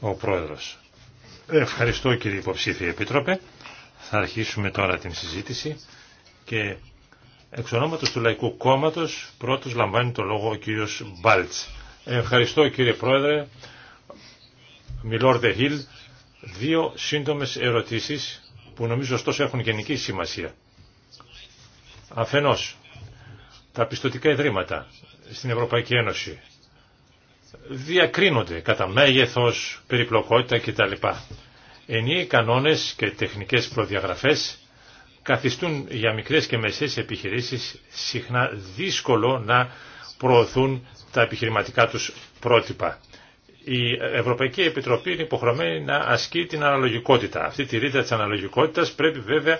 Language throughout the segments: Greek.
Ο Πρόεδρος. Ευχαριστώ κύριε υποψήφιε Επίτροπε. Θα αρχίσουμε τώρα την συζήτηση και εξ ονόματος του Λαϊκού Κόμματος πρώτος λαμβάνει το λόγο ο κύριος Μπάλτς. Ευχαριστώ κύριε Πρόεδρε. Μιλόρδε Χίλ. Δύο σύντομες ερωτήσεις που νομίζω ωστόσο έχουν γενική σημασία. Αφενός, τα πιστοτικά ιδρύματα στην Ευρωπαϊκή Ένωση διακρίνονται κατά μέγεθος, περιπλοκότητα κτλ. Ενίοι κανόνες και τεχνικές προδιαγραφές καθιστούν για μικρές και μεσές επιχειρήσεις συχνά δύσκολο να προωθούν τα επιχειρηματικά τους πρότυπα. Η Ευρωπαϊκή Επιτροπή είναι υποχρεωμένη να ασκεί την αναλογικότητα. Αυτή τη ρήτρα της αναλογικότητας πρέπει βέβαια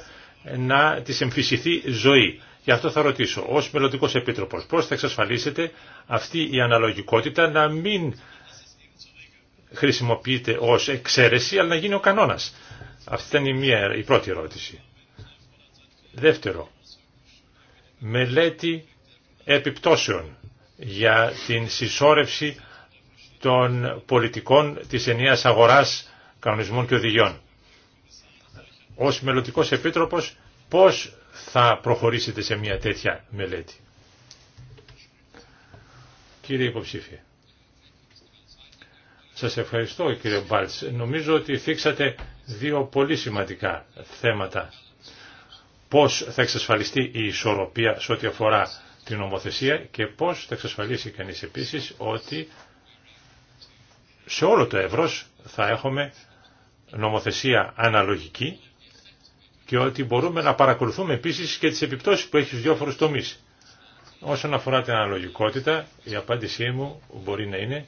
να της εμφυσιθεί ζωή. Γι' αυτό θα ρωτήσω, ως μελλοντικός επίτροπος, πώς θα εξασφαλίσετε αυτή η αναλογικότητα να μην χρησιμοποιείται ως εξαίρεση, αλλά να γίνει ο κανόνας. Αυτή ήταν η, η πρώτη ερώτηση. Δεύτερο, μελέτη επιπτώσεων για την συσσόρευση των πολιτικών της ενιαίας αγοράς κανονισμών και οδηγιών. Ως μελλοντικός επίτροπος πώς θα προχωρήσετε σε μια τέτοια μελέτη. Κύριε υποψήφιε. Σας ευχαριστώ κύριε Μπάλτς. Νομίζω ότι θίξατε δύο πολύ σημαντικά θέματα. Πώς θα εξασφαλιστεί η ισορροπία σε ό,τι αφορά την νομοθεσία και πώς θα εξασφαλίσει κανείς επίσης ότι σε όλο το ευρώς θα έχουμε νομοθεσία αναλογική και ότι μπορούμε να παρακολουθούμε επίσης και τις επιπτώσεις που έχει στους διάφορου τομείς. Όσον αφορά την αναλογικότητα, η απάντησή μου μπορεί να είναι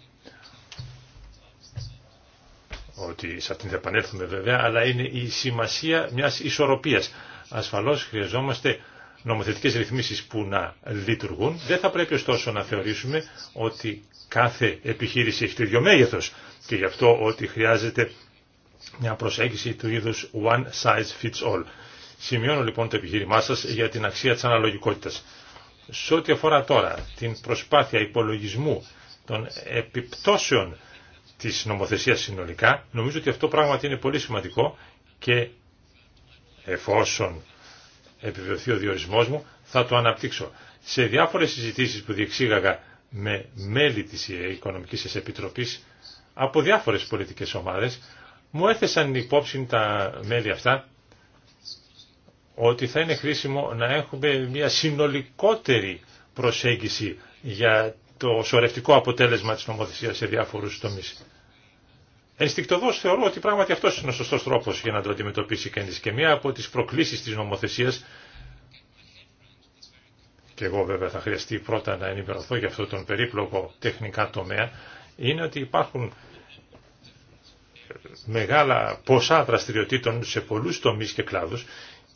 ότι σε αυτήν θα επανέλθουμε βέβαια, αλλά είναι η σημασία μιας ισορροπίας. Ασφαλώς χρειαζόμαστε νομοθετικές ρυθμίσεις που να λειτουργούν. Δεν θα πρέπει ωστόσο να θεωρήσουμε ότι κάθε επιχείρηση έχει το ίδιο μέγεθος και γι' αυτό ότι χρειάζεται μια προσέγγιση του είδους one size fits all. Σημειώνω λοιπόν το επιχείρημά σας για την αξία της αναλογικότητας. Σε ό,τι αφορά τώρα την προσπάθεια υπολογισμού των επιπτώσεων της νομοθεσίας συνολικά, νομίζω ότι αυτό πράγματι είναι πολύ σημαντικό και εφόσον επιβεβαιωθεί ο διορισμός μου, θα το αναπτύξω. Σε διάφορες συζητήσεις που διεξήγαγα με μέλη της Οικονομικής Επιτροπής από διάφορες πολιτικές ομάδες, μου έθεσαν υπόψη τα μέλη αυτά ότι θα είναι χρήσιμο να έχουμε μια συνολικότερη προσέγγιση για το σωρευτικό αποτέλεσμα της νομοθεσίας σε διάφορους τομείς. Ενστικτοδός θεωρώ ότι πράγματι αυτός είναι ο σωστός τρόπος για να το αντιμετωπίσει κανεί. και μία από τις προκλήσεις της νομοθεσίας και εγώ βέβαια θα χρειαστεί πρώτα να ενημερωθώ για αυτό τον περίπλοκο τεχνικά τομέα, είναι ότι υπάρχουν μεγάλα ποσά δραστηριοτήτων σε πολλούς τομείς και κλάδους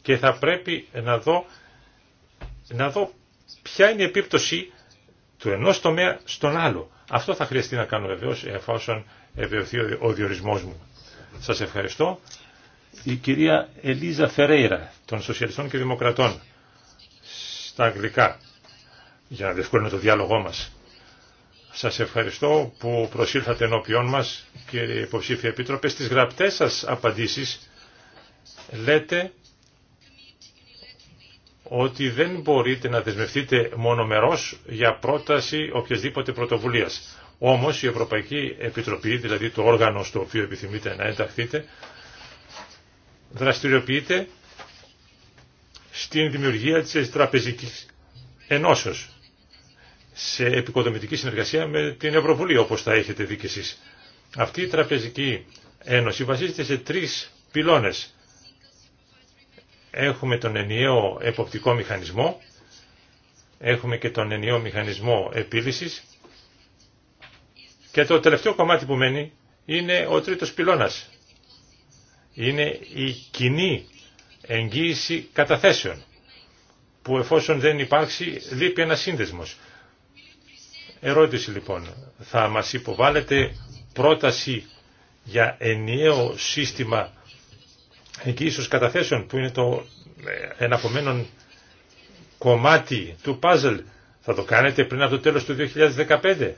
και θα πρέπει να δω, να δω ποια είναι η επίπτωση του ενός τομέα στον άλλο. Αυτό θα χρειαστεί να κάνω βεβαίως εφόσον ευαιωθεί ο διορισμός μου. Σας ευχαριστώ. Η κυρία Ελίζα Φερέιρα των Σοσιαλιστών και Δημοκρατών στα αγγλικά για να διευκολύνω το διάλογό μας. Σας ευχαριστώ που προσήλθατε ενώπιόν μας, κύριε υποψήφια επίτροπε. Στις γραπτές σας απαντήσεις λέτε ότι δεν μπορείτε να δεσμευτείτε μονομερός για πρόταση οποιασδήποτε πρωτοβουλίας. Όμως η Ευρωπαϊκή Επιτροπή, δηλαδή το όργανο στο οποίο επιθυμείτε να ενταχθείτε, δραστηριοποιείται στην δημιουργία της Τραπεζικής Ενώσεως σε επικοδομητική συνεργασία με την Ευρωβουλή, όπως τα έχετε δει κι εσείς. Αυτή η Τραπεζική Ένωση βασίζεται σε τρεις πυλώνες. Έχουμε τον ενιαίο εποπτικό μηχανισμό, έχουμε και τον ενιαίο μηχανισμό επίλυσης και το τελευταίο κομμάτι που μένει είναι ο τρίτος πυλώνας. Είναι η κοινή εγγύηση καταθέσεων που εφόσον δεν υπάρξει λείπει ένας σύνδεσμος. Ερώτηση λοιπόν, θα μας υποβάλλετε πρόταση για ενιαίο σύστημα εγγύησεως καταθέσεων που είναι το εναπομένον κομμάτι του puzzle. Θα το κάνετε πριν από το τέλος του 2015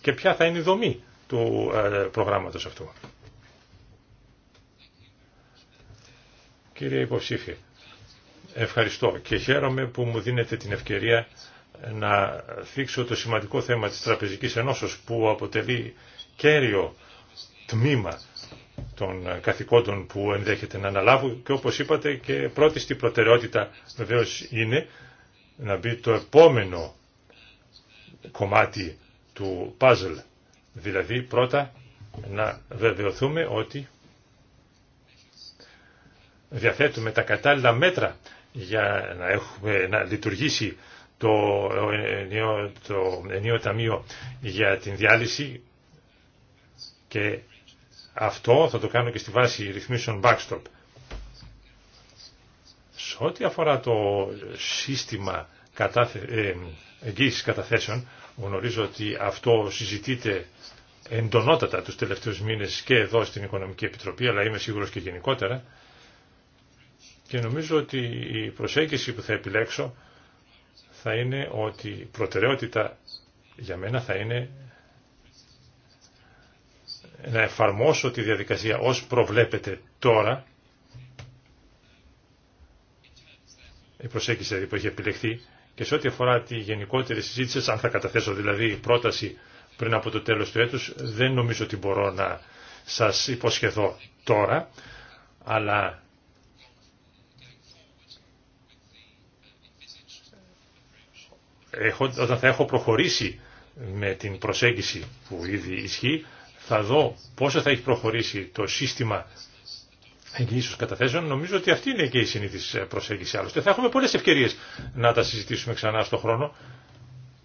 και ποια θα είναι η δομή του ε, προγράμματος αυτού. Κύριε υποψήφιε, ευχαριστώ και χαίρομαι που μου δίνετε την ευκαιρία να θίξω το σημαντικό θέμα της Τραπεζικής Ενώσεως που αποτελεί κέριο τμήμα των καθηκόντων που ενδέχεται να αναλάβουν και όπως είπατε και πρώτη στην προτεραιότητα βεβαίω είναι να μπει το επόμενο κομμάτι του puzzle. Δηλαδή πρώτα να βεβαιωθούμε ότι διαθέτουμε τα κατάλληλα μέτρα για να, έχουμε, να λειτουργήσει το ενίο, το ταμείο για την διάλυση και αυτό θα το κάνω και στη βάση ρυθμίσεων backstop. Σε ό,τι αφορά το σύστημα ε, εγγύησης καταθέσεων, γνωρίζω ότι αυτό συζητείται εντονότατα τους τελευταίους μήνες και εδώ στην Οικονομική Επιτροπή, αλλά είμαι σίγουρος και γενικότερα. Και νομίζω ότι η προσέγγιση που θα επιλέξω θα είναι ότι προτεραιότητα για μένα θα είναι να εφαρμόσω τη διαδικασία ως προβλέπεται τώρα η προσέγγιση δηλαδή που έχει επιλεχθεί και σε ό,τι αφορά τη γενικότερη συζήτηση, αν θα καταθέσω δηλαδή πρόταση πριν από το τέλος του έτους, δεν νομίζω ότι μπορώ να σας υποσχεθώ τώρα, αλλά όταν θα έχω προχωρήσει με την προσέγγιση που ήδη ισχύει, θα δω πόσο θα έχει προχωρήσει το σύστημα εγγυήσεω καταθέσεων. Νομίζω ότι αυτή είναι και η συνήθι προσέγγιση άλλωστε. Θα έχουμε πολλές ευκαιρίες να τα συζητήσουμε ξανά στον χρόνο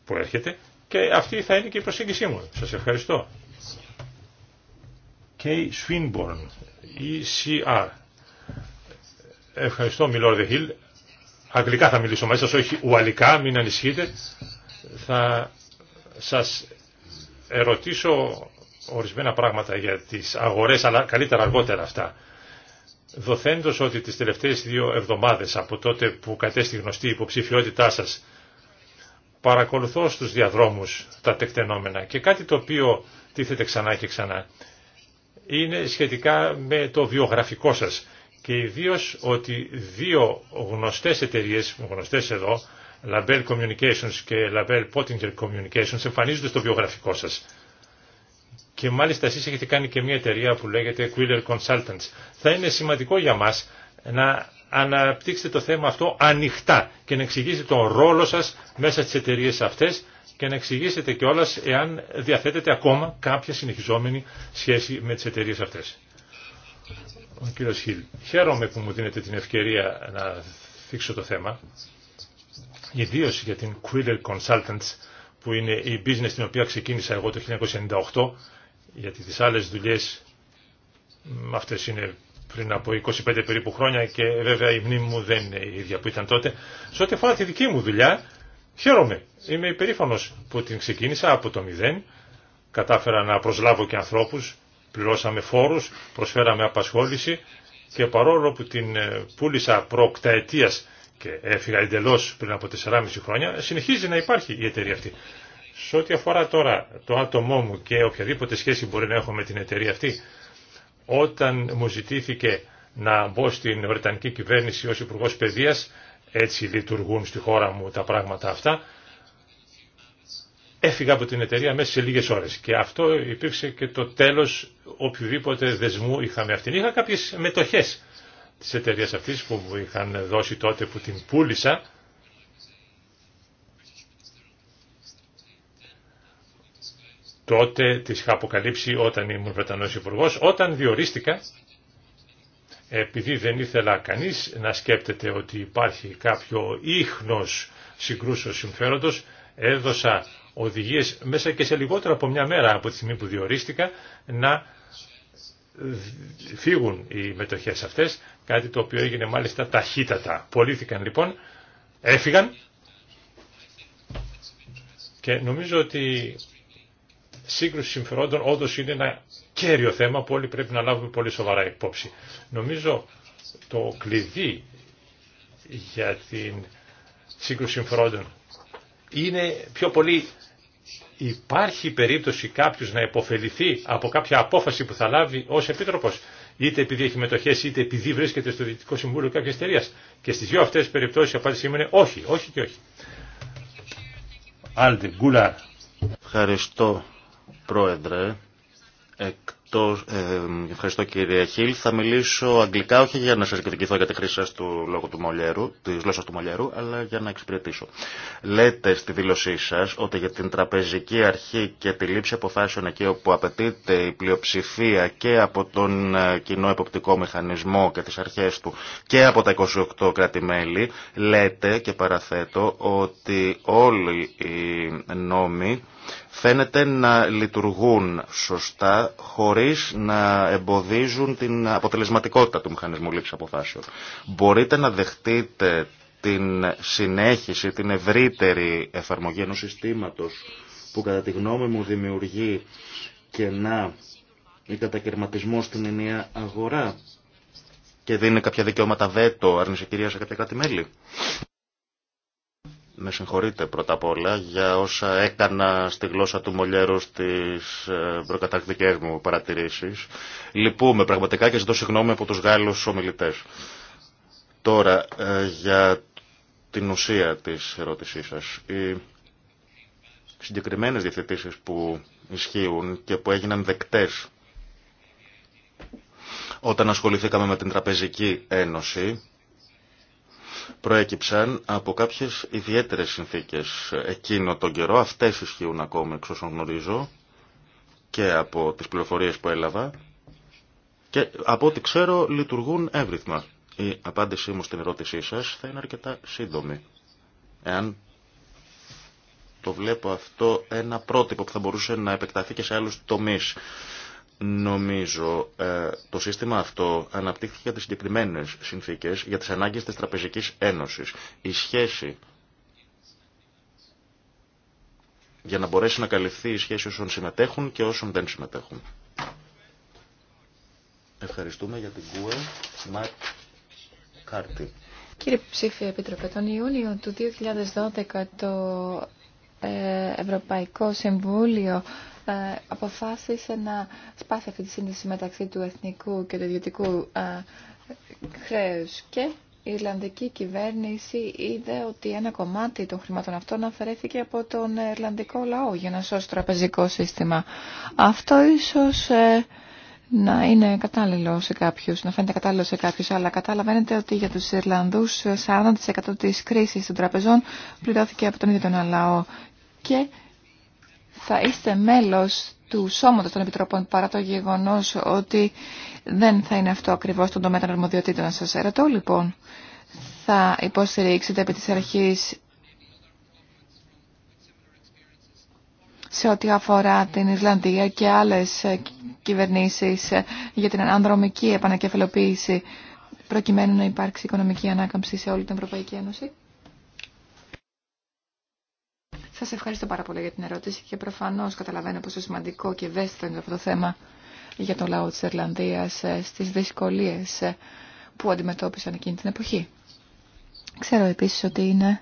που έρχεται και αυτή θα είναι και η προσέγγιση μου. Σας ευχαριστώ. Swinburne, ECR. Ευχαριστώ, Μιλόρδε Χιλ αγγλικά θα μιλήσω μαζί σας, όχι ουαλικά, μην ανησυχείτε. Θα σας ερωτήσω ορισμένα πράγματα για τις αγορές, αλλά καλύτερα αργότερα αυτά. Δοθέντος ότι τις τελευταίες δύο εβδομάδες από τότε που κατέστη γνωστή η υποψηφιότητά σας, παρακολουθώ στους διαδρόμους τα τεκτενόμενα και κάτι το οποίο τίθεται ξανά και ξανά είναι σχετικά με το βιογραφικό σας και ιδίω ότι δύο γνωστές εταιρείες, γνωστές εδώ, Label Communications και Label Pottinger Communications, εμφανίζονται στο βιογραφικό σας. Και μάλιστα εσείς έχετε κάνει και μια εταιρεία που λέγεται Quiller Consultants. Θα είναι σημαντικό για μας να αναπτύξετε το θέμα αυτό ανοιχτά και να εξηγήσετε τον ρόλο σας μέσα στις εταιρείες αυτές και να εξηγήσετε κιόλας εάν διαθέτετε ακόμα κάποια συνεχιζόμενη σχέση με τις εταιρείες αυτές. Ο κύριος Χίλ, χαίρομαι που μου δίνετε την ευκαιρία να θίξω το θέμα, ιδίω για την Quiller Consultants, που είναι η business την οποία ξεκίνησα εγώ το 1998, γιατί τις άλλες δουλειές αυτές είναι πριν από 25 περίπου χρόνια και ε, βέβαια η μνήμη μου δεν είναι η ίδια που ήταν τότε. Σε ό,τι αφορά τη δική μου δουλειά, χαίρομαι. Είμαι υπερήφανος που την ξεκίνησα από το μηδέν. Κατάφερα να προσλάβω και ανθρώπους πληρώσαμε φόρους, προσφέραμε απασχόληση και παρόλο που την ε, πούλησα προκταετίας και έφυγα εντελώ πριν από 4,5 χρόνια, συνεχίζει να υπάρχει η εταιρεία αυτή. Σε ό,τι αφορά τώρα το άτομό μου και οποιαδήποτε σχέση μπορεί να έχω με την εταιρεία αυτή, όταν μου ζητήθηκε να μπω στην Βρετανική κυβέρνηση ως Υπουργό Παιδείας, έτσι λειτουργούν στη χώρα μου τα πράγματα αυτά, έφυγα από την εταιρεία μέσα σε λίγες ώρες. Και αυτό υπήρξε και το τέλος οποιοδήποτε δεσμού είχαμε αυτήν. Είχα κάποιες μετοχές της εταιρείας αυτής που μου είχαν δώσει τότε που την πούλησα. Τότε τις είχα αποκαλύψει όταν ήμουν Βρετανός υπουργό, όταν διορίστηκα επειδή δεν ήθελα κανείς να σκέπτεται ότι υπάρχει κάποιο ίχνος συγκρούσεως συμφέροντος, έδωσα οδηγίες μέσα και σε λιγότερο από μια μέρα από τη στιγμή που διορίστηκα να φύγουν οι μετοχές αυτές, κάτι το οποίο έγινε μάλιστα ταχύτατα. Πολύθηκαν λοιπόν, έφυγαν και νομίζω ότι σύγκρουση συμφερόντων όντω είναι ένα κέριο θέμα που όλοι πρέπει να λάβουμε πολύ σοβαρά υπόψη. Νομίζω το κλειδί για την σύγκρουση συμφερόντων είναι πιο πολύ υπάρχει περίπτωση κάποιος να υποφεληθεί από κάποια απόφαση που θα λάβει ως επίτροπος, είτε επειδή έχει μετοχές, είτε επειδή βρίσκεται στο Διοικητικό Συμβούλιο κάποιας εταιρεία. Και στις δύο αυτές τις περιπτώσεις η απάντηση είναι όχι, όχι και όχι. Άλτε, Ευχαριστώ, Πρόεδρε. Εκ το, ε, ευχαριστώ κύριε Χίλ. Θα μιλήσω αγγλικά όχι για να σα κριτικηθώ για τη χρήση σα του λόγου του Μολιέρου, της γλώσσα του Μολιέρου, αλλά για να εξυπηρετήσω. Λέτε στη δήλωσή σα ότι για την τραπεζική αρχή και τη λήψη αποφάσεων εκεί όπου απαιτείται η πλειοψηφία και από τον ε, κοινό εποπτικό μηχανισμό και τι αρχέ του και από τα 28 κράτη-μέλη, λέτε και παραθέτω ότι όλοι οι νόμοι φαίνεται να λειτουργούν σωστά χωρίς να εμποδίζουν την αποτελεσματικότητα του μηχανισμού λήψης αποφάσεων. Μπορείτε να δεχτείτε την συνέχιση, την ευρύτερη εφαρμογή ενός συστήματος που κατά τη γνώμη μου δημιουργεί κενά ή κατακαιρματισμό στην ενιαία αγορά και δίνει κάποια δικαιώματα βέτο κυρία σε κάποια κάτι μέλη. Με συγχωρείτε πρώτα απ' όλα για όσα έκανα στη γλώσσα του Μολιέρου στις ε, προκαταρκτικές μου παρατηρήσεις. Λυπούμε πραγματικά και ζητώ συγγνώμη από τους Γάλλους ομιλητές. Τώρα, ε, για την ουσία της ερώτησής σας. Οι συγκεκριμένες διευθετήσεις που ισχύουν και που έγιναν δεκτές όταν ασχοληθήκαμε με την Τραπεζική Ένωση προέκυψαν από κάποιες ιδιαίτερες συνθήκες εκείνο τον καιρό. Αυτές ισχύουν ακόμα εξ όσων γνωρίζω και από τις πληροφορίες που έλαβα και από ό,τι ξέρω λειτουργούν εύρυθμα. Η απάντησή μου στην ερώτησή σας θα είναι αρκετά σύντομη. Εάν το βλέπω αυτό ένα πρότυπο που θα μπορούσε να επεκταθεί και σε άλλους τομείς. Νομίζω ε, το σύστημα αυτό αναπτύχθηκε για τις συγκεκριμένες συνθήκες, για τις ανάγκες της Τραπεζικής Ένωσης. Η σχέση για να μπορέσει να καλυφθεί η σχέση όσων συμμετέχουν και όσων δεν συμμετέχουν. Ευχαριστούμε για την ΚΟΕ. Μαρτ Κάρτη. Κύριε Ψήφια Επίτροπε, τον Ιούνιο του 2012 το ε, Ευρωπαϊκό Συμβούλιο ε, αποφάσισε να σπάσει αυτή τη σύνδεση μεταξύ του εθνικού και του ιδιωτικού ε, χρέους και η Ιρλανδική κυβέρνηση είδε ότι ένα κομμάτι των χρημάτων αυτών αφαιρέθηκε από τον Ιρλανδικό λαό για να σώσει το τραπεζικό σύστημα. Αυτό ίσως ε, να είναι κατάλληλο σε κάποιους, να φαίνεται κατάλληλο σε κάποιους, αλλά καταλαβαίνετε ότι για τους Ιρλανδούς 40% της κρίσης των τραπεζών πληρώθηκε από τον ίδιο τον λαό και θα είστε μέλος του Σώματος των Επιτροπών παρά το γεγονός ότι δεν θα είναι αυτό ακριβώς τον τομέα των αρμοδιοτήτων σας. Ερωτώ λοιπόν, θα υποστηρίξετε επί της αρχής σε ό,τι αφορά την Ισλανδία και άλλες κυβερνήσεις για την ανδρομική επανακεφαλοποίηση προκειμένου να υπάρξει οικονομική ανάκαμψη σε όλη την Ευρωπαϊκή Ένωση. Σα ευχαριστώ πάρα πολύ για την ερώτηση και προφανώς καταλαβαίνω πόσο σημαντικό και ευαίσθητο είναι αυτό το θέμα για το λαό της Ιρλανδίας ε, στι δυσκολίες ε, που αντιμετώπισαν εκείνη την εποχή. Ξέρω επίσης ότι είναι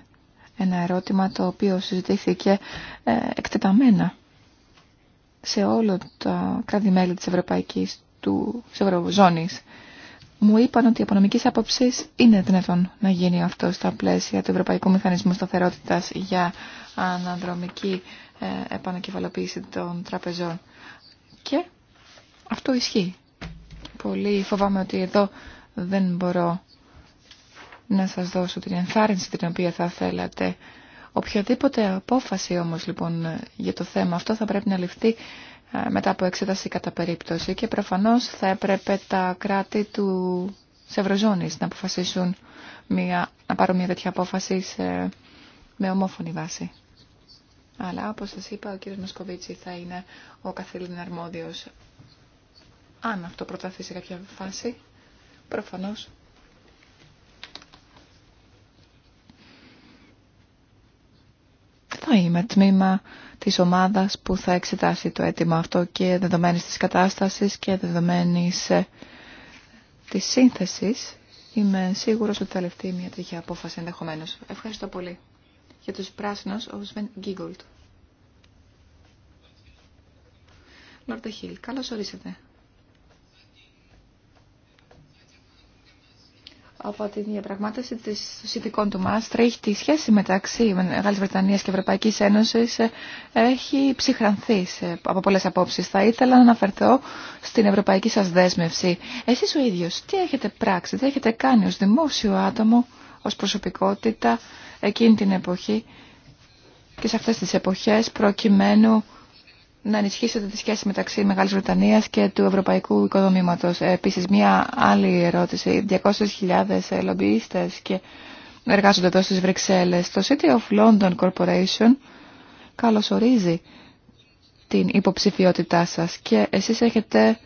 ένα ερώτημα το οποίο συζητήθηκε ε, εκτεταμένα σε όλο τα κράτη-μέλη της Ευρωπαϊκής του, μου είπαν ότι από νομικής απόψή είναι δυνατόν να γίνει αυτό στα πλαίσια του Ευρωπαϊκού Μηχανισμού σταθερότητα για αναδρομική ε, επανακεφαλοποίηση των τραπεζών. Και αυτό ισχύει. Πολύ φοβάμαι ότι εδώ δεν μπορώ να σας δώσω την ενθάρρυνση την οποία θα θέλατε. Οποιαδήποτε απόφαση όμως λοιπόν για το θέμα αυτό θα πρέπει να ληφθεί μετά από εξέταση κατά περίπτωση και προφανώς θα έπρεπε τα κράτη του Σευροζώνης να αποφασίσουν μια, να πάρουν μια τέτοια απόφαση με ομόφωνη βάση. Αλλά όπως σας είπα ο κύριος Μασκοβίτσι θα είναι ο καθήλυν αρμόδιος αν αυτό προταθεί σε κάποια φάση προφανώς θα είμαι τμήμα της ομάδας που θα εξετάσει το αίτημα αυτό και δεδομένης της κατάστασης και δεδομένης ε, της σύνθεσης. Είμαι σίγουρος ότι θα λεφτεί μια τέτοια απόφαση ενδεχομένω. Ευχαριστώ πολύ. Για τους πράσινους, ο Σβεν Γκίγκολτ. Λόρτε Χίλ, καλώς ορίσατε. από την διαπραγμάτευση της συνθηκών του έχει τη σχέση μεταξύ Μεγάλης Βρετανίας και Ευρωπαϊκής Ένωσης ε, έχει ψυχρανθεί από πολλές απόψεις. Θα ήθελα να αναφερθώ στην ευρωπαϊκή σας δέσμευση. Εσείς ο ίδιος, τι έχετε πράξει, τι έχετε κάνει ως δημόσιο άτομο, ως προσωπικότητα εκείνη την εποχή και σε αυτές τις εποχές προκειμένου να ενισχύσετε τη σχέση μεταξύ Μεγάλης Βρετανίας και του Ευρωπαϊκού Οικοδομήματος. Επίσης, μία άλλη ερώτηση. 200.000 λομπιίστες και εργάζονται εδώ στις Βρυξέλλες. Το City of London Corporation καλωσορίζει την υποψηφιότητά σας και εσείς έχετε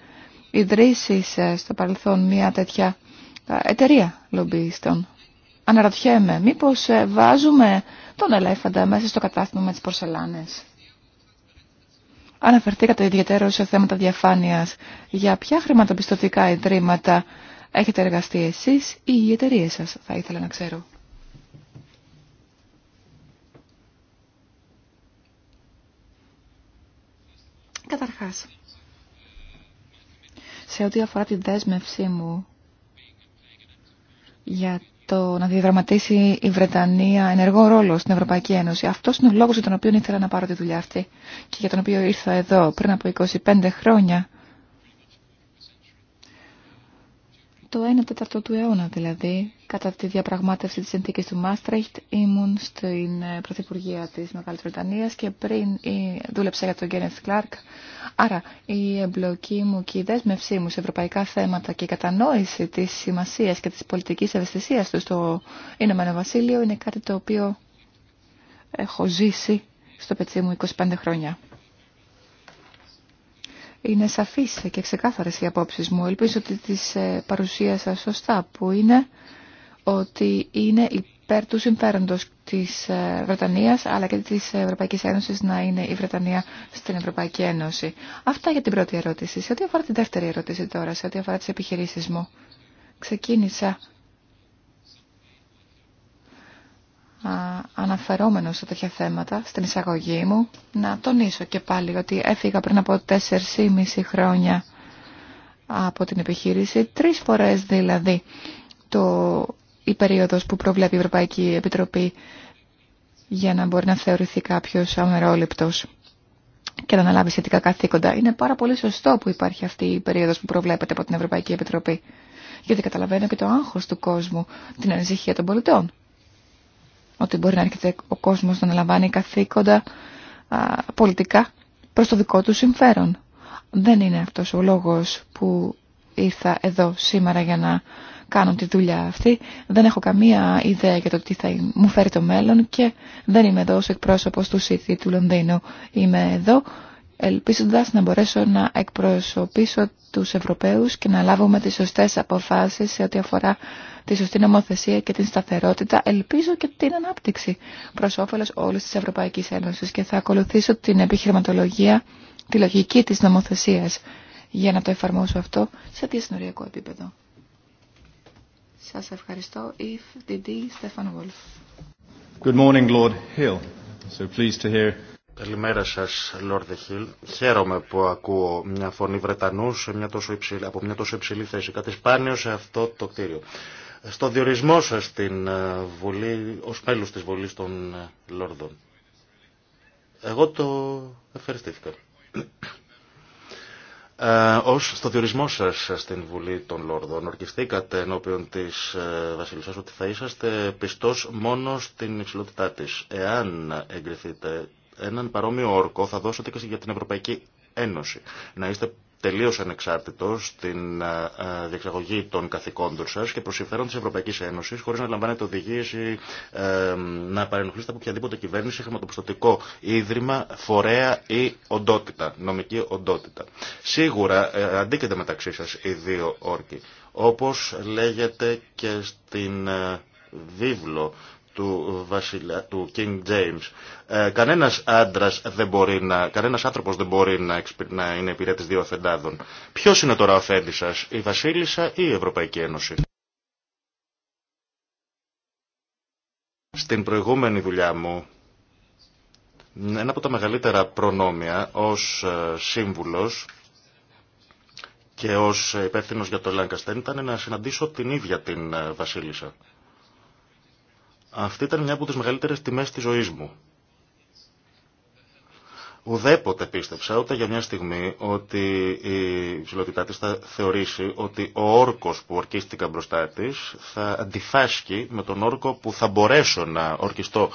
ιδρύσει στο παρελθόν μία τέτοια εταιρεία λομπιίστων. Αναρωτιέμαι, μήπως ε, βάζουμε τον ελέφαντα μέσα στο κατάστημα με τις πορσελάνες. Αναφερθήκατε ιδιαίτερο σε θέματα διαφάνειας. Για ποια χρηματοπιστωτικά ιδρύματα έχετε εργαστεί εσείς ή οι εταιρείε σας, θα ήθελα να ξέρω. Καταρχάς, σε ό,τι αφορά τη δέσμευσή μου για το να διαδραματίσει η Βρετανία ενεργό ρόλο στην Ευρωπαϊκή Ένωση. Αυτό είναι ο λόγο για τον οποίο ήθελα να πάρω τη δουλειά αυτή και για τον οποίο ήρθα εδώ πριν από 25 χρόνια. το 1 τέταρτο του αιώνα δηλαδή, κατά τη διαπραγμάτευση της συνθήκη του Μάστρεχτ, ήμουν στην ε, Πρωθυπουργία της Μεγάλης Βρετανίας και πριν ε, δούλεψα για τον Γκένεθ Κλάρκ. Άρα η εμπλοκή μου και η δέσμευσή μου σε ευρωπαϊκά θέματα και η κατανόηση της σημασίας και της πολιτικής ευαισθησίας του στο Ηνωμένο Βασίλειο είναι κάτι το οποίο έχω ζήσει στο πετσί μου 25 χρόνια. Είναι σαφείς και ξεκάθαρες οι απόψεις μου. Ελπίζω ότι τις ε, παρουσίασα σωστά που είναι ότι είναι υπέρ του συμφέροντος της ε, Βρετανίας αλλά και της Ευρωπαϊκής Ένωσης να είναι η Βρετανία στην Ευρωπαϊκή Ένωση. Αυτά για την πρώτη ερώτηση. Σε ό,τι αφορά την δεύτερη ερώτηση τώρα, σε ό,τι αφορά τις επιχειρήσεις μου. Ξεκίνησα Αναφερόμενο σε τέτοια θέματα στην εισαγωγή μου να τονίσω και πάλι ότι έφυγα πριν από 4,5 χρόνια από την επιχείρηση τρεις φορές δηλαδή το, η περίοδος που προβλέπει η Ευρωπαϊκή Επιτροπή για να μπορεί να θεωρηθεί κάποιος αμερόληπτος και να αναλάβει σχετικά καθήκοντα. Είναι πάρα πολύ σωστό που υπάρχει αυτή η περίοδος που προβλέπεται από την Ευρωπαϊκή Επιτροπή. Γιατί καταλαβαίνω και το άγχος του κόσμου, την ανησυχία των πολιτών ότι μπορεί να έρχεται ο κόσμος να αναλαμβάνει καθήκοντα α, πολιτικά προς το δικό του συμφέρον. Δεν είναι αυτός ο λόγος που ήρθα εδώ σήμερα για να κάνω τη δουλειά αυτή. Δεν έχω καμία ιδέα για το τι θα μου φέρει το μέλλον και δεν είμαι εδώ ως εκπρόσωπος του City του Λονδίνου. Είμαι εδώ ελπίζοντας να μπορέσω να εκπροσωπήσω τους Ευρωπαίους και να λάβουμε τις σωστές αποφάσεις σε ό,τι αφορά τη σωστή νομοθεσία και την σταθερότητα, ελπίζω και την ανάπτυξη προς όφελος όλης της Ευρωπαϊκής Ένωσης και θα ακολουθήσω την επιχειρηματολογία, τη λογική της νομοθεσίας για να το εφαρμόσω αυτό σε διασυνοριακό επίπεδο. Σας ευχαριστώ. Good morning, Lord Hill. So pleased to hear Καλημέρα σας, Λόρδε Χιλ. Χαίρομαι που ακούω μια φωνή Βρετανού μια τόσο από μια τόσο υψηλή θέση. Κάτι σπάνιο σε αυτό το κτίριο. Στο διορισμό σας στην ε, Βουλή, ως μέλος της Βουλής των ε, Λόρδων. Εγώ το ευχαριστήθηκα. Ε, ως στο διορισμό σας στην Βουλή των Λόρδων ορκιστήκατε ενώπιον της ε, Βασιλισσάς ότι θα είσαστε πιστός μόνο στην υψηλότητά της. Εάν εγκριθείτε έναν παρόμοιο όρκο θα δώσετε και για την Ευρωπαϊκή Ένωση. Να είστε τελείω ανεξάρτητο στην ε, ε, διεξαγωγή των καθηκόντων σα και προ συμφέρον τη Ευρωπαϊκή Ένωση, χωρί να λαμβάνετε οδηγίε ή ε, να παρενοχλήσετε από οποιαδήποτε κυβέρνηση, χρηματοπιστωτικό ίδρυμα, φορέα ή οντότητα, νομική οντότητα. Σίγουρα ε, μεταξύ σα οι δύο όρκοι. Όπω λέγεται και στην ε, βίβλο του, ε, βασιλιά, του King James. Ε, κανένας άντρας δεν μπορεί να, κανένας άνθρωπος δεν μπορεί να, είναι υπηρέτης δύο αφεντάδων. Ποιος είναι τώρα ο αφέντης σας, η Βασίλισσα ή η Ευρωπαϊκή Ένωση. Στην προηγούμενη δουλειά μου, ένα από τα μεγαλύτερα προνόμια ως ε, σύμβουλος και ως υπεύθυνο για το Λάγκαστέν ήταν να συναντήσω την ίδια την ε, Βασίλισσα. Αυτή ήταν μια από τις μεγαλύτερες τιμές της ζωής μου. Ουδέποτε πίστεψα, ούτε για μια στιγμή, ότι η ψηλότητά της θα θεωρήσει ότι ο όρκος που ορκίστηκα μπροστά της θα αντιφάσκει με τον όρκο που θα μπορέσω να ορκιστώ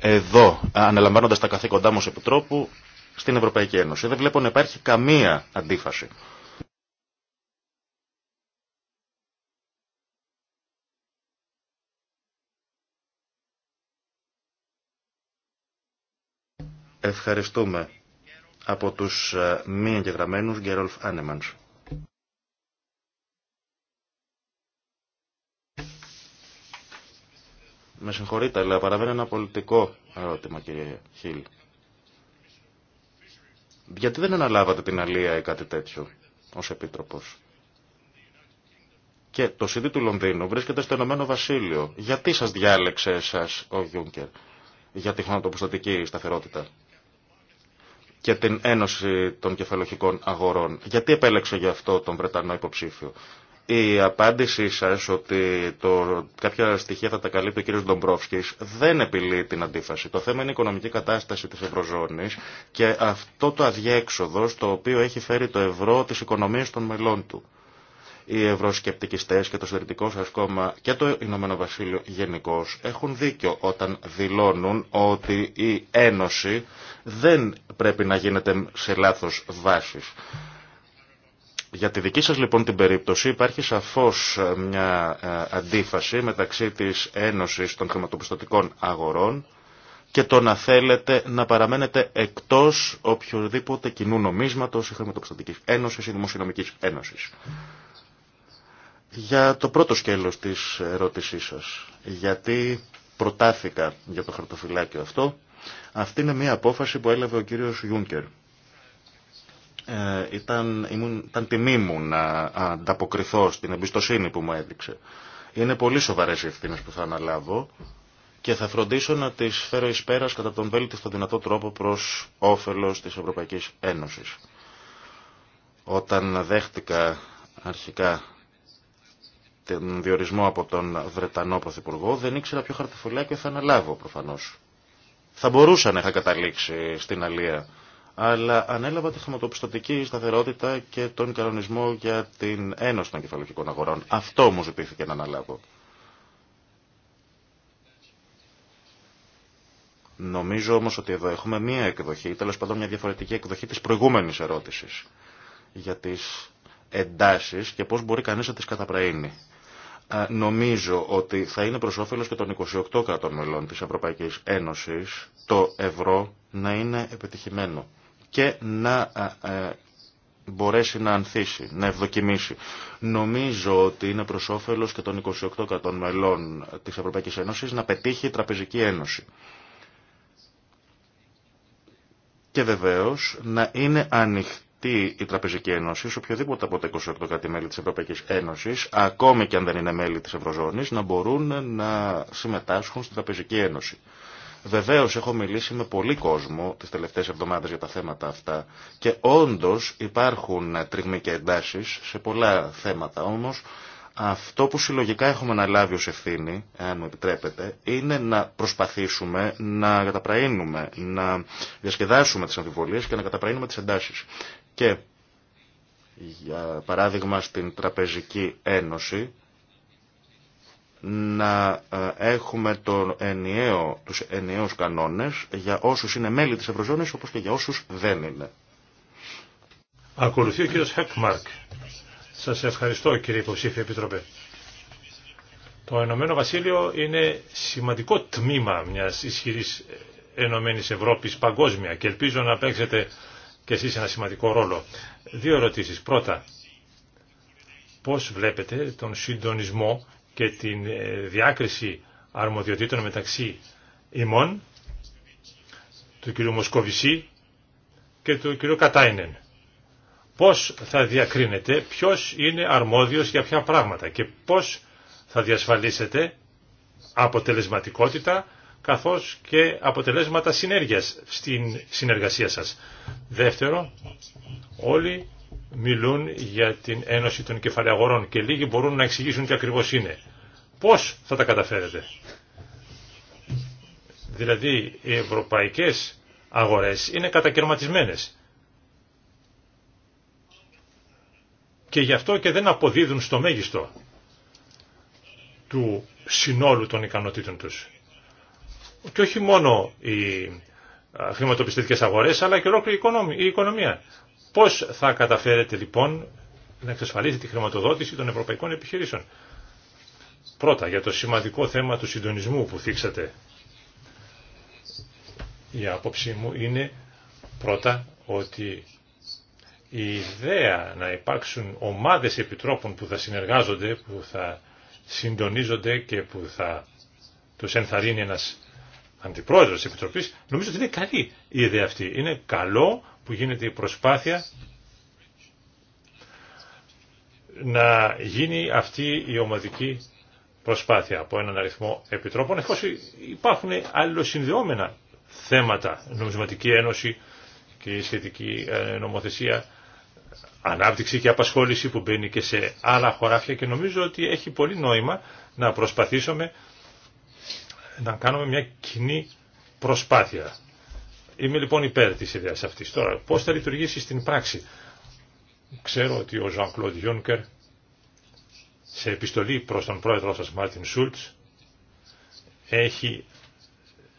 εδώ, αναλαμβάνοντας τα καθήκοντά μου ως Επιτρόπου, στην Ευρωπαϊκή Ένωση. Δεν βλέπω να υπάρχει καμία αντίφαση. Ευχαριστούμε από τους ε, μη εγγεγραμμένους Γκέρολφ Άνεμανς. Με συγχωρείτε, αλλά παραβαίνει ένα πολιτικό ερώτημα, κύριε Χίλ. Γιατί δεν αναλάβατε την αλία ή κάτι τέτοιο ως επίτροπος. Και το σίδι του Λονδίνου βρίσκεται στο Ηνωμένο Βασίλειο. Γιατί σας διάλεξε εσάς ο Γιούνκερ για τη χρονοτοποστατική σταθερότητα και την Ένωση των Κεφαλοχικών Αγορών. Γιατί επέλεξε γι' αυτό τον Βρετανό υποψήφιο. Η απάντησή σας ότι το, κάποια στοιχεία θα τα καλύπτει ο κ. Ντομπρόφσκης δεν επιλύει την αντίφαση. Το θέμα είναι η οικονομική κατάσταση της Ευρωζώνης και αυτό το αδιέξοδο το οποίο έχει φέρει το ευρώ τις οικονομίες των μελών του. Οι ευρωσκεπτικιστές και το συντηρητικό σας κόμμα και το Ηνωμένο Βασίλειο γενικώ έχουν δίκιο όταν δηλώνουν ότι η Ένωση δεν πρέπει να γίνεται σε λάθος βάσης. Για τη δική σας λοιπόν την περίπτωση υπάρχει σαφώς ε, μια ε, αντίφαση μεταξύ της Ένωσης των Χρηματοπιστωτικών Αγορών και το να θέλετε να παραμένετε εκτός οποιοδήποτε κοινού νομίσματος ή Χρηματοπιστωτικής Ένωσης ή Δημοσιονομικής Ένωσης. Για το πρώτο σκέλος της ερώτησής σας, γιατί προτάθηκα για το χαρτοφυλάκιο αυτό, αυτή είναι μια απόφαση που έλαβε ο κύριος Γιούνκερ. Ε, ήταν, ήμουν, τιμή μου να ανταποκριθώ στην εμπιστοσύνη που μου έδειξε. Είναι πολύ σοβαρές οι ευθύνες που θα αναλάβω και θα φροντίσω να τις φέρω εις πέρας κατά τον βέλτιστο δυνατό τρόπο προς όφελος της Ευρωπαϊκής Ένωσης. Όταν δέχτηκα αρχικά τον διορισμό από τον Βρετανό Πρωθυπουργό, δεν ήξερα ποιο χαρτοφυλάκιο θα αναλάβω προφανώ. Θα μπορούσα να είχα καταλήξει στην Αλία, αλλά ανέλαβα τη χρηματοπιστωτική σταθερότητα και τον κανονισμό για την Ένωση των Κεφαλογικών Αγορών. Αυτό μου ζητήθηκε να αναλάβω. Νομίζω όμως ότι εδώ έχουμε μία εκδοχή, τέλος πάντων μια διαφορετική εκδοχή της προηγούμενης ερώτησης για τις εντάσεις και πώς μπορεί κανείς να τις καταπραίνει νομίζω ότι θα είναι προς όφελος και των 28 κρατών μελών της Ευρωπαϊκής Ένωσης το ευρώ να είναι επιτυχημένο και να μπορέσει να ανθίσει, να ευδοκιμήσει. Νομίζω ότι είναι προς όφελος και των 28 κρατών μελών της Ευρωπαϊκής Ένωσης να πετύχει η Τραπεζική Ένωση. Και βεβαίως να είναι ανοιχτή δεχτεί η Τραπεζική Ένωση σε οποιοδήποτε από τα 28 κάτι μέλη τη Ευρωπαϊκή Ένωση, ακόμη και αν δεν είναι μέλη τη Ευρωζώνη, να μπορούν να συμμετάσχουν στην Τραπεζική Ένωση. Βεβαίω έχω μιλήσει με πολύ κόσμο τι τελευταίε εβδομάδε για τα θέματα αυτά και όντω υπάρχουν τριγμοί και εντάσει σε πολλά θέματα όμω, αυτό που συλλογικά έχουμε να λάβει ω ευθύνη, αν μου επιτρέπετε, είναι να προσπαθήσουμε να καταπραίνουμε, να διασκεδάσουμε τι αμφιβολίε και να καταπραίνουμε τι εντάσει. Και για παράδειγμα στην Τραπεζική Ένωση να ε, έχουμε τον ενιαίο, τους ενιαίους κανόνες για όσους είναι μέλη της Ευρωζώνης όπως και για όσους δεν είναι. Ακολουθεί ο κύριος Χεκμαρκ. Σας ευχαριστώ κύριε υποψήφιε επιτροπέ. Το Ενωμένο Βασίλειο είναι σημαντικό τμήμα μιας ισχυρής ε, Ενωμένης Ευρώπης παγκόσμια και ελπίζω να παίξετε και εσείς ένα σημαντικό ρόλο. Δύο ερωτήσεις. Πρώτα, πώς βλέπετε τον συντονισμό και την ε, διάκριση αρμοδιοτήτων μεταξύ ημών του κ. Μοσκοβισή και του κ. Κατάινεν. Πώς θα διακρίνετε ποιος είναι αρμόδιος για ποια πράγματα και πώς θα διασφαλίσετε αποτελεσματικότητα καθώς και αποτελέσματα συνέργειας στην συνεργασία σας. Δεύτερο, όλοι μιλούν για την Ένωση των Κεφαλαιαγορών και λίγοι μπορούν να εξηγήσουν τι ακριβώς είναι. Πώς θα τα καταφέρετε. Δηλαδή, οι ευρωπαϊκές αγορές είναι κατακαιρματισμένες. Και γι' αυτό και δεν αποδίδουν στο μέγιστο του συνόλου των ικανοτήτων τους και όχι μόνο οι χρηματοπιστωτικές αγορές αλλά και ολόκληρη η οικονομία. Πώς θα καταφέρετε λοιπόν να εξασφαλίσετε τη χρηματοδότηση των ευρωπαϊκών επιχειρήσεων. Πρώτα για το σημαντικό θέμα του συντονισμού που θίξατε. Η άποψή μου είναι πρώτα ότι η ιδέα να υπάρξουν ομάδες επιτρόπων που θα συνεργάζονται, που θα συντονίζονται και που θα τους ενθαρρύνει ένας αντιπρόεδρος της Επιτροπής, νομίζω ότι είναι καλή η ιδέα αυτή. Είναι καλό που γίνεται η προσπάθεια να γίνει αυτή η ομαδική προσπάθεια από έναν αριθμό επιτρόπων, εφόσον υπάρχουν αλληλοσυνδεόμενα θέματα, νομισματική ένωση και σχετική ε, νομοθεσία, ανάπτυξη και απασχόληση που μπαίνει και σε άλλα χωράφια και νομίζω ότι έχει πολύ νόημα να προσπαθήσουμε να κάνουμε μια κοινή προσπάθεια. Είμαι λοιπόν υπέρ της ιδέας αυτής. Τώρα, πώς θα λειτουργήσει στην πράξη. Ξέρω ότι ο jean Κλοντ Γιούνκερ σε επιστολή προς τον πρόεδρό σας Μάρτιν Σούλτς έχει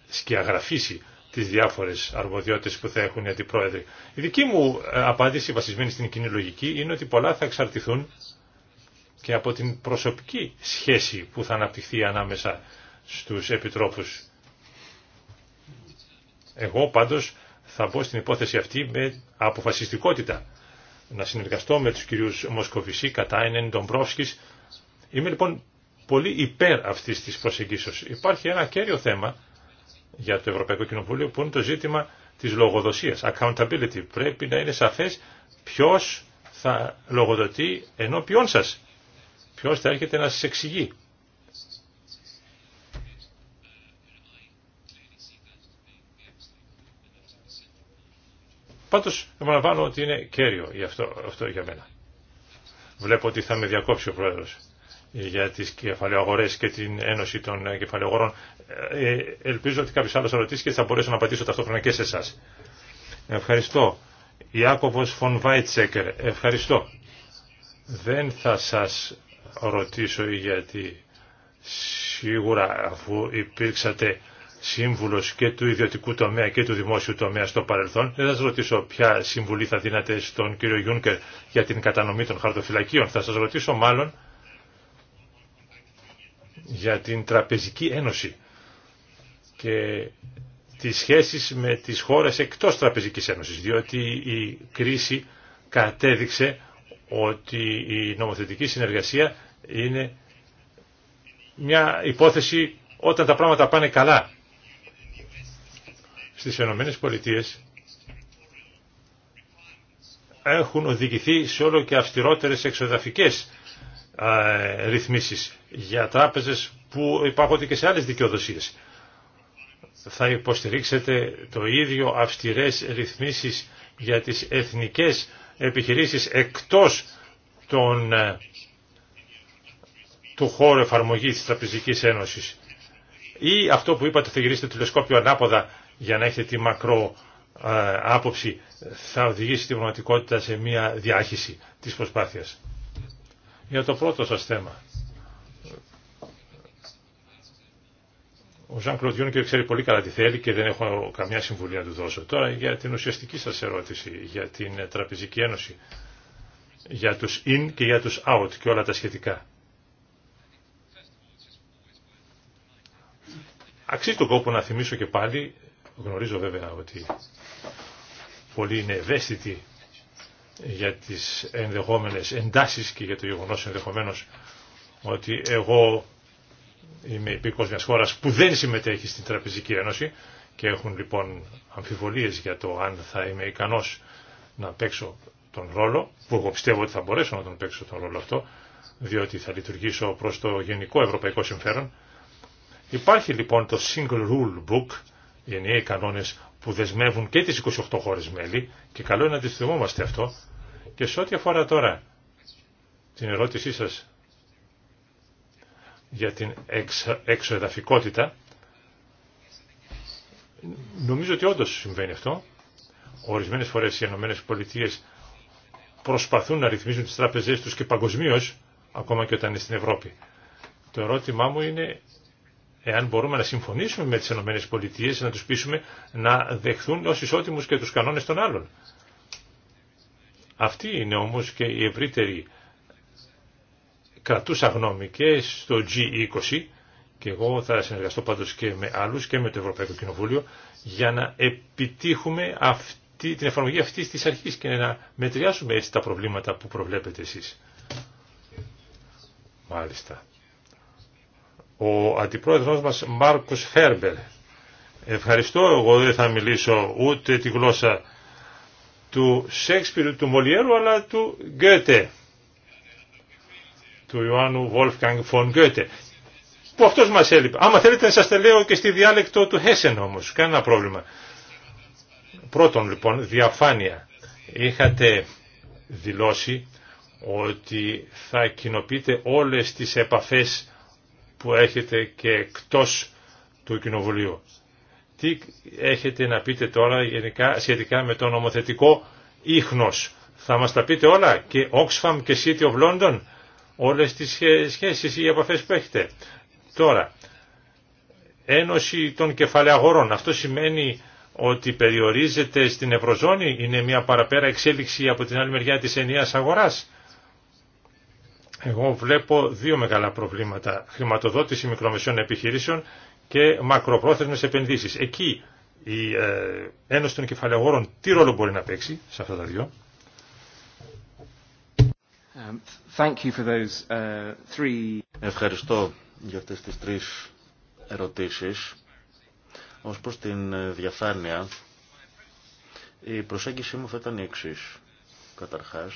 σκιαγραφίσει τις διάφορες αρμοδιότητες που θα έχουν οι αντιπρόεδροι. Η δική μου ε, απάντηση βασισμένη στην κοινή λογική είναι ότι πολλά θα εξαρτηθούν και από την προσωπική σχέση που θα αναπτυχθεί ανάμεσα στους επιτρόπους. Εγώ πάντως θα μπω στην υπόθεση αυτή με αποφασιστικότητα να συνεργαστώ με τους κυρίους Μοσκοβισή, Κατάινεν, Ντομπρόφσκης. Είμαι λοιπόν πολύ υπέρ αυτής της προσεγγίσεως. Υπάρχει ένα κέριο θέμα για το Ευρωπαϊκό Κοινοβούλιο που είναι το ζήτημα της λογοδοσίας, accountability. Πρέπει να είναι σαφές ποιος θα λογοδοτεί ενώ ποιον σας. Ποιος θα έρχεται να σας εξηγεί. Πάντω, επαναλαμβάνω ότι είναι κέριο γι αυτό, αυτό για μένα. Βλέπω ότι θα με διακόψει ο πρόεδρο για τι κεφαλαιοαγορέ και την Ένωση των ε, Κεφαλαιογορών. Ε, ε, ελπίζω ότι κάποιο άλλο θα ρωτήσει και θα μπορέσω να απαντήσω ταυτόχρονα και σε εσά. Ευχαριστώ. Ιάκωβος Φον Βάιτσέκερ. Ευχαριστώ. Δεν θα σα ρωτήσω γιατί σίγουρα αφού υπήρξατε Σύμβουλο και του ιδιωτικού τομέα και του δημόσιου τομέα στο παρελθόν. Δεν θα σα ρωτήσω ποια συμβουλή θα δίνατε στον κύριο Γιούνκερ για την κατανομή των χαρτοφυλακίων. Θα σα ρωτήσω μάλλον για την Τραπεζική Ένωση και τις σχέσεις με τις χώρες εκτός Τραπεζικής Ένωσης, διότι η κρίση κατέδειξε ότι η νομοθετική συνεργασία είναι μια υπόθεση όταν τα πράγματα πάνε καλά στις Ηνωμένες Πολιτείες έχουν οδηγηθεί σε όλο και αυστηρότερες εξοδαφικές ρυθμίσεις για τράπεζες που υπάρχουν και σε άλλες δικαιοδοσίες. Θα υποστηρίξετε το ίδιο αυστηρές ρυθμίσεις για τις εθνικές επιχειρήσεις εκτός των, ε, του χώρου εφαρμογής της Τραπεζικής Ένωσης. Ή αυτό που είπατε θα γυρίσετε τηλεσκόπιο ανάποδα για να έχετε τη μακρό ε, άποψη θα οδηγήσει την πραγματικότητα σε μια διάχυση της προσπάθειας. Για το πρώτο σας θέμα. Ο Ζαν και ξέρει πολύ καλά τι θέλει και δεν έχω καμιά συμβουλή να του δώσω. Τώρα για την ουσιαστική σας ερώτηση, για την Τραπεζική Ένωση, για τους in και για τους out και όλα τα σχετικά. Αξίζει τον κόπο να θυμίσω και πάλι Γνωρίζω βέβαια ότι πολλοί είναι ευαίσθητοι για τις ενδεχόμενες εντάσεις και για το γεγονός ενδεχομένως ότι εγώ είμαι υπήκος μιας χώρας που δεν συμμετέχει στην Τραπεζική Ένωση και έχουν λοιπόν αμφιβολίες για το αν θα είμαι ικανός να παίξω τον ρόλο, που εγώ πιστεύω ότι θα μπορέσω να τον παίξω τον ρόλο αυτό, διότι θα λειτουργήσω προς το γενικό ευρωπαϊκό συμφέρον. Υπάρχει λοιπόν το Single Rule Book, ενιαίοι κανόνες που δεσμεύουν και τι 28 χώρε μέλη και καλό είναι να τις θυμόμαστε αυτό. Και σε ό,τι αφορά τώρα την ερώτησή σας για την εξοεδαφικότητα, νομίζω ότι όντω συμβαίνει αυτό. Ορισμένες φορές οι ΗΠΑ προσπαθούν να ρυθμίζουν τις τραπεζέ τους και παγκοσμίω, ακόμα και όταν είναι στην Ευρώπη. Το ερώτημά μου είναι εάν μπορούμε να συμφωνήσουμε με τις ΗΠΑ να τους πείσουμε να δεχθούν ως ισότιμους και τους κανόνες των άλλων. Αυτή είναι όμως και η ευρύτερη κρατούσα γνώμη και στο G20 και εγώ θα συνεργαστώ πάντως και με άλλους και με το Ευρωπαϊκό Κοινοβούλιο για να επιτύχουμε αυτή, την εφαρμογή αυτή της αρχής και να μετριάσουμε έτσι τα προβλήματα που προβλέπετε εσείς. Μάλιστα ο αντιπρόεδρος μας Μάρκος Φέρμπερ. Ευχαριστώ, εγώ δεν θα μιλήσω ούτε τη γλώσσα του Σέξπιρου, του Μολιέρου, αλλά του Γκέτε, του Ιωάννου Βόλφκανγκ Φον Γκέτε, που αυτός μας έλειπε. Άμα θέλετε να σας τα λέω και στη διάλεκτο του Χέσεν όμως, κανένα πρόβλημα. Πρώτον λοιπόν, διαφάνεια. Είχατε δηλώσει ότι θα κοινοποιείτε όλες τις επαφές που έχετε και εκτός του Κοινοβουλίου. Τι έχετε να πείτε τώρα γενικά σχετικά με το νομοθετικό ίχνος. Θα μας τα πείτε όλα και Oxfam και City of London όλες τις σχέσεις ή επαφές που έχετε. Τώρα, ένωση των κεφαλαίων Αυτό σημαίνει ότι περιορίζεται στην Ευρωζώνη, είναι μια παραπέρα εξέλιξη από την άλλη μεριά της ενιαίας αγοράς. Εγώ βλέπω δύο μεγάλα προβλήματα. Χρηματοδότηση μικρομεσαίων επιχειρήσεων και μακροπρόθεσμες επενδύσεις. Εκεί η ε, Ένωση των Κεφαλαιογόρων τι ρόλο μπορεί να παίξει σε αυτά τα δύο. Um, thank you for those, uh, three... Ευχαριστώ για αυτές τις τρεις ερωτήσεις. Ως προς την ε, διαφάνεια, η προσέγγιση μου θα ήταν η εξής. Καταρχάς,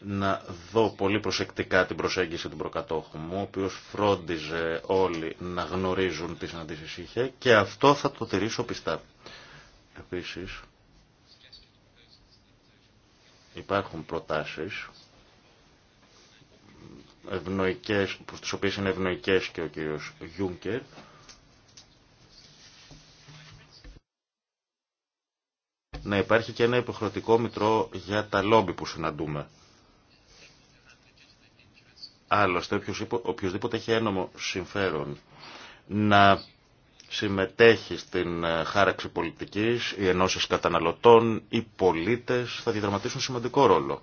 να δω πολύ προσεκτικά την προσέγγιση του προκατόχου μου, ο οποίο φρόντιζε όλοι να γνωρίζουν τι συναντήσει είχε και αυτό θα το τηρήσω πιστά. Επίση, υπάρχουν προτάσει ευνοϊκές, προς τις οποίες είναι ευνοϊκές και ο κύριος Γιούγκερ να υπάρχει και ένα υποχρεωτικό μητρό για τα λόμπι που συναντούμε. Άλλωστε, οποιοδήποτε έχει ένομο συμφέρον να συμμετέχει στην ε, χάραξη πολιτικής, οι ενώσεις καταναλωτών, οι πολίτες θα διαδραματίσουν σημαντικό ρόλο.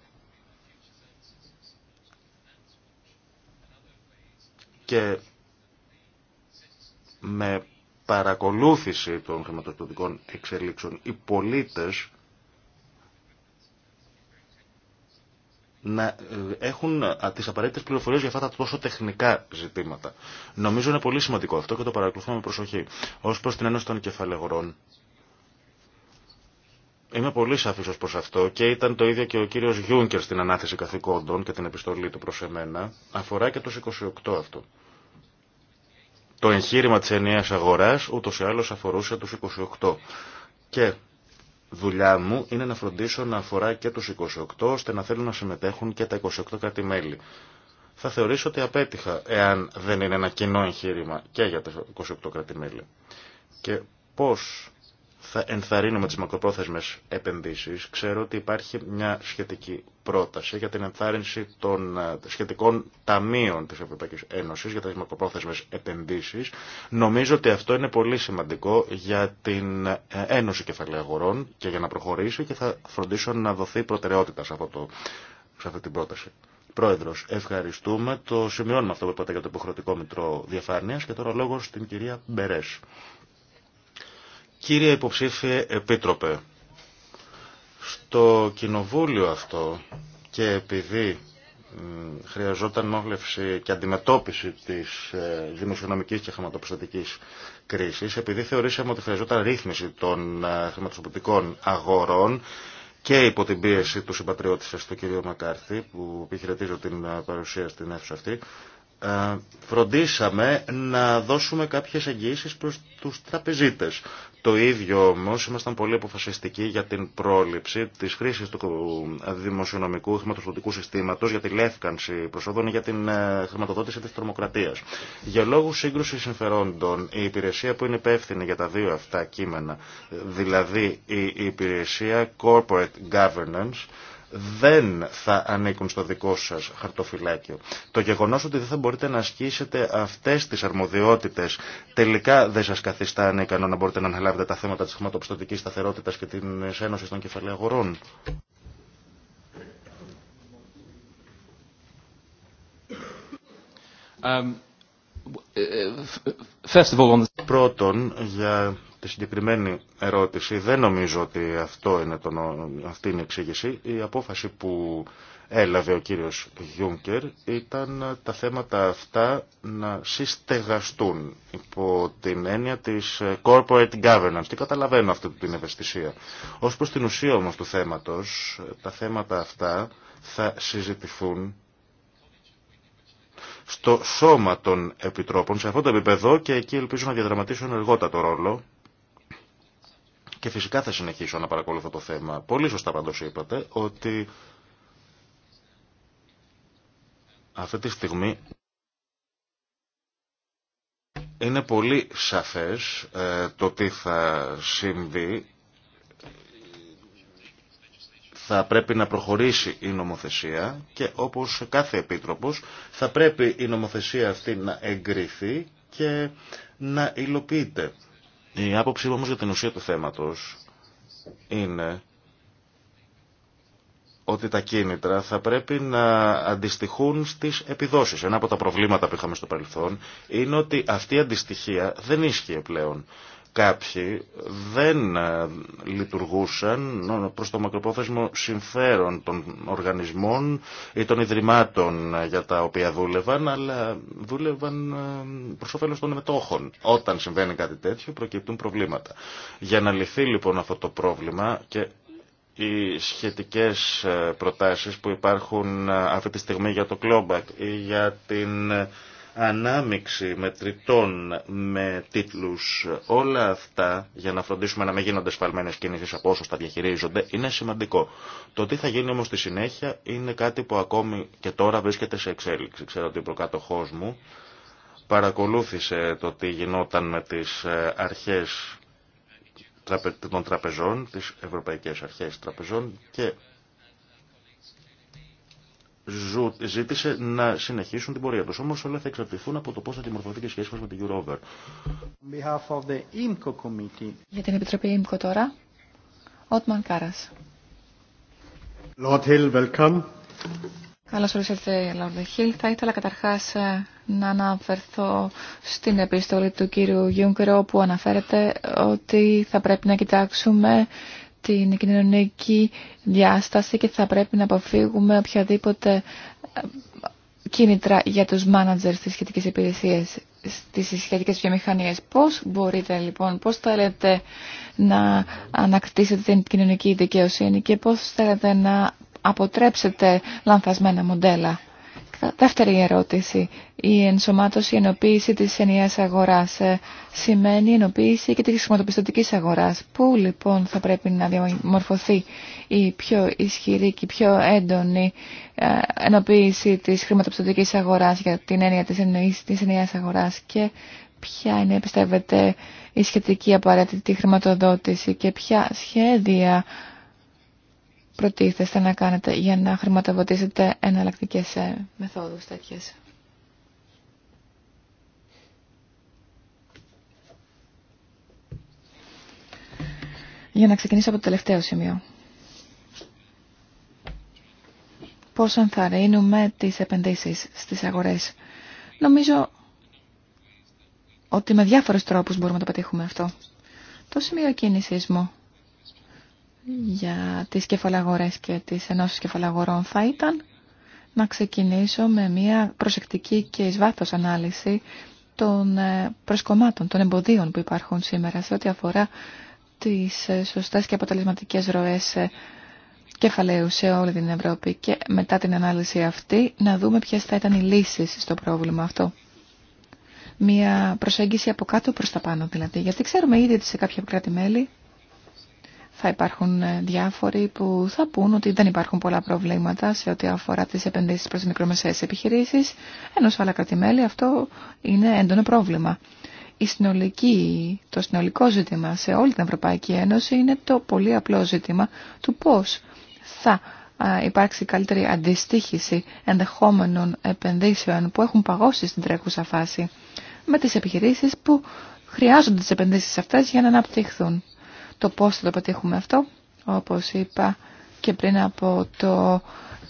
Και με παρακολούθηση των χρηματοδοτικών εξελίξεων, οι πολίτες να ε, έχουν τι απαραίτητε πληροφορίε για αυτά τα τόσο τεχνικά ζητήματα. Νομίζω είναι πολύ σημαντικό αυτό και το παρακολουθούμε με προσοχή. Ω προ την Ένωση των Κεφαλαιγρών. Είμαι πολύ σαφή ω προ αυτό και ήταν το ίδιο και ο κύριο Γιούνκερ στην ανάθεση καθηκόντων και την επιστολή του προ εμένα. Αφορά και του 28 αυτό. Το εγχείρημα τη ενιαία αγορά ούτω ή άλλω αφορούσε του 28. Και δουλειά μου είναι να φροντίσω να αφορά και τους 28, ώστε να θέλουν να συμμετέχουν και τα 28 κρατη μέλη. Θα θεωρήσω ότι απέτυχα, εάν δεν είναι ένα κοινό εγχείρημα και για τα 28 κράτη-μέλη. Και πώς θα ενθαρρύνουμε τις μακροπρόθεσμες επενδύσεις. Ξέρω ότι υπάρχει μια σχετική πρόταση για την ενθάρρυνση των ε, σχετικών ταμείων της Ευρωπαϊκής Ένωσης για τις μακροπρόθεσμες επενδύσεις. Νομίζω ότι αυτό είναι πολύ σημαντικό για την ε, Ένωση Κεφαλαίου Αγορών και για να προχωρήσει και θα φροντίσω να δοθεί προτεραιότητα σε, αυτό αυτή την πρόταση. Πρόεδρος, ευχαριστούμε. Το σημειώνουμε αυτό που είπατε για το υποχρεωτικό μητρό διαφάνειας και τώρα λόγο στην κυρία Μπερές. Κύριε Υποψήφιε Επίτροπε, στο κοινοβούλιο αυτό και επειδή χρειαζόταν μόγλευση και αντιμετώπιση της ε, δημοσιονομικής και χρηματοπιστωτικής κρίσης, επειδή θεωρήσαμε ότι χρειαζόταν ρύθμιση των ε, χρηματοπιστωτικών αγορών και υπό την πίεση του συμπατριώτη σας, του κ. Μακάρθη, που επιχειρετίζω την ε, παρουσία στην αίθουσα αυτή, φροντίσαμε να δώσουμε κάποιες εγγύησεις προς τους τραπεζίτες το ίδιο όμω ήμασταν πολύ αποφασιστικοί για την πρόληψη τη χρήση του δημοσιονομικού χρηματοδοτικού συστήματο για τη λεύκανση προσόδων για την ε, χρηματοδότηση τη τρομοκρατία. Για λόγου σύγκρουση συμφερόντων, η υπηρεσία που είναι υπεύθυνη για τα δύο αυτά κείμενα, δηλαδή η υπηρεσία Corporate Governance, δεν θα ανήκουν στο δικό σας χαρτοφυλάκιο. Το γεγονός ότι δεν θα μπορείτε να ασκήσετε αυτές τις αρμοδιότητες τελικά δεν σας καθιστά ανίκανο να μπορείτε να αναλάβετε τα θέματα της χρηματοπιστωτικής σταθερότητας και την Ένωση των Κεφαλαίων Αγορών. Um, uh, Πρώτον, για τη συγκεκριμένη ερώτηση, δεν νομίζω ότι αυτό είναι το, αυτή είναι η εξήγηση. Η απόφαση που έλαβε ο κύριος Γιούνκερ ήταν τα θέματα αυτά να συστεγαστούν υπό την έννοια της ε, corporate governance. Τι καταλαβαίνω αυτή την ευαισθησία. Ως προς την ουσία όμως του θέματος, τα θέματα αυτά θα συζητηθούν στο σώμα των επιτρόπων, σε αυτό το επίπεδο και εκεί ελπίζω να διαδραματίσουν εργότατο ρόλο και φυσικά θα συνεχίσω να παρακολουθώ το θέμα. Πολύ σωστά πάντως είπατε ότι αυτή τη στιγμή είναι πολύ σαφές ε, το τι θα συμβεί. Θα πρέπει να προχωρήσει η νομοθεσία και όπως κάθε επίτροπος θα πρέπει η νομοθεσία αυτή να εγκριθεί και να υλοποιείται. Η άποψή μου όμως για την ουσία του θέματος είναι ότι τα κίνητρα θα πρέπει να αντιστοιχούν στις επιδόσεις. Ένα από τα προβλήματα που είχαμε στο παρελθόν είναι ότι αυτή η αντιστοιχία δεν ίσχυε πλέον κάποιοι δεν ε, λειτουργούσαν προς το μακροπρόθεσμο συμφέρον των οργανισμών ή των ιδρυμάτων ε, για τα οποία δούλευαν, αλλά δούλευαν ε, προς όφελος των μετόχων. Όταν συμβαίνει κάτι τέτοιο προκυπτούν προβλήματα. Για να λυθεί λοιπόν αυτό το πρόβλημα και οι σχετικές προτάσεις που υπάρχουν αυτή τη στιγμή για το κλόμπακ ή για την ανάμιξη μετρητών με τίτλους, όλα αυτά για να φροντίσουμε να μην γίνονται σφαλμένες κινήσεις από όσους τα διαχειρίζονται είναι σημαντικό. Το τι θα γίνει όμως στη συνέχεια είναι κάτι που ακόμη και τώρα βρίσκεται σε εξέλιξη. Ξέρω ότι ο προκάτοχός μου παρακολούθησε το τι γινόταν με τις ε, αρχές των τραπεζών, τις ευρωπαϊκές αρχές τραπεζών και ζήτησε να συνεχίσουν την πορεία τους. Όμως όλα θα εξαρτηθούν από το πώς θα δημορφωθεί και η σχέση μας με την Eurover. Για την Επιτροπή ΙΜΚΟ τώρα, Ότμαν Κάρας. Καλώς ορίσατε, Λόρδε Χίλ. Θα ήθελα καταρχάς ε, να αναφερθώ στην επίστολη του κύριου Γιούγκρο, που αναφέρεται ότι θα πρέπει να κοιτάξουμε την κοινωνική διάσταση και θα πρέπει να αποφύγουμε οποιαδήποτε ε, κίνητρα για τους μάνατζερ στις σχετικές υπηρεσίες, στις σχετικές βιομηχανίες. Πώς μπορείτε λοιπόν, πώς θέλετε να ανακτήσετε την κοινωνική δικαιοσύνη και πώς θέλετε να αποτρέψετε λανθασμένα μοντέλα. Δεύτερη ερώτηση. Η ενσωμάτωση, η ενοποίηση της ενιαίας αγοράς ε, σημαίνει ενοποίηση και της χρηματοπιστωτικής αγοράς. Πού λοιπόν θα πρέπει να διαμορφωθεί η πιο ισχυρή και η πιο έντονη ε, ενοποίηση της χρηματοπιστωτικής αγοράς για την έννοια της, εννοής, της ενιαίας αγοράς και ποια είναι, πιστεύετε, η σχετική απαραίτητη χρηματοδότηση και ποια σχέδια προτίθεστε να κάνετε για να χρηματοδοτήσετε εναλλακτικέ ε, μεθόδους τέτοιες. Για να ξεκινήσω από το τελευταίο σημείο. Πώς ενθαρρύνουμε τις επενδύσεις στις αγορές. Νομίζω ότι με διάφορους τρόπους μπορούμε να το πετύχουμε αυτό. Το σημείο κίνησης μου για τις κεφαλαγορές και τις ενώσεις κεφαλαγορών θα ήταν να ξεκινήσω με μια προσεκτική και εις ανάλυση των ε, προσκομμάτων, των εμποδίων που υπάρχουν σήμερα σε ό,τι αφορά τις ε, σωστές και αποτελεσματικές ροές ε, κεφαλαίου σε όλη την Ευρώπη και μετά την ανάλυση αυτή να δούμε ποιες θα ήταν οι λύσεις στο πρόβλημα αυτό. Μια προσέγγιση από κάτω προς τα πάνω δηλαδή, γιατί ξέρουμε ήδη ότι σε κάποια κράτη-μέλη θα υπάρχουν ε, διάφοροι που θα πούν ότι δεν υπάρχουν πολλά προβλήματα σε ό,τι αφορά τις επενδύσεις προς μικρομεσαίες επιχειρήσεις, ενώ σε άλλα κρατημέλη αυτό είναι έντονο πρόβλημα. Η συνολική, το συνολικό ζήτημα σε όλη την Ευρωπαϊκή Ένωση είναι το πολύ απλό ζήτημα του πώς θα υπάρξει καλύτερη αντιστοίχηση ενδεχόμενων επενδύσεων που έχουν παγώσει στην τρέχουσα φάση με τις επιχειρήσεις που χρειάζονται τις επενδύσεις αυτές για να αναπτυχθούν. Το πώς θα το πετύχουμε αυτό, όπως είπα και πριν από το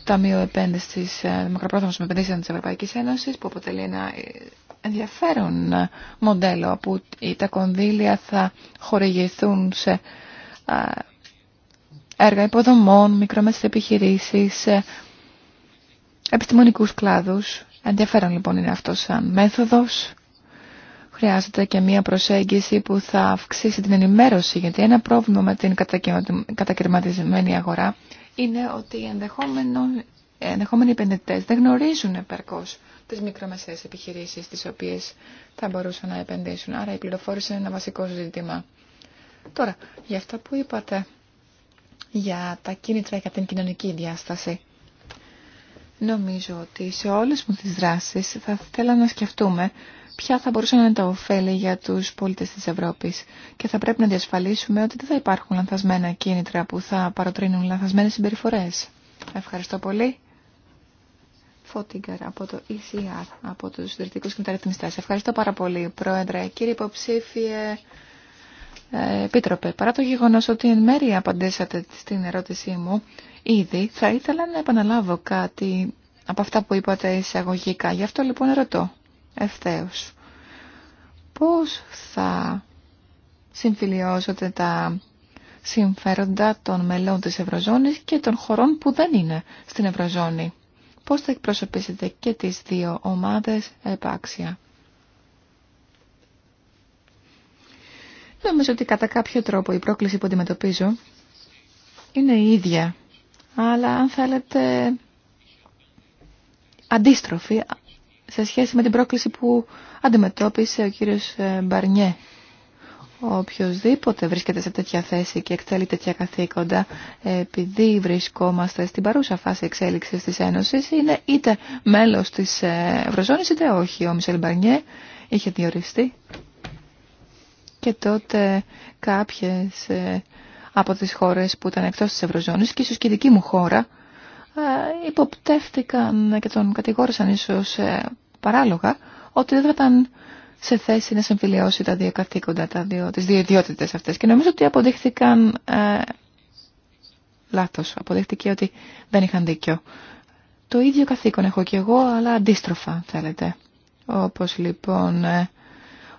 Ταμείο Επένδυσης, ε, Μακροπρόθεσμος Επενδύσεων της Ευρωπαϊκής Ένωσης, που αποτελεί ένα ε, ενδιαφέρον μοντέλο, που τα κονδύλια θα χορηγηθούν σε ε, έργα υποδομών, μικρομέσες επιχειρήσεις, επιστημονικούς κλάδους. Ενδιαφέρον λοιπόν είναι αυτό σαν μέθοδος Χρειάζεται και μία προσέγγιση που θα αυξήσει την ενημέρωση, γιατί ένα πρόβλημα με την κατακαιρματισμένη αγορά είναι ότι οι ενδεχόμενοι επενδυτέ δεν γνωρίζουν επαρκώ τι μικρομεσαίε επιχειρήσει τι οποίε θα μπορούσαν να επενδύσουν. Άρα η πληροφόρηση είναι ένα βασικό ζήτημα. Τώρα, για αυτά που είπατε για τα κίνητρα για την κοινωνική διάσταση. Νομίζω ότι σε όλες μου τις δράσεις θα θέλαμε να σκεφτούμε ποια θα μπορούσαν να είναι τα ωφέλη για τους πολίτες της Ευρώπης και θα πρέπει να διασφαλίσουμε ότι δεν θα υπάρχουν λανθασμένα κίνητρα που θα παροτρύνουν λανθασμένες συμπεριφορές. Ευχαριστώ πολύ. Φώτιγκαρ από το ECR, από τους συντηρητικούς και Ευχαριστώ πάρα πολύ, Πρόεδρε. Κύριε υποψήφιε, ε, Επίτροπε, παρά το γεγονός ότι εν μέρει απαντήσατε στην ερώτησή μου ήδη, θα ήθελα να επαναλάβω κάτι από αυτά που είπατε εισαγωγικά. Γι' αυτό λοιπόν ρωτώ ευθέως. Πώς θα συμφιλιώσετε τα συμφέροντα των μελών της Ευρωζώνης και των χωρών που δεν είναι στην Ευρωζώνη. Πώς θα εκπροσωπήσετε και τις δύο ομάδες επάξια. Νομίζω ότι κατά κάποιο τρόπο η πρόκληση που αντιμετωπίζω είναι η ίδια, αλλά αν θέλετε αντίστροφη σε σχέση με την πρόκληση που αντιμετώπισε ο κύριος ε, Μπαρνιέ. Οποιοςδήποτε βρίσκεται σε τέτοια θέση και εκτελεί τέτοια καθήκοντα, επειδή βρισκόμαστε στην παρούσα φάση εξέλιξης της Ένωσης, είναι είτε μέλος της ε, Ευρωζώνης είτε όχι. Ο Μισελ Μπαρνιέ είχε διοριστεί και τότε κάποιες ε, από τις χώρες που ήταν εκτός της Ευρωζώνης και ίσως και η δική μου χώρα ε, υποπτεύτηκαν και τον κατηγόρησαν ίσως ε, παράλογα ότι δεν θα ήταν σε θέση να συμφιλειώσει τα δύο καθήκοντα, τα δύο, τις δύο ιδιότητες αυτές. Και νομίζω ότι αποδείχθηκαν ε, λάθος, αποδείχθηκε ότι δεν είχαν δίκιο. Το ίδιο καθήκον έχω και εγώ, αλλά αντίστροφα θέλετε. Όπως λοιπόν ε,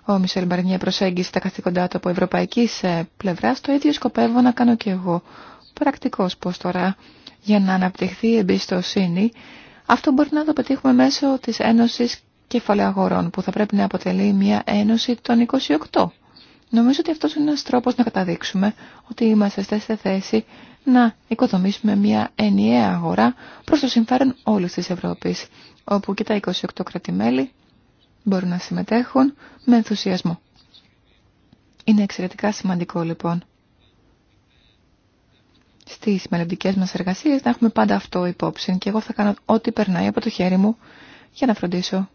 ο Μισελ Μπαρνιέ προσέγγισε τα καθήκοντά του από ευρωπαϊκής πλευράς, το ίδιο σκοπεύω να κάνω και εγώ. Πρακτικός πως τώρα για να αναπτυχθεί η εμπιστοσύνη, αυτό μπορεί να το πετύχουμε μέσω της Ένωσης Κεφαλαίου Αγορών, που θα πρέπει να αποτελεί μια ένωση των 28. Νομίζω ότι αυτός είναι ένας τρόπος να καταδείξουμε ότι είμαστε σε θέση να οικοδομήσουμε μια ενιαία αγορά προς το συμφέρον όλης της Ευρώπης, όπου και τα 28 κρατημέλη μπορούν να συμμετέχουν με ενθουσιασμό. Είναι εξαιρετικά σημαντικό λοιπόν στις μελλοντικές μας εργασίες να έχουμε πάντα αυτό υπόψη και εγώ θα κάνω ό,τι περνάει από το χέρι μου για να φροντίσω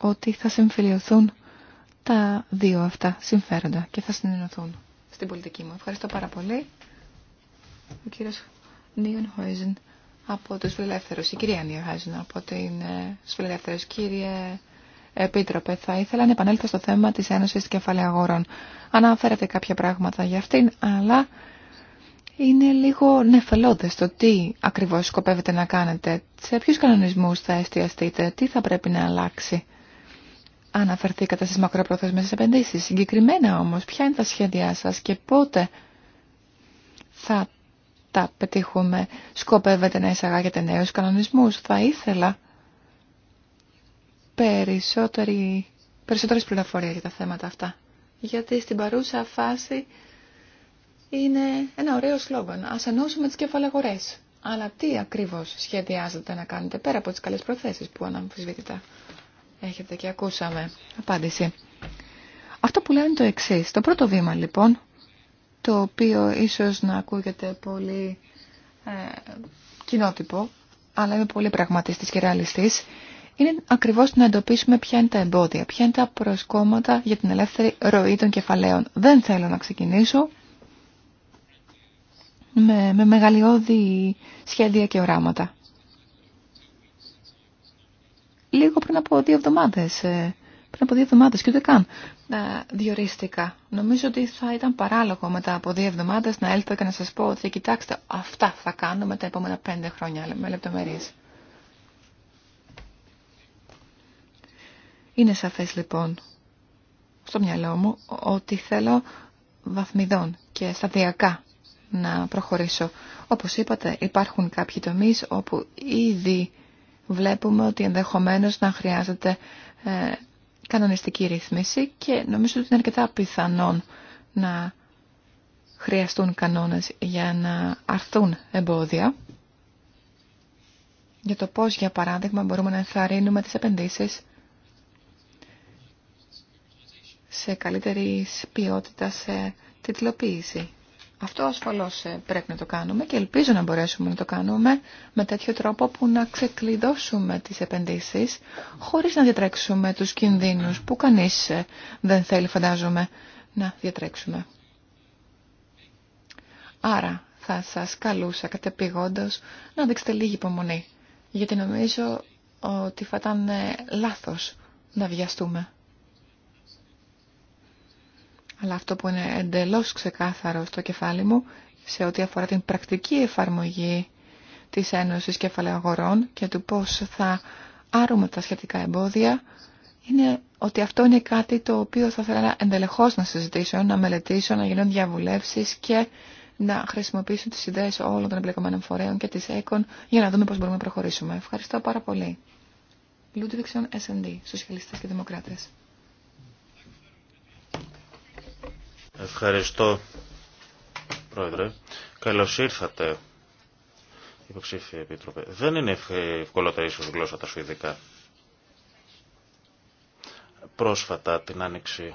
ότι θα συμφιλειωθούν τα δύο αυτά συμφέροντα και θα συνενωθούν στην πολιτική μου. Ευχαριστώ πάρα πολύ. Ο κύριος Νίον Χόιζεν από τους Φιλελεύθερους, η κυρία Νίον Χόιζεν από την ε, Φιλελεύθερους. Κύριε Επίτροπε, θα ήθελα να επανέλθω στο θέμα της Ένωσης Κεφαλαίου Αγορών. Αναφέρατε κάποια πράγματα για αυτήν, αλλά είναι λίγο νεφελώδες το τι ακριβώς σκοπεύετε να κάνετε, σε ποιους κανονισμούς θα εστιαστείτε, τι θα πρέπει να αλλάξει. Αναφερθήκατε στις μακροπρόθεσμες επενδύσεις. Συγκεκριμένα όμως, ποια είναι τα σχέδιά σας και πότε θα τα πετύχουμε. Σκοπεύετε να εισαγάγετε νέους κανονισμούς. Θα ήθελα περισσότερη, περισσότερες για τα θέματα αυτά. Γιατί στην παρούσα φάση είναι ένα ωραίο σλόγγαν. Α ενώσουμε τι κεφαλαγορέ. Αλλά τι ακριβώ σχεδιάζετε να κάνετε πέρα από τι καλέ προθέσει που αναμφισβήτητα έχετε και ακούσαμε. Απάντηση. Αυτό που λέω είναι το εξή. Το πρώτο βήμα λοιπόν, το οποίο ίσω να ακούγεται πολύ ε, κοινότυπο, αλλά είμαι πολύ πραγματιστή και ρεαλιστή, είναι ακριβώ να εντοπίσουμε ποια είναι τα εμπόδια, ποια είναι τα προσκόμματα για την ελεύθερη ροή των κεφαλαίων. Δεν θέλω να ξεκινήσω με, με μεγαλειώδη σχέδια και οράματα. Λίγο πριν από δύο εβδομάδες, ε, πριν από δύο εβδομάδες και ούτε καν ε, διορίστηκα. Νομίζω ότι θα ήταν παράλογο μετά από δύο εβδομάδες να έλθω και να σας πω ότι κοιτάξτε αυτά θα κάνουμε τα επόμενα πέντε χρόνια με λεπτομέρειες. Είναι σαφές λοιπόν στο μυαλό μου ότι θέλω βαθμιδών και σταδιακά να προχωρήσω. Όπως είπατε, υπάρχουν κάποιοι τομείς όπου ήδη βλέπουμε ότι ενδεχομένως να χρειάζεται ε, κανονιστική ρύθμιση και νομίζω ότι είναι αρκετά πιθανόν να χρειαστούν κανόνες για να αρθούν εμπόδια. Για το πώς, για παράδειγμα, μπορούμε να ενθαρρύνουμε τις επενδύσεις σε καλύτερη ποιότητα σε τιτλοποίηση αυτό ασφαλώς ε, πρέπει να το κάνουμε και ελπίζω να μπορέσουμε να το κάνουμε με τέτοιο τρόπο που να ξεκλειδώσουμε τις επενδύσεις χωρίς να διατρέξουμε τους κινδύνους που κανείς ε, δεν θέλει φαντάζομαι να διατρέξουμε. Άρα θα σας καλούσα κατεπηγόντως να δείξετε λίγη υπομονή γιατί νομίζω ότι θα ήταν ε, λάθος να βιαστούμε. Αλλά αυτό που είναι εντελώς ξεκάθαρο στο κεφάλι μου σε ό,τι αφορά την πρακτική εφαρμογή της Ένωσης Κεφαλαίου και του πώς θα άρουμε τα σχετικά εμπόδια είναι ότι αυτό είναι κάτι το οποίο θα ήθελα εντελεχώς να συζητήσω, να μελετήσω, να γίνουν διαβουλεύσεις και να χρησιμοποιήσω τις ιδέες όλων των εμπλεκομένων φορέων και της ΕΚΟΝ για να δούμε πώς μπορούμε να προχωρήσουμε. Ευχαριστώ πάρα πολύ. Λούντιβιξον S&D, Σοσιαλιστές και Δημοκράτες. Ευχαριστώ, Πρόεδρε. Καλώ ήρθατε, υποψήφια Επίτροπε. Δεν είναι ευκολότερη ίσω γλώσσα τα Σουηδικά. Πρόσφατα την Άνοιξη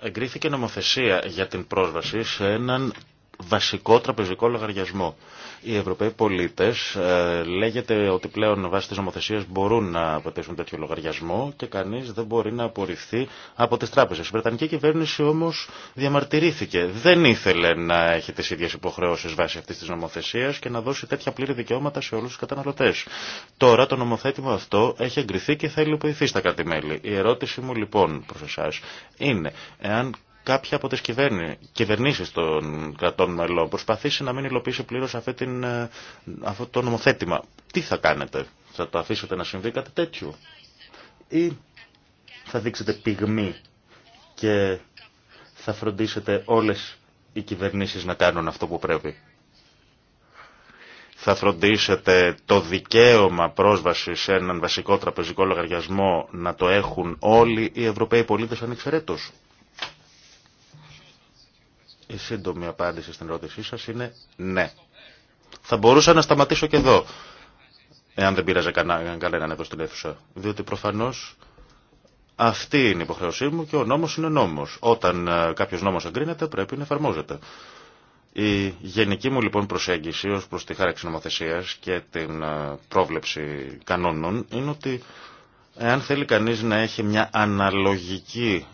εγκρίθηκε νομοθεσία για την πρόσβαση σε έναν βασικό τραπεζικό λογαριασμό. Οι Ευρωπαίοι πολίτε ε, λέγεται ότι πλέον βάσει τη νομοθεσία μπορούν να αποτελούν τέτοιο λογαριασμό και κανεί δεν μπορεί να απορριφθεί από τι τράπεζε. Η Βρετανική κυβέρνηση όμω διαμαρτυρήθηκε. Δεν ήθελε να έχει τι ίδιε υποχρεώσει βάσει αυτή τη νομοθεσία και να δώσει τέτοια πλήρη δικαιώματα σε όλου του καταναλωτέ. Τώρα το νομοθέτημα αυτό έχει εγκριθεί και θα υλοποιηθεί στα κράτη-μέλη. Η ερώτηση μου λοιπόν προ εσά είναι εάν κάποια από τι κυβερνήσει των κρατών μελών προσπαθήσει να μην υλοποιήσει πλήρως ε, αυτό το νομοθέτημα. Τι θα κάνετε, θα το αφήσετε να συμβεί κάτι τέτοιο ή θα δείξετε πυγμή και θα φροντίσετε όλες οι κυβερνήσεις να κάνουν αυτό που πρέπει. Θα φροντίσετε το δικαίωμα πρόσβαση σε έναν βασικό τραπεζικό λογαριασμό να το έχουν όλοι οι Ευρωπαίοι πολίτες ανεξαιρέτως. Η σύντομη απάντηση στην ερώτησή σας είναι ναι. Θα μπορούσα να σταματήσω και εδώ, εάν δεν πήραζε κανέναν κανένα εδώ στην αίθουσα. Διότι προφανώς αυτή είναι η υποχρέωσή μου και ο νόμος είναι νόμος. Όταν ε, κάποιος νόμος εγκρίνεται πρέπει να εφαρμόζεται. Η γενική μου λοιπόν προσέγγιση ως προς τη χάραξη νομοθεσίας και την ε, πρόβλεψη κανόνων είναι ότι εάν θέλει κανείς να έχει μια αναλογική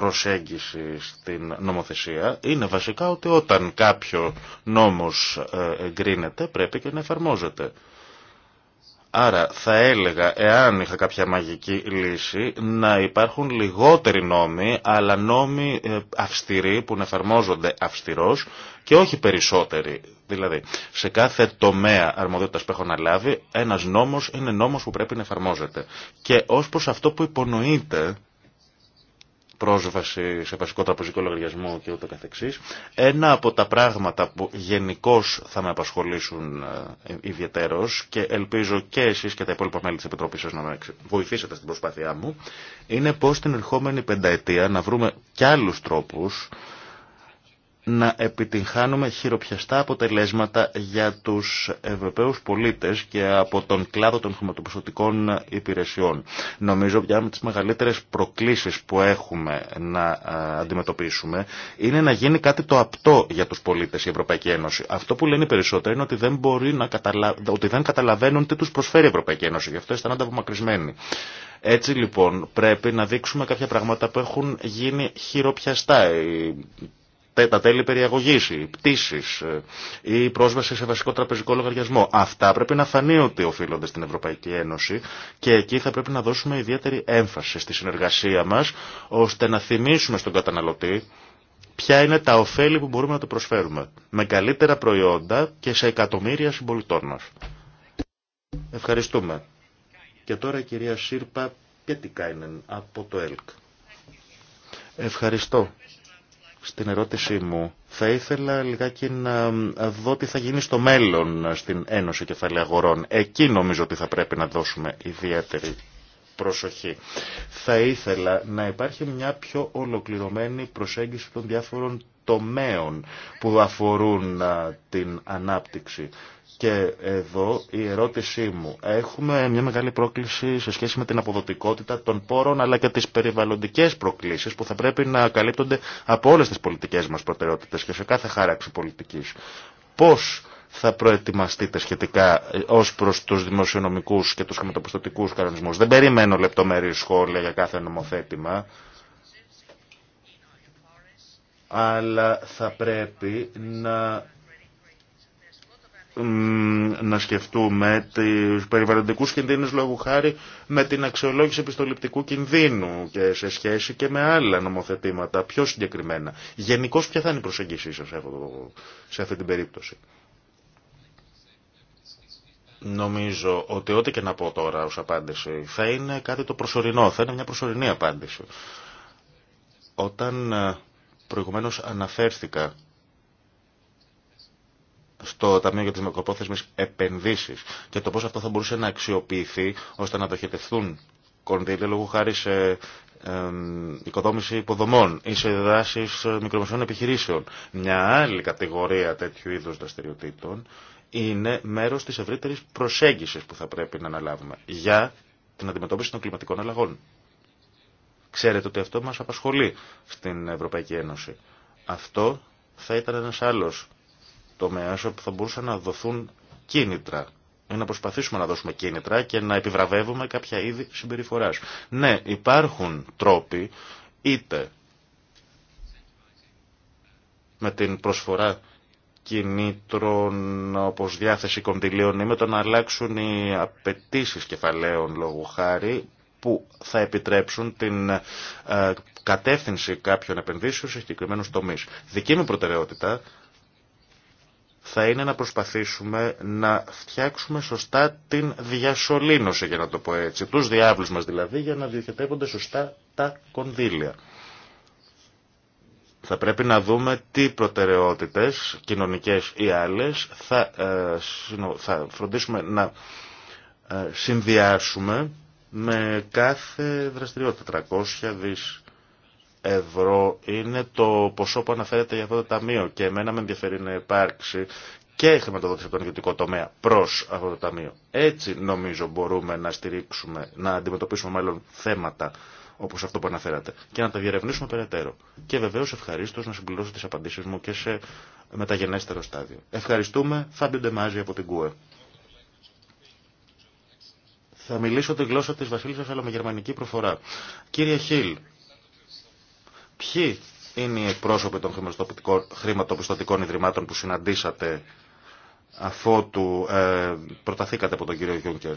προσέγγιση στην νομοθεσία είναι βασικά ότι όταν κάποιο νόμος ε, εγκρίνεται πρέπει και να εφαρμόζεται. Άρα θα έλεγα, εάν είχα κάποια μαγική λύση, να υπάρχουν λιγότεροι νόμοι, αλλά νόμοι ε, αυστηροί που να εφαρμόζονται αυστηρός και όχι περισσότεροι. Δηλαδή, σε κάθε τομέα αρμοδιότητας που έχω να λάβει, ένας νόμος είναι νόμος που πρέπει να εφαρμόζεται. Και ως προς αυτό που υπονοείται, πρόσβαση σε βασικό τραπεζικό λογαριασμό και ούτω καθεξής. Ένα από τα πράγματα που γενικώ θα με απασχολήσουν ε, ιδιαιτέρως και ελπίζω και εσείς και τα υπόλοιπα μέλη της Επιτροπής σας να με βοηθήσετε στην προσπάθειά μου είναι πώς την ερχόμενη πενταετία να βρούμε κι άλλους τρόπους να επιτυγχάνουμε χειροπιαστά αποτελέσματα για τους Ευρωπαίους πολίτες και από τον κλάδο των χρηματοπιστωτικών υπηρεσιών. Νομίζω πια με τις μεγαλύτερες προκλήσεις που έχουμε να ε, αντιμετωπίσουμε είναι να γίνει κάτι το απτό για τους πολίτες η Ευρωπαϊκή Ένωση. Αυτό που λένε οι περισσότεροι είναι ότι δεν, μπορεί να καταλα... ότι δεν καταλαβαίνουν τι τους προσφέρει η Ευρωπαϊκή Ένωση. Γι' αυτό αισθάνονται απομακρυσμένοι. Έτσι λοιπόν πρέπει να δείξουμε κάποια πράγματα που έχουν γίνει χειροπιαστά τα τέλη περιαγωγή, οι πτήσει ή ε, η πρόσβαση σε βασικό τραπεζικό λογαριασμό. Αυτά πρέπει να φανεί ότι οφείλονται στην Ευρωπαϊκή Ένωση και εκεί θα πρέπει να δώσουμε ιδιαίτερη έμφαση στη συνεργασία μας ώστε να θυμίσουμε στον καταναλωτή ποια είναι τα ωφέλη που μπορούμε να του προσφέρουμε με καλύτερα προϊόντα και σε εκατομμύρια συμπολιτών μα. Ευχαριστούμε. Και τώρα η κυρία Σύρπα Πιετικάινεν από το ΕΛΚ. Ευχαριστώ στην ερώτησή μου. Θα ήθελα λιγάκι να δω τι θα γίνει στο μέλλον στην Ένωση Κεφαλαίου Αγορών. Εκεί νομίζω ότι θα πρέπει να δώσουμε ιδιαίτερη προσοχή. Θα ήθελα να υπάρχει μια πιο ολοκληρωμένη προσέγγιση των διάφορων τομέων που αφορούν την ανάπτυξη και εδώ η ερώτησή μου. Έχουμε μια μεγάλη πρόκληση σε σχέση με την αποδοτικότητα των πόρων αλλά και τις περιβαλλοντικές προκλήσεις που θα πρέπει να καλύπτονται από όλες τις πολιτικές μας προτεραιότητες και σε κάθε χάραξη πολιτικής. Πώς θα προετοιμαστείτε σχετικά ε, ω προ του δημοσιονομικού και του χρηματοπιστωτικού κανονισμού. Δεν περιμένω λεπτομέρειε σχόλια για κάθε νομοθέτημα. Αλλά θα πρέπει να να σκεφτούμε τους περιβαλλοντικούς κινδύνους λόγου χάρη με την αξιολόγηση επιστοληπτικού κινδύνου και σε σχέση και με άλλα νομοθετήματα πιο συγκεκριμένα. Γενικώ ποια θα είναι η προσέγγιση σας σε αυτή την περίπτωση. Νομίζω ότι ό,τι και να πω τώρα ως απάντηση θα είναι κάτι το προσωρινό, θα είναι μια προσωρινή απάντηση. Όταν ε, προηγουμένως αναφέρθηκα στο Ταμείο για τι Μικροπρόθεσμες επενδύσει και το πώ αυτό θα μπορούσε να αξιοποιηθεί ώστε να δοχετευθούν κονδύλια λόγω χάρη σε οικοδόμηση υποδομών ή σε δράσεις ε, μικρομεσαίων επιχειρήσεων. Μια άλλη κατηγορία τέτοιου είδου δραστηριοτήτων είναι μέρο τη ευρύτερη προσέγγιση που θα πρέπει να αναλάβουμε για την αντιμετώπιση των κλιματικών αλλαγών. Ξέρετε ότι αυτό μα απασχολεί στην Ευρωπαϊκή Ένωση. Αυτό θα ήταν ένα άλλο τομέα όπου θα μπορούσαν να δοθούν κίνητρα ή να προσπαθήσουμε να δώσουμε κίνητρα και να επιβραβεύουμε κάποια είδη συμπεριφοράς. Ναι, υπάρχουν τρόποι είτε με την προσφορά κινήτρων όπως διάθεση κοντιλίων ή με το να αλλάξουν οι απαιτήσει κεφαλαίων λόγου χάρη που θα επιτρέψουν την ε, κατεύθυνση κάποιων επενδύσεων σε συγκεκριμένου τομεί. Δική μου προτεραιότητα θα είναι να προσπαθήσουμε να φτιάξουμε σωστά την διασωλήνωση, για να το πω έτσι, τους διάβλους μας δηλαδή, για να διοικητεύονται σωστά τα κονδύλια. Θα πρέπει να δούμε τι προτεραιότητες, κοινωνικές ή άλλες, θα, ε, θα φροντίσουμε να ε, συνδυάσουμε με κάθε δραστηριότητα. 300 δις ευρώ είναι το ποσό που αναφέρεται για αυτό το ταμείο και εμένα με ενδιαφέρει να υπάρξει και χρηματοδότηση από τον ιδιωτικό τομέα προς αυτό το ταμείο. Έτσι νομίζω μπορούμε να στηρίξουμε, να αντιμετωπίσουμε μάλλον θέματα όπως αυτό που αναφέρατε και να τα διερευνήσουμε περαιτέρω. Και βεβαίως ευχαρίστω να συμπληρώσω τις απαντήσεις μου και σε μεταγενέστερο στάδιο. Ευχαριστούμε. Φάμπιο Ντεμάζη από την ΚΟΕ. Θα μιλήσω τη γλώσσα της Βασίλισσας αλλά με γερμανική προφορά. Κύριε Χίλ, Ποιοι είναι οι εκπρόσωποι των χρηματοπιστωτικών ιδρυμάτων που συναντήσατε αφότου ε, προταθήκατε από τον κύριο Γιούγκερ.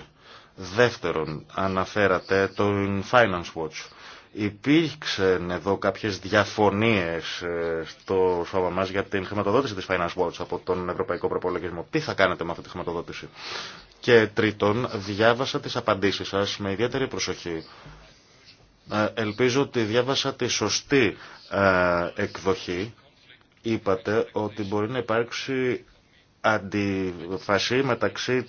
Δεύτερον, αναφέρατε τον Finance Watch. Υπήρξαν εδώ κάποιες διαφωνίες ε, στο σώμα μας για την χρηματοδότηση της Finance Watch από τον Ευρωπαϊκό Προπολογισμό. Τι θα κάνετε με αυτή τη χρηματοδότηση. Και τρίτον, διάβασα τις απαντήσεις σας με ιδιαίτερη προσοχή ε, ελπίζω ότι διάβασα τη σωστή ε, εκδοχή. Είπατε ότι μπορεί να υπάρξει αντιφασή μεταξύ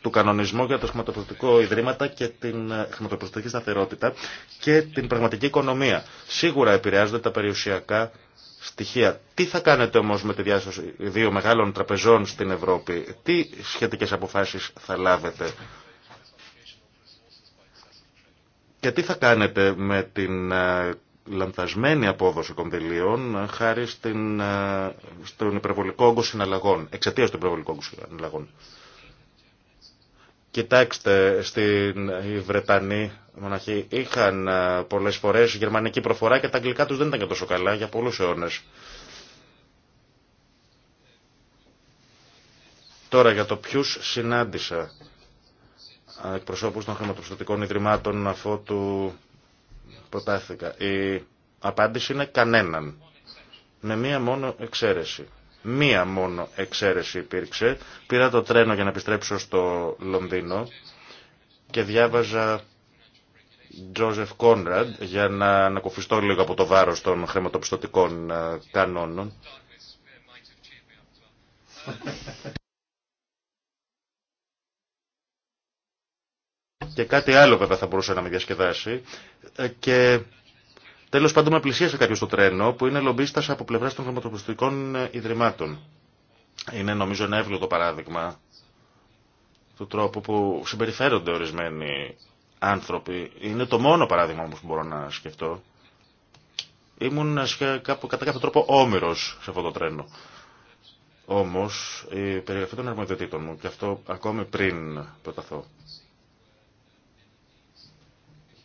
του κανονισμού για το χρηματοπιστωτικό ιδρύματα και την ε, χρηματοπιστωτική σταθερότητα και την πραγματική οικονομία. Σίγουρα επηρεάζονται τα περιουσιακά στοιχεία. Τι θα κάνετε όμως με τη διάσωση δύο μεγάλων τραπεζών στην Ευρώπη, τι σχετικές αποφάσεις θα λάβετε και τι θα κάνετε με την ε, λανθασμένη απόδοση κονδυλίων ε, χάρη στην, ε, στον υπερβολικό όγκο συναλλαγών, εξαιτία του υπερβολικού όγκου συναλλαγών. Κοιτάξτε, στην οι Βρετανοί μοναχοί είχαν πολλές φορές γερμανική προφορά και τα αγγλικά τους δεν ήταν και τόσο καλά για πολλούς αιώνες. Τώρα για το ποιους συνάντησα εκπροσώπους των χρηματοπιστωτικών ιδρυμάτων αφού του προτάθηκα. Η απάντηση είναι κανέναν. Με μία μόνο εξαίρεση. Μία μόνο εξαίρεση υπήρξε. Πήρα το τρένο για να επιστρέψω στο Λονδίνο και διάβαζα Τζόζεφ Κόνραντ για να ανακουφιστώ λίγο από το βάρος των χρηματοπιστωτικών κανόνων. Και κάτι άλλο βέβαια θα μπορούσε να με διασκεδάσει. Ε, και τέλο πάντων με πλησίασε κάποιο στο τρένο που είναι λομπίστα από πλευρά των χρηματοπιστωτικών ε, ιδρυμάτων. Είναι νομίζω ένα εύλογο παράδειγμα του τρόπου που συμπεριφέρονται ορισμένοι άνθρωποι. Είναι το μόνο παράδειγμα όμω που μπορώ να σκεφτώ. Ήμουν κάπου, κατά κάποιο τρόπο όμοιρο σε αυτό το τρένο. Όμω, η περιγραφή των αρμοδιοτήτων μου και αυτό ακόμη πριν προταθώ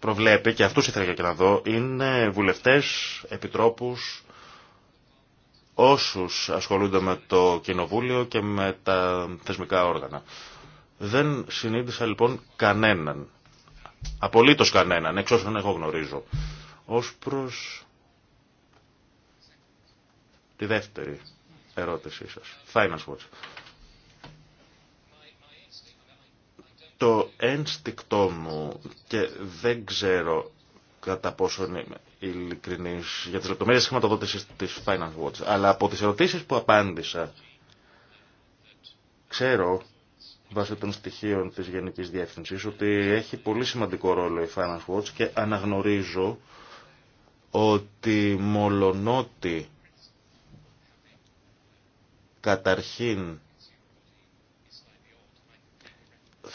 προβλέπει, και αυτούς ήθελα και να δω, είναι βουλευτές, επιτρόπους, όσους ασχολούνται με το κοινοβούλιο και με τα θεσμικά όργανα. Δεν συνείδησα λοιπόν κανέναν, απολύτως κανέναν, εξ όσων εγώ γνωρίζω, ως προς τη δεύτερη ερώτησή σας. Θα είναι το ένστικτό μου και δεν ξέρω κατά πόσο είμαι ειλικρινής για τις λεπτομέρειες της χρηματοδότησης της Finance Watch, αλλά από τις ερωτήσεις που απάντησα, ξέρω βάσει των στοιχείων της Γενικής Διεύθυνσης ότι έχει πολύ σημαντικό ρόλο η Finance Watch και αναγνωρίζω ότι μολονότι καταρχήν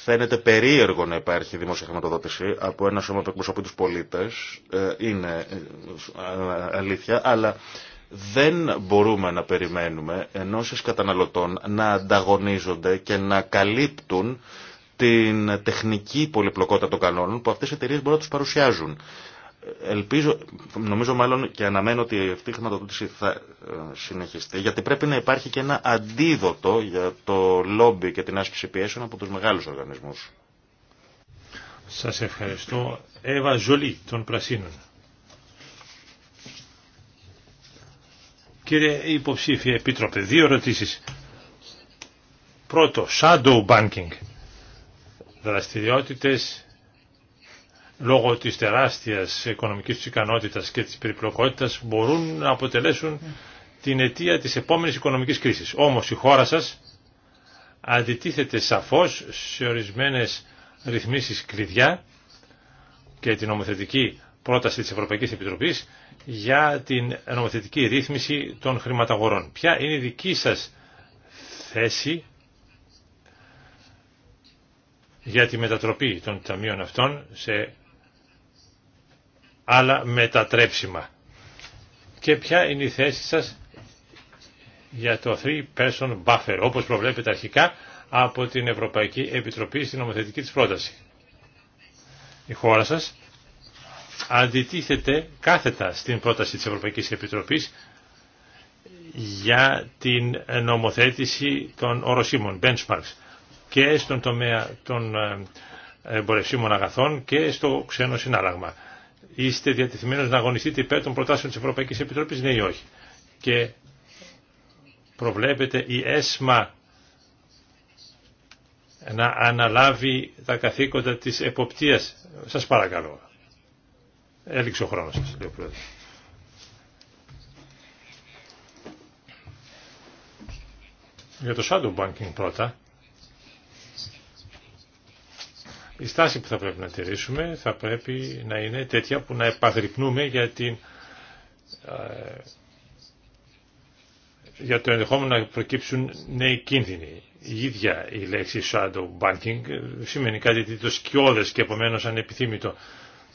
Φαίνεται περίεργο να υπάρχει δημόσια χρηματοδότηση από ένα σώμα που εκπροσωπεί τους πολίτες, ε, είναι ε, ε, αλήθεια, αλλά δεν μπορούμε να περιμένουμε ενώσεις καταναλωτών να ανταγωνίζονται και να καλύπτουν την τεχνική πολυπλοκότητα των κανόνων που αυτές οι εταιρείε μπορούν να τους παρουσιάζουν ελπίζω, νομίζω μάλλον και αναμένω ότι αυτή η χρηματοδότηση θα ε, συνεχιστεί, γιατί πρέπει να υπάρχει και ένα αντίδοτο για το λόμπι και την άσκηση πιέσεων από τους μεγάλους οργανισμούς. Σας ευχαριστώ. Εύα Ζολή των Πρασίνων. Κύριε υποψήφιε επίτροπε, δύο ερωτήσεις. Πρώτο, shadow banking. Δραστηριότητες λόγω της τεράστιας οικονομικής του ικανότητας και της περιπλοκότητας μπορούν να αποτελέσουν την αιτία της επόμενης οικονομικής κρίσης. Όμως η χώρα σας αντιτίθεται σαφώς σε ορισμένες ρυθμίσεις κλειδιά και την νομοθετική πρόταση της Ευρωπαϊκής Επιτροπής για την νομοθετική ρύθμιση των χρηματαγορών. Ποια είναι η δική σας θέση για τη μετατροπή των ταμείων αυτών σε αλλά μετατρέψιμα. Και ποια είναι η θέση σας για το 3-person buffer, όπως προβλέπετε αρχικά από την Ευρωπαϊκή Επιτροπή στην νομοθετική της πρόταση. Η χώρα σας αντιτίθεται κάθετα στην πρόταση της Ευρωπαϊκής Επιτροπής για την νομοθέτηση των οροσίμων, benchmarks, και στον τομέα των ε, εμπορευσίμων αγαθών και στο ξένο συνάλλαγμα είστε διατεθειμένος να αγωνιστείτε υπέρ των προτάσεων της Ευρωπαϊκής Επιτροπής, ναι ή όχι. Και προβλέπετε η ΕΣΜΑ να αναλάβει τα καθήκοντα της εποπτείας. Σας παρακαλώ. Έληξε ο χρόνος σας, λέει ο Πρόεδρος. Για το shadow banking πρώτα, Η στάση που θα πρέπει να τηρήσουμε θα πρέπει να είναι τέτοια που να επαγρυπνούμε για, την, ε, για το ενδεχόμενο να προκύψουν νέοι κίνδυνοι. Η ίδια η λέξη shadow banking σημαίνει κάτι το σκιώδες και επομένως ανεπιθύμητο.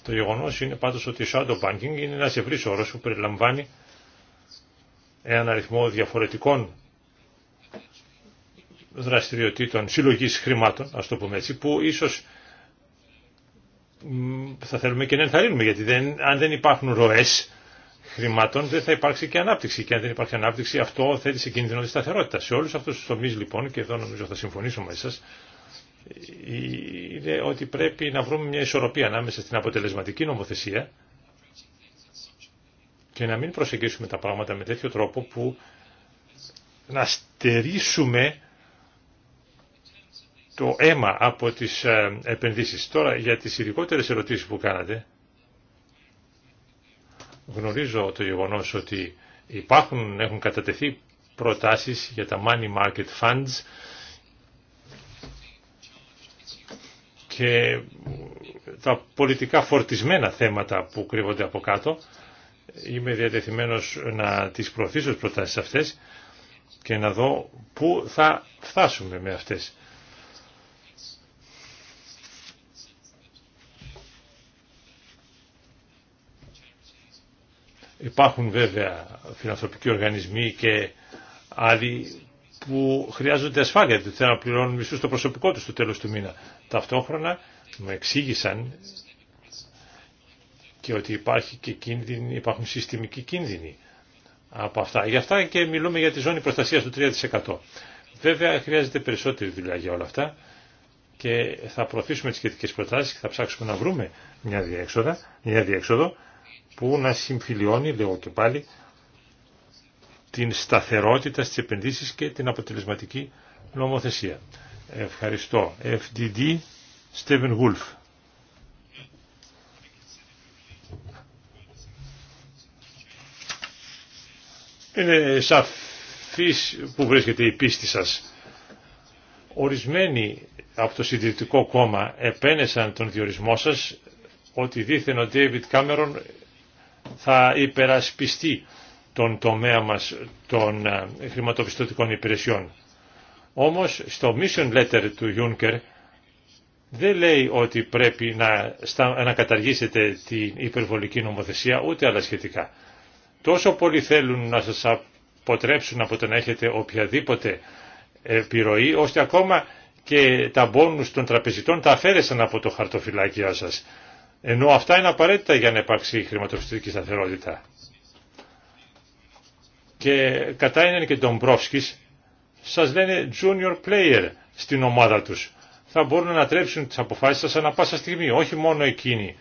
Το γεγονός είναι πάντως ότι shadow banking είναι ένας ευρύς όρος που περιλαμβάνει ένα αριθμό διαφορετικών δραστηριοτήτων συλλογής χρημάτων, ας το πούμε έτσι, που ίσως θα θέλουμε και να ενθαρρύνουμε γιατί αν δεν υπάρχουν ροές χρημάτων δεν θα υπάρξει και ανάπτυξη και αν δεν υπάρχει ανάπτυξη αυτό θέτει σε κίνδυνο τη σταθερότητα. Σε όλου αυτού του τομεί, λοιπόν και εδώ νομίζω θα συμφωνήσω μαζί σας είναι ότι πρέπει να βρούμε μια ισορροπία ανάμεσα στην αποτελεσματική νομοθεσία και να μην προσεγγίσουμε τα πράγματα με τέτοιο τρόπο που να στερήσουμε το αίμα από τις ε, επενδύσεις. Τώρα για τις ειδικότερε ερωτήσεις που κάνατε, γνωρίζω το γεγονός ότι υπάρχουν, έχουν κατατεθεί προτάσεις για τα money market funds και τα πολιτικά φορτισμένα θέματα που κρύβονται από κάτω. Είμαι διατεθειμένος να τις προωθήσω τις προτάσεις αυτές και να δω πού θα φτάσουμε με αυτές. Υπάρχουν βέβαια φιλανθρωπικοί οργανισμοί και άλλοι που χρειάζονται ασφάλεια, γιατί θέλουν να πληρώνουν μισθού στο προσωπικό του στο τέλος του μήνα. Ταυτόχρονα μου εξήγησαν και ότι υπάρχει και κίνδυνοι, υπάρχουν συστημικοί κίνδυνοι από αυτά. Γι' αυτά και μιλούμε για τη ζώνη προστασία του 3%. Βέβαια χρειάζεται περισσότερη δουλειά για όλα αυτά και θα προωθήσουμε τις σχετικές προτάσεις και θα ψάξουμε να βρούμε μια μια διέξοδο που να συμφιλιώνει, λέω και πάλι, την σταθερότητα στις επενδύσεις και την αποτελεσματική νομοθεσία. Ευχαριστώ. FDD, Steven Wolf. Είναι σαφής που βρίσκεται η πίστη σας. Ορισμένοι από το Συντηρητικό Κόμμα επένεσαν τον διορισμό σας ότι δήθεν ο David Κάμερον θα υπερασπιστεί τον τομέα μας των ε, χρηματοπιστωτικών υπηρεσιών. Όμως στο mission letter του Juncker δεν λέει ότι πρέπει να, να καταργήσετε την υπερβολική νομοθεσία ούτε άλλα σχετικά. Τόσο πολλοί θέλουν να σας αποτρέψουν από το να έχετε οποιαδήποτε επιρροή, ώστε ακόμα και τα μπόνους των τραπεζιτών τα αφαίρεσαν από το χαρτοφυλάκιό σας. Ενώ αυτά είναι απαραίτητα για να υπάρξει χρηματοπιστωτική σταθερότητα. Και κατά έναν και τον Μπρόφσκης σας λένε junior player στην ομάδα τους. Θα μπορούν να τρέψουν τις αποφάσεις σας ανά πάσα στιγμή. Όχι μόνο εκείνοι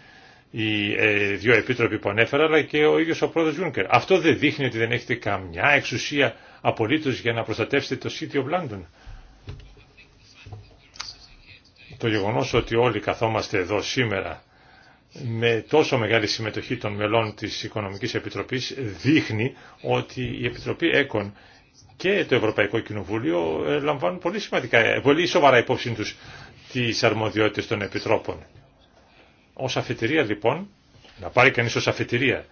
οι ε, δύο επίτροποι που ανέφερα, αλλά και ο ίδιος ο πρόεδρος Γιούνκερ. Αυτό δεν δείχνει ότι δεν έχετε καμιά εξουσία απολύτως για να προστατεύσετε το City of London. Το γεγονός ότι όλοι καθόμαστε εδώ σήμερα με τόσο μεγάλη συμμετοχή των μελών της Οικονομικής Επιτροπής δείχνει ότι η Επιτροπή ΕΚΟΝ και το Ευρωπαϊκό Κοινοβούλιο ε, λαμβάνουν πολύ, σημαντικά, πολύ σοβαρά υπόψη τους τις αρμοδιότητες των Επιτρόπων. Ως αφετηρία λοιπόν, να πάρει κανείς ως αφετηρία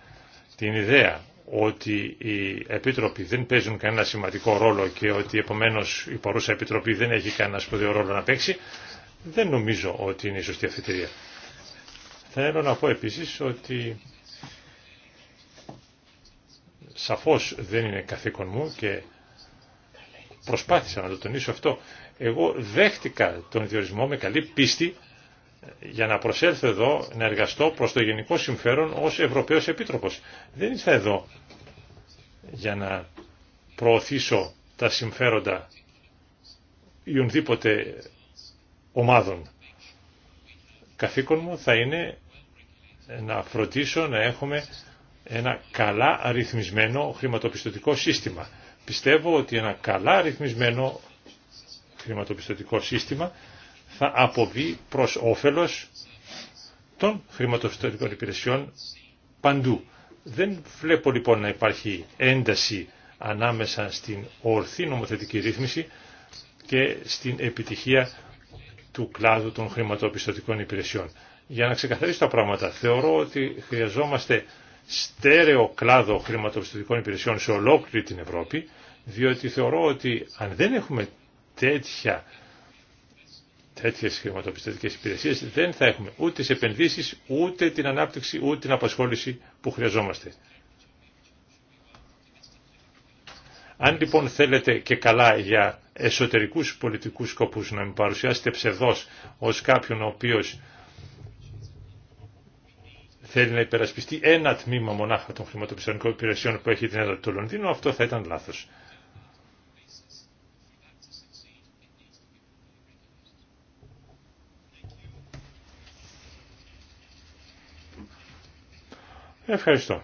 την ιδέα ότι οι Επίτροποι δεν παίζουν κανένα σημαντικό ρόλο και ότι επομένως η παρούσα Επιτροπή δεν έχει κανένα σπουδαίο ρόλο να παίξει, δεν νομίζω ότι είναι η σωστή αφετηρία. Θέλω να πω επίσης ότι σαφώς δεν είναι καθήκον μου και προσπάθησα να το τονίσω αυτό. Εγώ δέχτηκα τον διορισμό με καλή πίστη για να προσέλθω εδώ να εργαστώ προς το γενικό συμφέρον ως Ευρωπαίος Επίτροπος. Δεν ήρθα εδώ για να προωθήσω τα συμφέροντα ιονδήποτε ομάδων. Καθήκον μου θα είναι να φροντίσω να έχουμε ένα καλά αριθμισμένο χρηματοπιστωτικό σύστημα. Πιστεύω ότι ένα καλά αριθμισμένο χρηματοπιστωτικό σύστημα θα αποβεί προς όφελος των χρηματοπιστωτικών υπηρεσιών παντού. Δεν βλέπω λοιπόν να υπάρχει ένταση ανάμεσα στην ορθή νομοθετική ρύθμιση και στην επιτυχία του κλάδου των χρηματοπιστωτικών υπηρεσιών. Για να ξεκαθαρίσω τα πράγματα, θεωρώ ότι χρειαζόμαστε στέρεο κλάδο χρηματοπιστωτικών υπηρεσιών σε ολόκληρη την Ευρώπη, διότι θεωρώ ότι αν δεν έχουμε τέτοια, τέτοιες χρηματοπιστωτικές υπηρεσίες, δεν θα έχουμε ούτε τις επενδύσεις, ούτε την ανάπτυξη, ούτε την απασχόληση που χρειαζόμαστε. Αν λοιπόν θέλετε και καλά για εσωτερικούς πολιτικούς σκοπούς να μην παρουσιάσετε ψευδός ως κάποιον ο οποίος θέλει να υπερασπιστεί ένα τμήμα μονάχα των χρηματοπιστωτικών υπηρεσιών που έχει την έδρα του Λονδίνου, αυτό θα ήταν λάθος. Ευχαριστώ.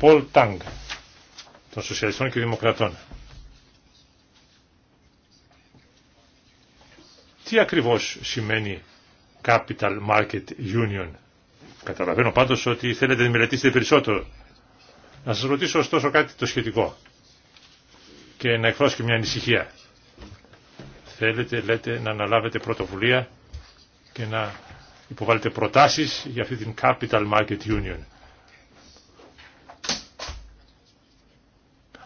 Πολ Τάγκ των Σοσιαλιστών και Δημοκρατών. Τι ακριβώς σημαίνει Capital Market Union. Καταλαβαίνω πάντως ότι θέλετε να μελετήσετε περισσότερο. Να σας ρωτήσω ωστόσο κάτι το σχετικό και να εκφράσω και μια ανησυχία. Θέλετε, λέτε, να αναλάβετε πρωτοβουλία και να υποβάλλετε προτάσεις για αυτή την Capital Market Union.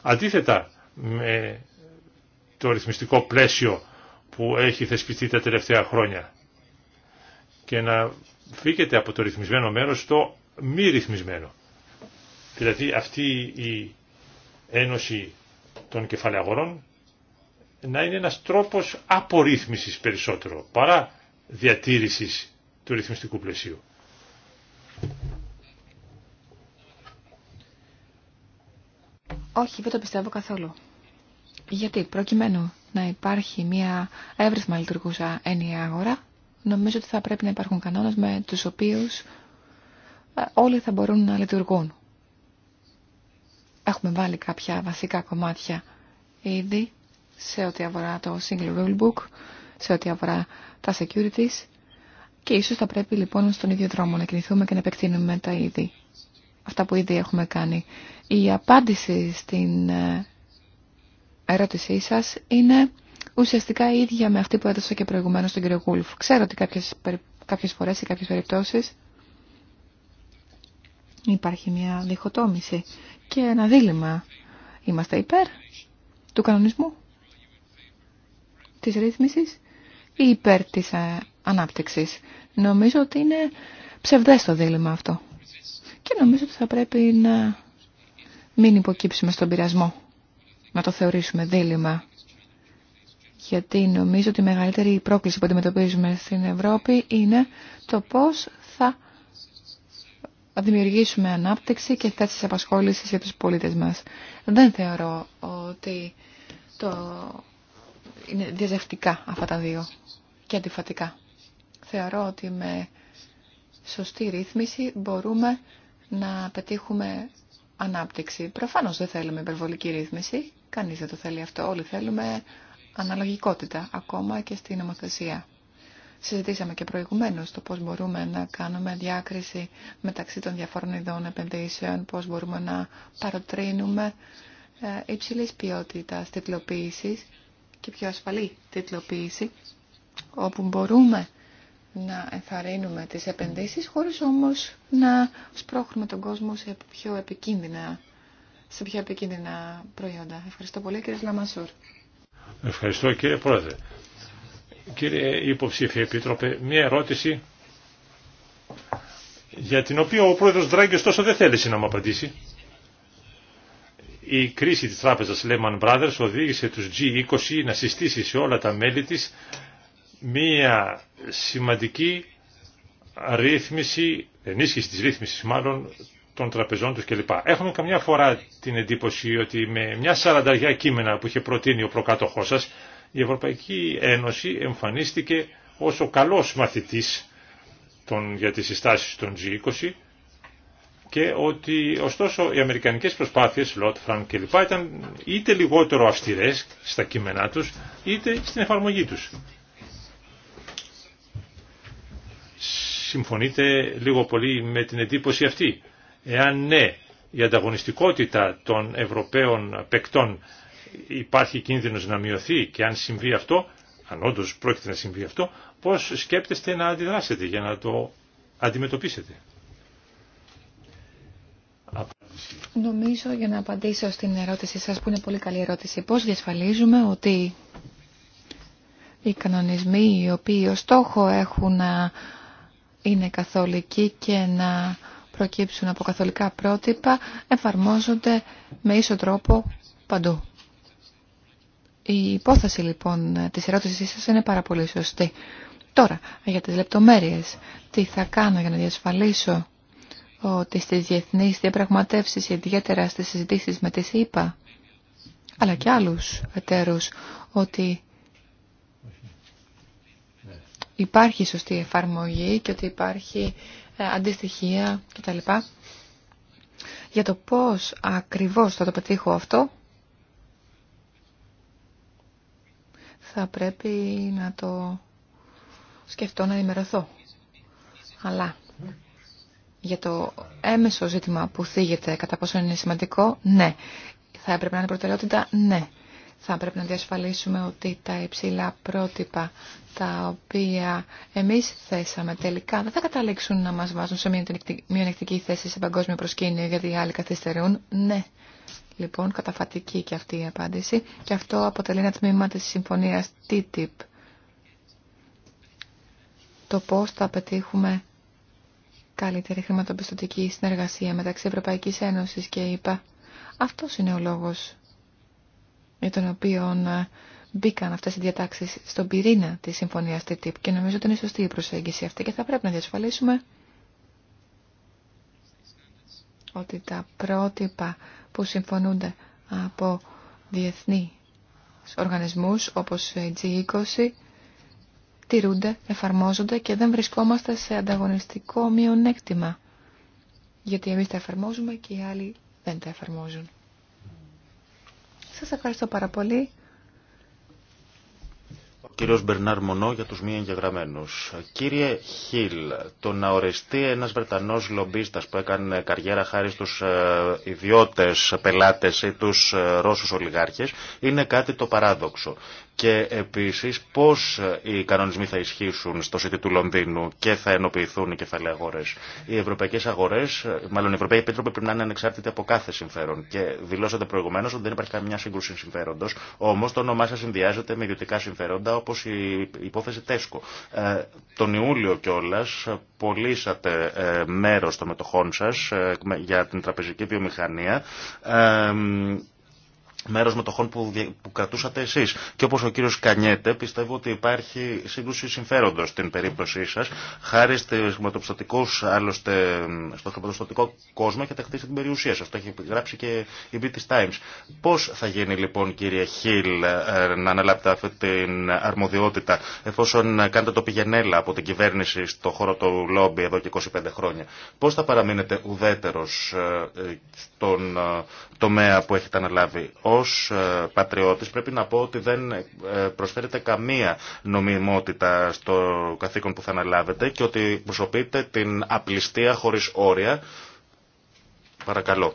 Αντίθετα με το ρυθμιστικό πλαίσιο που έχει θεσπιστεί τα τελευταία χρόνια και να φύγετε από το ρυθμισμένο μέρος στο μη ρυθμισμένο. Δηλαδή αυτή η ένωση των κεφαλαίων να είναι ένας τρόπος απορρίθμισης περισσότερο παρά διατήρησης του ρυθμιστικού πλαισίου. Όχι, δεν το πιστεύω καθόλου. Γιατί προκειμένου να υπάρχει μια εύρυθμα λειτουργούσα έννοια αγορά, νομίζω ότι θα πρέπει να υπάρχουν κανόνες με τους οποίους ε, όλοι θα μπορούν να λειτουργούν. Έχουμε βάλει κάποια βασικά κομμάτια ήδη σε ό,τι αφορά το single rule book, σε ό,τι αφορά τα securities και ίσως θα πρέπει λοιπόν στον ίδιο δρόμο να κινηθούμε και να επεκτείνουμε τα ήδη. Αυτά που ήδη έχουμε κάνει. Η απάντηση στην ε, ερώτησή σας είναι ουσιαστικά ίδια με αυτή που έδωσα και προηγουμένως τον κύριο Γούλφ. Ξέρω ότι κάποιες, κάποιες φορές ή κάποιες περιπτώσεις υπάρχει μια διχοτόμηση και ένα δίλημα. Είμαστε υπέρ του κανονισμού, της ρύθμισης ή υπέρ της ε, ανάπτυξης. Νομίζω ότι είναι ψευδές το δίλημα αυτό. Και νομίζω ότι θα πρέπει να μην υποκύψουμε στον πειρασμό, να το θεωρήσουμε δίλημα γιατί νομίζω ότι η μεγαλύτερη πρόκληση που αντιμετωπίζουμε στην Ευρώπη είναι το πώς θα δημιουργήσουμε ανάπτυξη και θέσεις απασχόλησης για τους πολίτες μας. Δεν θεωρώ ότι το... είναι διαζευτικά αυτά τα δύο και αντιφατικά. Θεωρώ ότι με σωστή ρύθμιση μπορούμε να πετύχουμε ανάπτυξη. Προφανώς δεν θέλουμε υπερβολική ρύθμιση, κανείς δεν το θέλει αυτό, όλοι θέλουμε αναλογικότητα ακόμα και στην νομοθεσία. Συζητήσαμε και προηγουμένως το πώς μπορούμε να κάνουμε διάκριση μεταξύ των διαφόρων ειδών επενδύσεων, πώς μπορούμε να παροτρύνουμε ε, υψηλή ποιότητα, τίτλοποίηση και πιο ασφαλή τιτλοποίηση, όπου μπορούμε να ενθαρρύνουμε τις επενδύσεις χωρίς όμως να σπρώχνουμε τον κόσμο σε πιο επικίνδυνα, σε πιο επικίνδυνα προϊόντα. Ευχαριστώ πολύ κύριε Λαμασούρ. Ευχαριστώ κύριε Πρόεδρε. Κύριε Υποψήφιε Επίτροπε, μία ερώτηση για την οποία ο πρόεδρος Δράγκης τόσο δεν θέλησε να μου απαντήσει. Η κρίση της τράπεζας Lehman Brothers οδήγησε τους G20 να συστήσει σε όλα τα μέλη της μία σημαντική ρύθμιση, ενίσχυση της ρύθμισης μάλλον, των τραπεζών τους κλπ. Έχουμε καμιά φορά την εντύπωση ότι με μια σαρανταριά κείμενα που είχε προτείνει ο προκάτοχός σας, η Ευρωπαϊκή Ένωση εμφανίστηκε ως ο καλός μαθητής των, για τι συστάσεις των G20 και ότι ωστόσο οι αμερικανικές προσπάθειες, Λότ, Φραν κλπ. ήταν είτε λιγότερο αυστηρές στα κείμενά του, είτε στην εφαρμογή του. Συμφωνείτε λίγο πολύ με την εντύπωση αυτή. Εάν ναι, η ανταγωνιστικότητα των Ευρωπαίων παικτών υπάρχει κίνδυνος να μειωθεί και αν συμβεί αυτό, αν όντω πρόκειται να συμβεί αυτό, πώς σκέπτεστε να αντιδράσετε για να το αντιμετωπίσετε. Νομίζω για να απαντήσω στην ερώτηση σας που είναι πολύ καλή ερώτηση. Πώς διασφαλίζουμε ότι οι κανονισμοί οι οποίοι ως στόχο έχουν να είναι καθολικοί και να προκύψουν από καθολικά πρότυπα εφαρμόζονται με ίσο τρόπο παντού. Η υπόθεση λοιπόν της ερώτησής σας είναι πάρα πολύ σωστή. Τώρα, για τις λεπτομέρειες, τι θα κάνω για να διασφαλίσω ότι στις διεθνείς διαπραγματεύσεις, ιδιαίτερα στις συζητήσεις με τις ΗΠΑ, αλλά και άλλους εταίρους, ότι υπάρχει σωστή εφαρμογή και ότι υπάρχει ε, αντιστοιχεία κτλ. Για το πώς ακριβώς θα το πετύχω αυτό, θα πρέπει να το σκεφτώ να ενημερωθώ. Αλλά για το έμεσο ζήτημα που θίγεται κατά πόσο είναι σημαντικό, ναι. Θα έπρεπε να είναι προτεραιότητα, ναι θα πρέπει να διασφαλίσουμε ότι τα υψηλά πρότυπα τα οποία εμείς θέσαμε τελικά δεν θα καταλήξουν να μας βάζουν σε μειονεκτική θέση σε παγκόσμιο προσκήνιο γιατί οι άλλοι καθυστερούν. Ναι. Λοιπόν, καταφατική και αυτή η απάντηση και αυτό αποτελεί ένα τμήμα της συμφωνίας TTIP. Το πώς θα πετύχουμε καλύτερη χρηματοπιστωτική συνεργασία μεταξύ Ευρωπαϊκής Ένωσης και ΕΠΑ. ΕΕ. Αυτός είναι ο λόγος με τον οποίο ε, μπήκαν αυτές οι διατάξεις στον πυρήνα της συμφωνίας TTIP και νομίζω ότι είναι σωστή η προσέγγιση αυτή και θα πρέπει να διασφαλίσουμε ότι τα πρότυπα που συμφωνούνται από διεθνή οργανισμούς όπως η G20 τηρούνται, εφαρμόζονται και δεν βρισκόμαστε σε ανταγωνιστικό μειονέκτημα γιατί εμείς τα εφαρμόζουμε και οι άλλοι δεν τα εφαρμόζουν. Σας ευχαριστώ πάρα πολύ. Ο κύριος Μπερνάρ Μονό για τους μη εγγεγραμμένους. Κύριε Χίλ, το να οριστεί ένας Βρετανός λομπίστας που έκανε καριέρα χάρη στους ε, ιδιώτες πελάτες ή τους ε, Ρώσους ολιγάρχες είναι κάτι το παράδοξο και επίσης πώς οι κανονισμοί θα ισχύσουν στο City του Λονδίνου και θα ενοποιηθούν οι κεφαλαίοι αγορές. Οι ευρωπαϊκές αγορές, μάλλον οι ευρωπαϊκοί επίτροποι πρέπει να είναι ανεξάρτητοι από κάθε συμφέρον και δηλώσατε προηγουμένως ότι δεν υπάρχει καμιά σύγκρουση συμφέροντος, όμως το όνομά σας συνδυάζεται με ιδιωτικά συμφέροντα όπως η υπόθεση Τέσκο. Ε, τον Ιούλιο κιόλα πωλήσατε ε, μέρος των μετοχών σας ε, για την τραπεζική βιομηχανία ε, μέρος μετοχών που, που κρατούσατε εσείς. Και όπως ο κύριος Κανιέτε, πιστεύω ότι υπάρχει σύγκρουση συμφέροντος στην περίπτωσή σας. Χάρη άλλωστε, στο χρηματοπιστωτικό κόσμο τα χτίσει την περιουσία σας. Το έχει γράψει και η British Times. Πώς θα γίνει λοιπόν κύριε Χίλ ε, να αναλάβετε αυτή την αρμοδιότητα εφόσον κάνετε το πηγενέλα από την κυβέρνηση στο χώρο του λόμπι εδώ και 25 χρόνια. Πώς θα παραμείνετε ουδέτερος ε, τον ε, τομέα που έχετε αναλάβει. Ως ε, πατριώτης πρέπει να πω ότι δεν ε, προσφέρετε καμία νομιμότητα στο καθήκον που θα αναλάβετε και ότι προσωπείτε την απληστία χωρίς όρια. Παρακαλώ.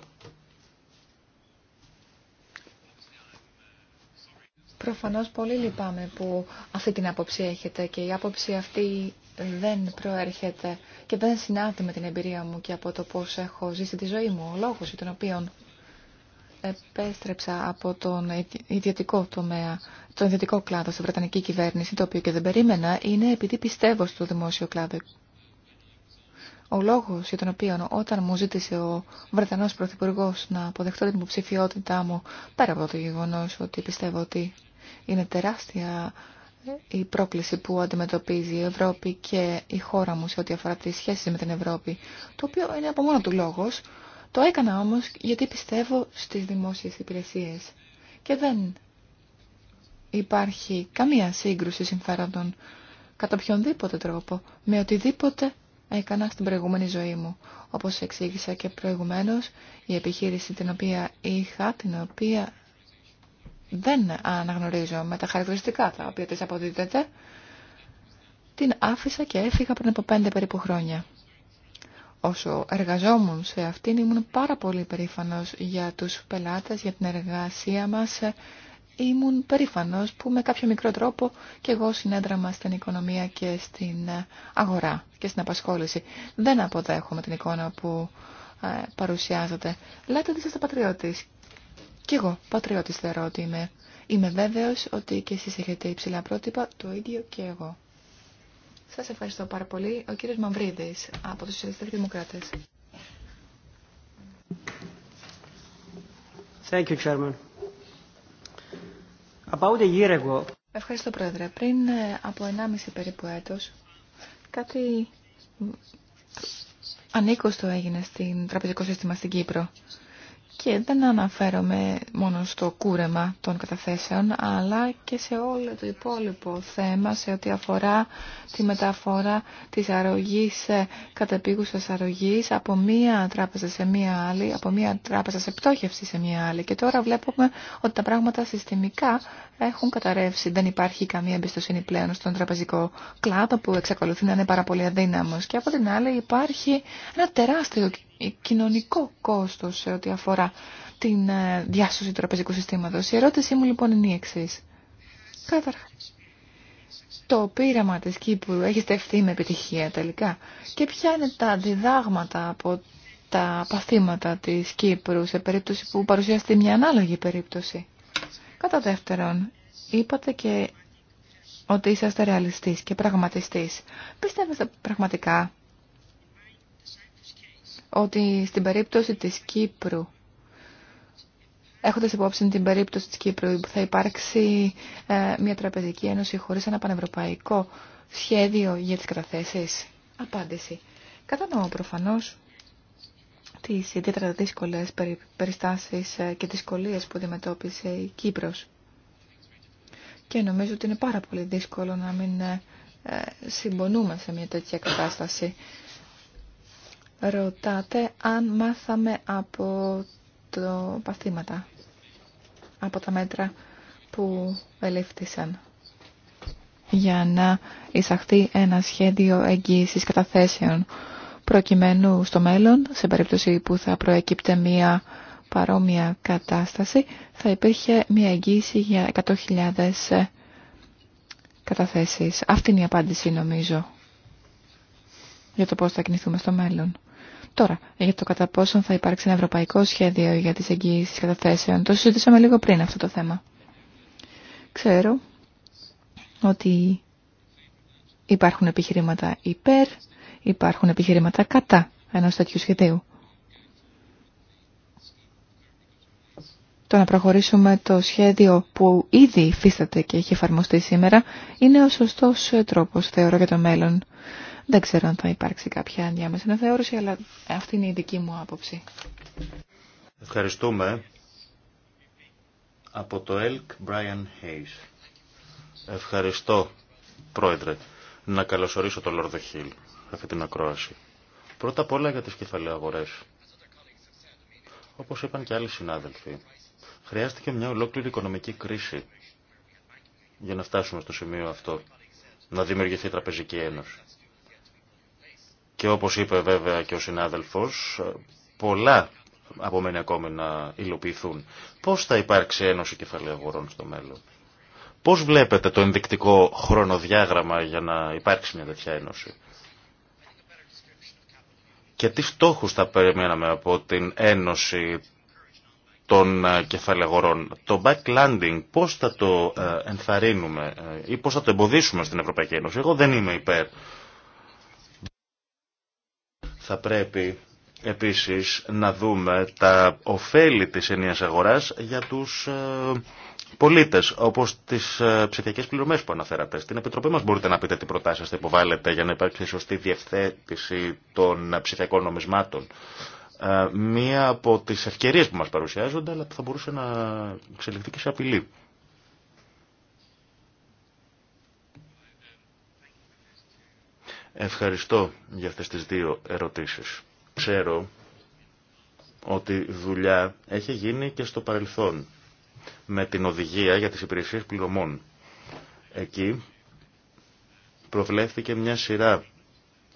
Προφανώς πολύ λυπάμαι που αυτή την άποψη έχετε και η άποψη αυτή δεν προέρχεται και δεν συνάδει με την εμπειρία μου και από το πώς έχω ζήσει τη ζωή μου. Ο λόγος για τον οποίο επέστρεψα από τον ιδιωτικό τομέα, τον ιδιωτικό κλάδο στην Βρετανική κυβέρνηση, το οποίο και δεν περίμενα, είναι επειδή πιστεύω στο δημόσιο κλάδο. Ο λόγος για τον οποίο όταν μου ζήτησε ο Βρετανός Πρωθυπουργό να αποδεχτώ την υποψηφιότητά μου, πέρα από το γεγονό ότι πιστεύω ότι είναι τεράστια η πρόκληση που αντιμετωπίζει η Ευρώπη και η χώρα μου σε ό,τι αφορά τις σχέσεις με την Ευρώπη, το οποίο είναι από μόνο του λόγος. Το έκανα όμως γιατί πιστεύω στις δημόσιες υπηρεσίες και δεν υπάρχει καμία σύγκρουση συμφέροντων κατά οποιονδήποτε τρόπο με οτιδήποτε έκανα στην προηγούμενη ζωή μου. Όπως εξήγησα και προηγουμένως, η επιχείρηση την οποία είχα, την οποία δεν αναγνωρίζω με τα χαρακτηριστικά τα οποία της αποδίδεται, την άφησα και έφυγα πριν από πέντε περίπου χρόνια. Όσο εργαζόμουν σε αυτήν ήμουν πάρα πολύ περήφανος για τους πελάτες, για την εργασία μας. Ήμουν περήφανος που με κάποιο μικρό τρόπο και εγώ συνέδραμα στην οικονομία και στην αγορά και στην απασχόληση. Δεν αποδέχομαι την εικόνα που ε, παρουσιάζεται. Λέτε ότι είστε πατριώτης κι εγώ πατριώτη θεωρώ ότι είμαι. Είμαι βέβαιος ότι και εσεί έχετε υψηλά πρότυπα, το ίδιο και εγώ. Σας ευχαριστώ πάρα πολύ. Ο κύριο Μαυρίδη από τους Συνδεστές Δημοκράτε. Ευχαριστώ, Πρόεδρε. Πριν ε, από 1,5 περίπου έτος, κάτι ανήκωστο έγινε στην τραπεζικό σύστημα στην Κύπρο. Και δεν αναφέρομαι μόνο στο κούρεμα των καταθέσεων, αλλά και σε όλο το υπόλοιπο θέμα σε ό,τι αφορά τη μεταφορά της αρρωγής, ε, καταπήγουσας αρρωγής από μία τράπεζα σε μία άλλη, από μία τράπεζα σε πτώχευση σε μία άλλη. Και τώρα βλέπουμε ότι τα πράγματα συστημικά έχουν καταρρεύσει. Δεν υπάρχει καμία εμπιστοσύνη πλέον στον τραπεζικό κλάδο που εξακολουθεί να είναι πάρα πολύ αδύναμος. Και από την άλλη υπάρχει ένα τεράστιο κοινωνικό κόστος σε ό,τι αφορά την ε, διάσωση του τραπεζικού συστήματος. Η ερώτησή μου λοιπόν είναι η εξή. Καταρχά. Το πείραμα της Κύπρου έχει στεφθεί με επιτυχία τελικά. Και ποια είναι τα διδάγματα από τα παθήματα της Κύπρου σε περίπτωση που παρουσιάστηκε μια ανάλογη περίπτωση. Κατά δεύτερον, είπατε και ότι είσαστε ρεαλιστής και πραγματιστής. Πιστεύετε πραγματικά ότι στην περίπτωση της Κύπρου, έχοντας υπόψη την περίπτωση της Κύπρου, θα υπάρξει ε, μια τραπεζική ένωση χωρίς ένα πανευρωπαϊκό σχέδιο για τις καταθέσεις. Απάντηση. Κατανοώ προφανώς τις ιδιαίτερα δύσκολες περιστάσεις ε, και δυσκολίες που αντιμετώπισε η Κύπρος. Και νομίζω ότι είναι πάρα πολύ δύσκολο να μην ε, συμπονούμε σε μια τέτοια κατάσταση. Ρωτάτε αν μάθαμε από το παθήματα, από τα μέτρα που ελήφθησαν για να εισαχθεί ένα σχέδιο εγγύησης καταθέσεων προκειμένου στο μέλλον, σε περίπτωση που θα προέκυπτε μία παρόμοια κατάσταση, θα υπήρχε μία εγγύηση για 100.000 καταθέσεις. Αυτή είναι η απάντηση νομίζω για το πώς θα κινηθούμε στο μέλλον. Τώρα, για το κατά πόσον θα υπάρξει ένα ευρωπαϊκό σχέδιο για τις εγγύησεις καταθέσεων, το συζητήσαμε λίγο πριν αυτό το θέμα. Ξέρω ότι υπάρχουν επιχειρήματα υπέρ, υπάρχουν επιχειρήματα κατά ενό τέτοιου σχεδίου. το να προχωρήσουμε το σχέδιο που ήδη υφίσταται και έχει εφαρμοστεί σήμερα είναι ο σωστός τρόπος, θεωρώ, για το μέλλον. Δεν ξέρω αν θα υπάρξει κάποια ενδιάμεση αναθεώρηση, αλλά αυτή είναι η δική μου άποψη. Ευχαριστούμε. Από το ΕΛΚ, Brian Hayes. Ευχαριστώ, Πρόεδρε, να καλωσορίσω τον Λόρδο Χιλ αυτή την ακρόαση. Πρώτα απ' όλα για τις κεφαλαίες Όπως είπαν και άλλοι συνάδελφοι, χρειάστηκε μια ολόκληρη οικονομική κρίση για να φτάσουμε στο σημείο αυτό, να δημιουργηθεί η Τραπεζική Ένωση. Και όπως είπε βέβαια και ο συνάδελφος, πολλά απομένει ακόμη να υλοποιηθούν. Πώς θα υπάρξει ένωση κεφαλαίου αγορών στο μέλλον. Πώς βλέπετε το ενδεικτικό χρονοδιάγραμμα για να υπάρξει μια τέτοια ένωση. Και τι στόχους θα περιμέναμε από την ένωση των ε, κεφαλαγορών. Το backlanding πώς θα το ε, ενθαρρύνουμε ε, ή πώς θα το εμποδίσουμε στην Ευρωπαϊκή Ένωση. Εγώ δεν είμαι υπέρ θα πρέπει επίσης να δούμε τα ωφέλη της ενίας αγοράς για τους ε, πολίτες, όπως τις ε, ψηφιακές πληρωμές που αναφέρατε. Στην Επιτροπή μας μπορείτε να πείτε τι προτάσεις θα υποβάλλετε για να υπάρξει σωστή διευθέτηση των ψηφιακών νομισμάτων. Ε, μία από τις ευκαιρίες που μας παρουσιάζονται, αλλά που θα μπορούσε να εξελιχθεί και σε απειλή. Ευχαριστώ για αυτές τις δύο ερωτήσεις. Ξέρω ότι δουλειά έχει γίνει και στο παρελθόν με την οδηγία για τις υπηρεσίες πληρωμών. Εκεί προβλέφθηκε μια σειρά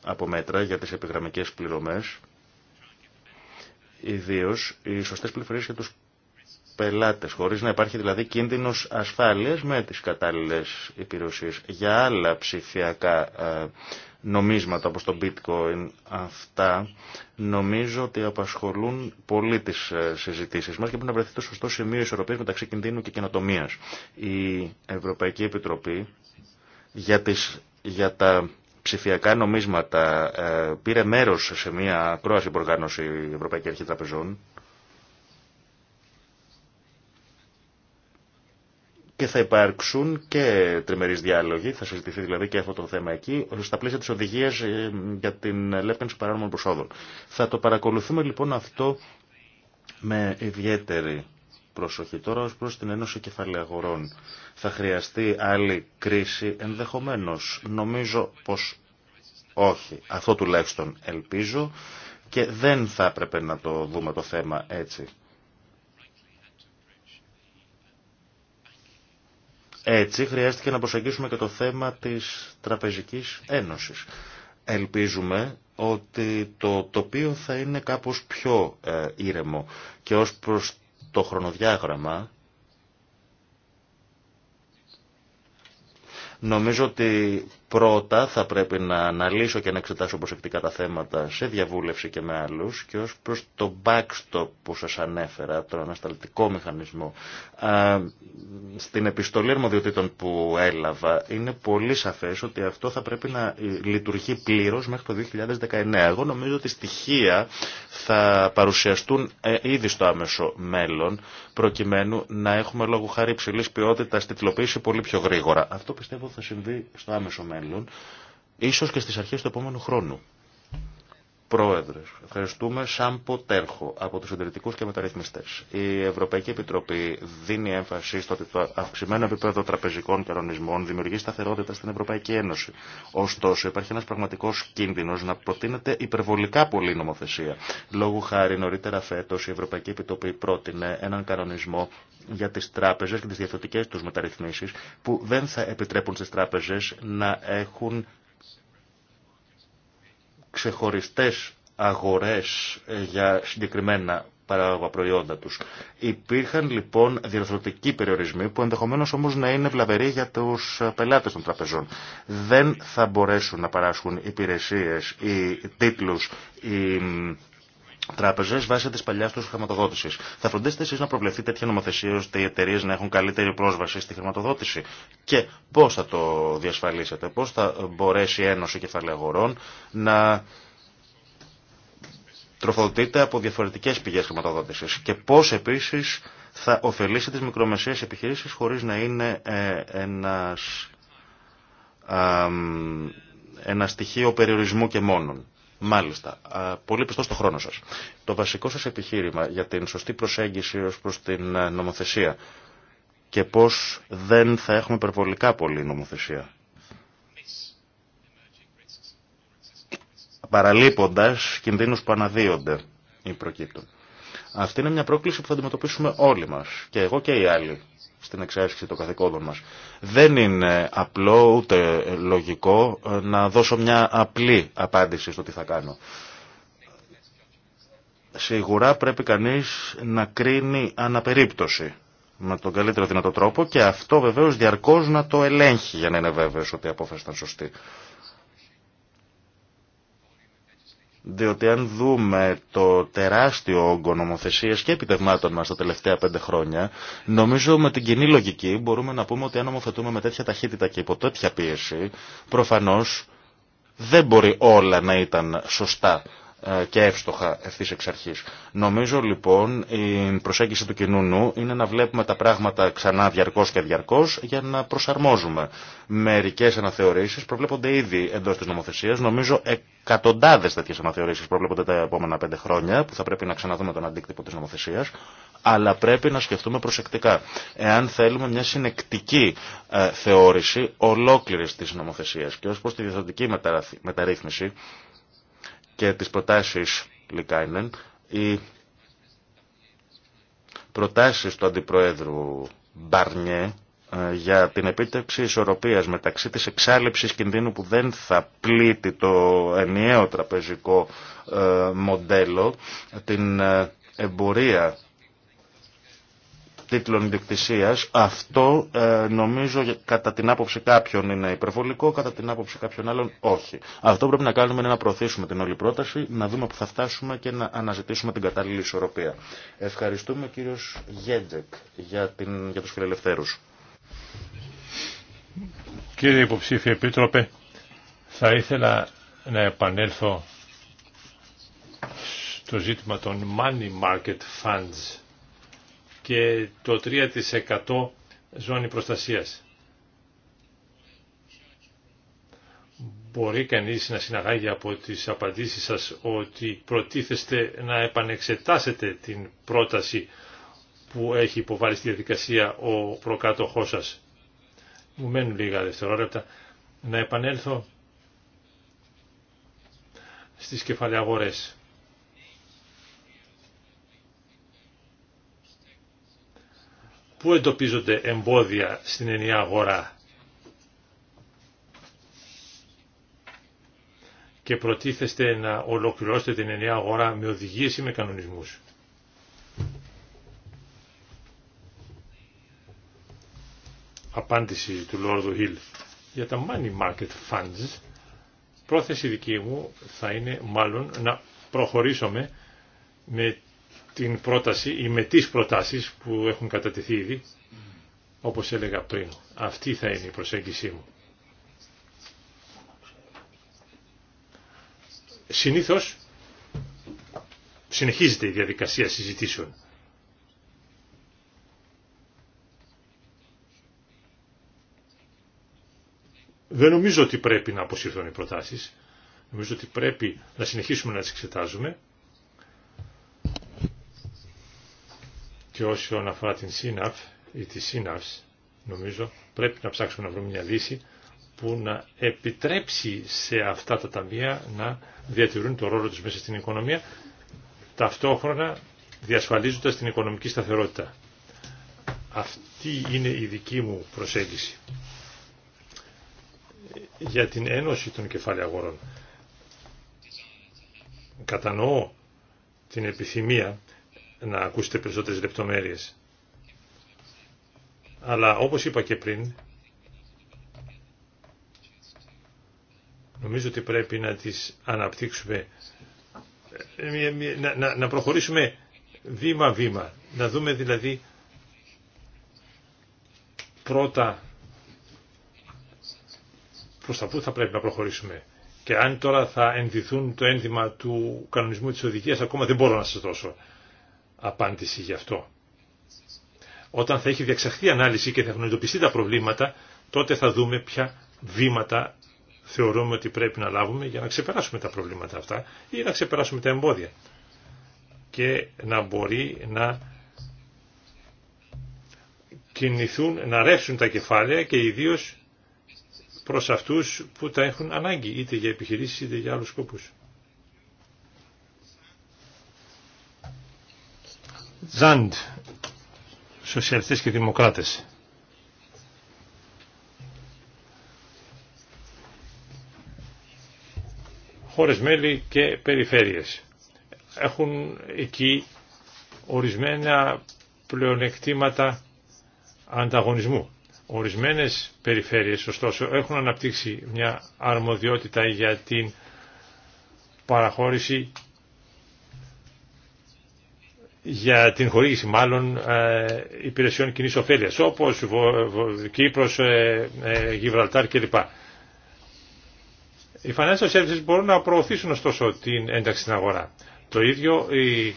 από μέτρα για τις επιγραμμικές πληρωμές, ιδίως οι σωστές πληροφορίες για τους πελάτες, χωρίς να υπάρχει δηλαδή κίνδυνος ασφάλειας με τις κατάλληλες υπηρεσίες. Για άλλα ψηφιακά ε, νομίσματα όπως το bitcoin αυτά νομίζω ότι απασχολούν πολύ τις ε, συζητήσεις μας και πρέπει να βρεθεί το σωστό σημείο ισορροπίας μεταξύ κινδύνου και καινοτομίας. Η Ευρωπαϊκή Επιτροπή για, τις, για τα ψηφιακά νομίσματα ε, πήρε μέρος σε μια ακρόαση που η Ευρωπαϊκή Αρχή Τραπεζών και θα υπάρξουν και τριμερείς διάλογοι, θα συζητηθεί δηλαδή και αυτό το θέμα εκεί, στα πλαίσια της οδηγίας ε, για την ελεύθερη παράνομων προσόδων. Θα το παρακολουθούμε λοιπόν αυτό με ιδιαίτερη προσοχή. Τώρα ως προς την Ένωση Κεφαλαιαγορών θα χρειαστεί άλλη κρίση ενδεχομένως. Νομίζω πως όχι. Αυτό τουλάχιστον ελπίζω και δεν θα έπρεπε να το δούμε το θέμα έτσι. Έτσι χρειάστηκε να προσεγγίσουμε και το θέμα της Τραπεζικής Ένωσης. Ελπίζουμε ότι το τοπίο θα είναι κάπως πιο ε, ήρεμο και ως προς το χρονοδιάγραμμα νομίζω ότι Πρώτα θα πρέπει να αναλύσω και να εξετάσω προσεκτικά τα θέματα σε διαβούλευση και με άλλους και ως προς το backstop που σας ανέφερα, τον ανασταλτικό μηχανισμό. Στην επιστολή αρμοδιοτήτων που έλαβα είναι πολύ σαφές ότι αυτό θα πρέπει να λειτουργεί πλήρως μέχρι το 2019. Εγώ νομίζω ότι στοιχεία θα παρουσιαστούν ε, ήδη στο άμεσο μέλλον προκειμένου να έχουμε λόγω χάρη υψηλής ποιότητας τυλοποίηση πολύ πιο γρήγορα. Αυτό πιστεύω θα συμβεί στο άμεσο μέλλον μέλλον, ίσως και στις αρχές του επόμενου χρόνου. Πρόεδρε, ευχαριστούμε. σαν ποτέρχο από του συντηρητικού και μεταρρυθμιστέ. Η Ευρωπαϊκή Επιτροπή δίνει έμφαση στο ότι το αυξημένο επίπεδο τραπεζικών κανονισμών δημιουργεί σταθερότητα στην Ευρωπαϊκή Ένωση. Ωστόσο, υπάρχει ένα πραγματικό κίνδυνο να προτείνεται υπερβολικά πολλή νομοθεσία. Λόγου χάρη, νωρίτερα φέτο η Ευρωπαϊκή Επιτροπή πρότεινε έναν κανονισμό για τι τράπεζε και τι διαφορετικέ του μεταρρυθμίσει που δεν θα επιτρέπουν στι τράπεζε να έχουν ξεχωριστές αγορές ε, για συγκεκριμένα παράγωγα προϊόντα τους. Υπήρχαν λοιπόν διορθωτικοί περιορισμοί που ενδεχομένως όμως να είναι βλαβεροί για τους ε, πελάτες των τραπεζών. Δεν θα μπορέσουν να παράσχουν υπηρεσίες ή τίτλους ή τράπεζε βάσει τη παλιά του χρηματοδότηση. Θα φροντίσετε εσεί να προβλεφθεί τέτοια νομοθεσία ώστε οι εταιρείε να έχουν καλύτερη πρόσβαση στη χρηματοδότηση. Και πώ θα το διασφαλίσετε, πώ θα μπορέσει η Ένωση Κεφαλαίου Αγορών να τροφοδοτείται από διαφορετικέ πηγέ χρηματοδότηση και πώ επίση θα ωφελήσει τι μικρομεσαίες επιχειρήσει χωρί να είναι ε, ένα, ένα στοιχείο περιορισμού και μόνον. Μάλιστα. Πολύ πιστό στο χρόνο σας. Το βασικό σας επιχείρημα για την σωστή προσέγγιση ως προς την ε, νομοθεσία και πώς δεν θα έχουμε υπερβολικά πολλή νομοθεσία. Παραλείποντας κινδύνους που αναδύονται ή προκύπτουν. Αυτή είναι μια πρόκληση που θα αντιμετωπίσουμε όλοι μας, και εγώ και οι άλλοι στην εξάσκηση των καθηκόντων μας. Δεν είναι απλό ούτε λογικό να δώσω μια απλή απάντηση στο τι θα κάνω. Σίγουρα πρέπει κανείς να κρίνει αναπερίπτωση με τον καλύτερο δυνατό τρόπο και αυτό βεβαίως διαρκώς να το ελέγχει για να είναι βέβαιος ότι η απόφαση ήταν σωστή. Διότι αν δούμε το τεράστιο όγκο νομοθεσία και επιτευμάτων μα τα τελευταία πέντε χρόνια, νομίζω με την κοινή λογική μπορούμε να πούμε ότι αν νομοθετούμε με τέτοια ταχύτητα και υπό τέτοια πίεση, προφανώ δεν μπορεί όλα να ήταν σωστά ε, και εύστοχα ευθύ εξ αρχή. Νομίζω λοιπόν η προσέγγιση του κοινού νου είναι να βλέπουμε τα πράγματα ξανά διαρκώ και διαρκώ για να προσαρμόζουμε. Μερικέ αναθεωρήσει προβλέπονται ήδη εντό τη νομοθεσία. Νομίζω εκατοντάδε τέτοιε αναθεωρήσει προβλέπονται τα επόμενα πέντε χρόνια που θα πρέπει να ξαναδούμε τον αντίκτυπο τη νομοθεσία. Αλλά πρέπει να σκεφτούμε προσεκτικά εάν θέλουμε μια συνεκτική ε, θεώρηση ολόκληρη τη νομοθεσία και ω προ τη διεθνική μεταρρύθμιση και τις προτάσεις Λικάινεν, οι προτάσεις του Αντιπροέδρου Μπαρνιέ ε, για την επίτευξη ισορροπίας μεταξύ της εξάλληψης κινδύνου που δεν θα πλήττει το ενιαίο τραπεζικό ε, μοντέλο, την ε, εμπορία τίτλων ιδιοκτησίας. Αυτό ε, νομίζω κατά την άποψη κάποιων είναι υπερβολικό, κατά την άποψη κάποιων άλλων όχι. Αυτό πρέπει να κάνουμε είναι να προωθήσουμε την όλη πρόταση, να δούμε που θα φτάσουμε και να αναζητήσουμε την κατάλληλη ισορροπία. Ευχαριστούμε κύριος Γέντζεκ για, την, για τους φιλελευθέρους. Κύριε Υποψήφιε Επίτροπε, θα ήθελα να επανέλθω στο ζήτημα των money market funds και το 3% ζώνη προστασίας. Μπορεί κανείς να συναγάγει από τις απαντήσεις σας ότι προτίθεστε να επανεξετάσετε την πρόταση που έχει υποβάλει στη διαδικασία ο προκάτοχός σας. Μου μένουν λίγα δευτερόλεπτα. Να επανέλθω στις κεφαλαιαγορές. Πού εντοπίζονται εμπόδια στην ενιαία αγορά και προτίθεστε να ολοκληρώσετε την ενιαία αγορά με οδηγίες ή με κανονισμούς. Απάντηση του Λόρδου Χιλ για τα money market funds πρόθεση δική μου θα είναι μάλλον να προχωρήσουμε με την πρόταση ή με τις προτάσεις που έχουν κατατεθεί ήδη, όπως έλεγα πριν. Αυτή θα είναι η προσέγγιση μου. Συνήθως συνεχίζεται η διαδικασία συζητήσεων. Δεν νομίζω ότι πρέπει να αποσύρθουν οι προτάσεις. Νομίζω ότι πρέπει να συνεχίσουμε να τις εξετάζουμε και όσον αφορά την ΣΥΝΑΦ ή τη ΣΥΝΑΦΣ νομίζω πρέπει να ψάξουμε να βρούμε μια λύση που να επιτρέψει σε αυτά τα ταμεία να διατηρούν το ρόλο τους μέσα στην οικονομία ταυτόχρονα διασφαλίζοντας την οικονομική σταθερότητα. Αυτή είναι η δική μου προσέγγιση για την ένωση των κεφάλαιων αγορών. Κατανοώ την επιθυμία να ακούσετε περισσότερες λεπτομέρειες. Αλλά όπως είπα και πριν, νομίζω ότι πρέπει να τις αναπτύξουμε, ε, να προχωρήσουμε βήμα-βήμα, να δούμε δηλαδή πρώτα προς τα πού θα πρέπει να προχωρήσουμε. Και αν τώρα θα ενδυθούν το ένδυμα του κανονισμού της οδηγίας, ακόμα δεν μπορώ να σας δώσω απάντηση γι' αυτό. Όταν θα έχει διαξαχθεί ανάλυση και θα έχουν τα προβλήματα, τότε θα δούμε ποια βήματα θεωρούμε ότι πρέπει να λάβουμε για να ξεπεράσουμε τα προβλήματα αυτά ή να ξεπεράσουμε τα εμπόδια και να μπορεί να κινηθούν, να ρεύσουν τα κεφάλαια και ιδίως προς αυτούς που τα έχουν ανάγκη, είτε για επιχειρήσεις είτε για άλλους σκοπούς. Ζαντ, σοσιαλιστές και δημοκράτες. Χώρες μέλη και περιφέρειες. Έχουν εκεί ορισμένα πλεονεκτήματα ανταγωνισμού. Ορισμένες περιφέρειες, ωστόσο, έχουν αναπτύξει μια αρμοδιότητα για την παραχώρηση για την χορήγηση μάλλον ε, υπηρεσιών κοινή ωφέλεια, όπω Κύπρο, ε, ε, Γιβραλτάρ κλπ. Οι financial services μπορούν να προωθήσουν ωστόσο την ένταξη στην αγορά. Το ίδιο οι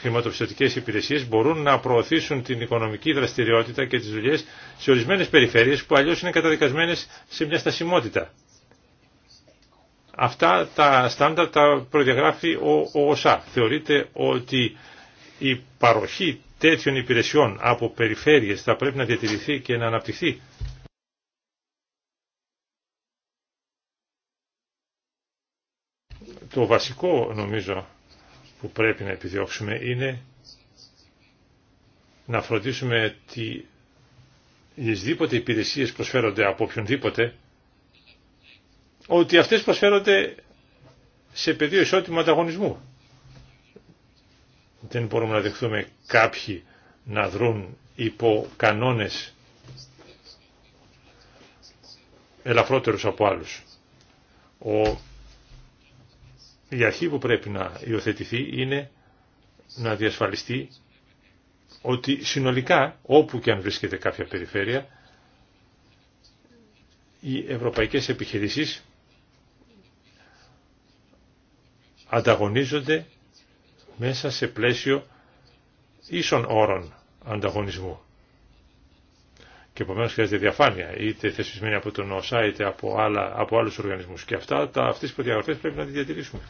χρηματοπιστωτικές υπηρεσίες μπορούν να προωθήσουν την οικονομική δραστηριότητα και τις δουλειές σε ορισμένες περιφέρειες που αλλιώς είναι καταδικασμένες σε μια στασιμότητα. Αυτά τα στάνταρ τα προδιαγράφει ο ΟΣΑ. Θεωρείται ότι η παροχή τέτοιων υπηρεσιών από περιφέρειες θα πρέπει να διατηρηθεί και να αναπτυχθεί. Το βασικό νομίζω που πρέπει να επιδιώξουμε είναι να φροντίσουμε ότι οι υπηρεσίες προσφέρονται από οποιονδήποτε ότι αυτές προσφέρονται σε πεδίο ισότιμου ανταγωνισμού. Δεν μπορούμε να δεχθούμε κάποιοι να δρούν υπό κανόνες ελαφρότερους από άλλους. Ο... Η αρχή που πρέπει να υιοθετηθεί είναι να διασφαλιστεί ότι συνολικά, όπου και αν βρίσκεται κάποια περιφέρεια, οι ευρωπαϊκές επιχειρήσεις ανταγωνίζονται μέσα σε πλαίσιο ίσων όρων ανταγωνισμού. Και επομένω χρειάζεται διαφάνεια, είτε θεσπισμένη από τον ΩΣΑ είτε από, άλλα, από άλλους οργανισμούς. Και αυτά, τα, αυτές τις προδιαγραφές πρέπει να τις διατηρήσουμε.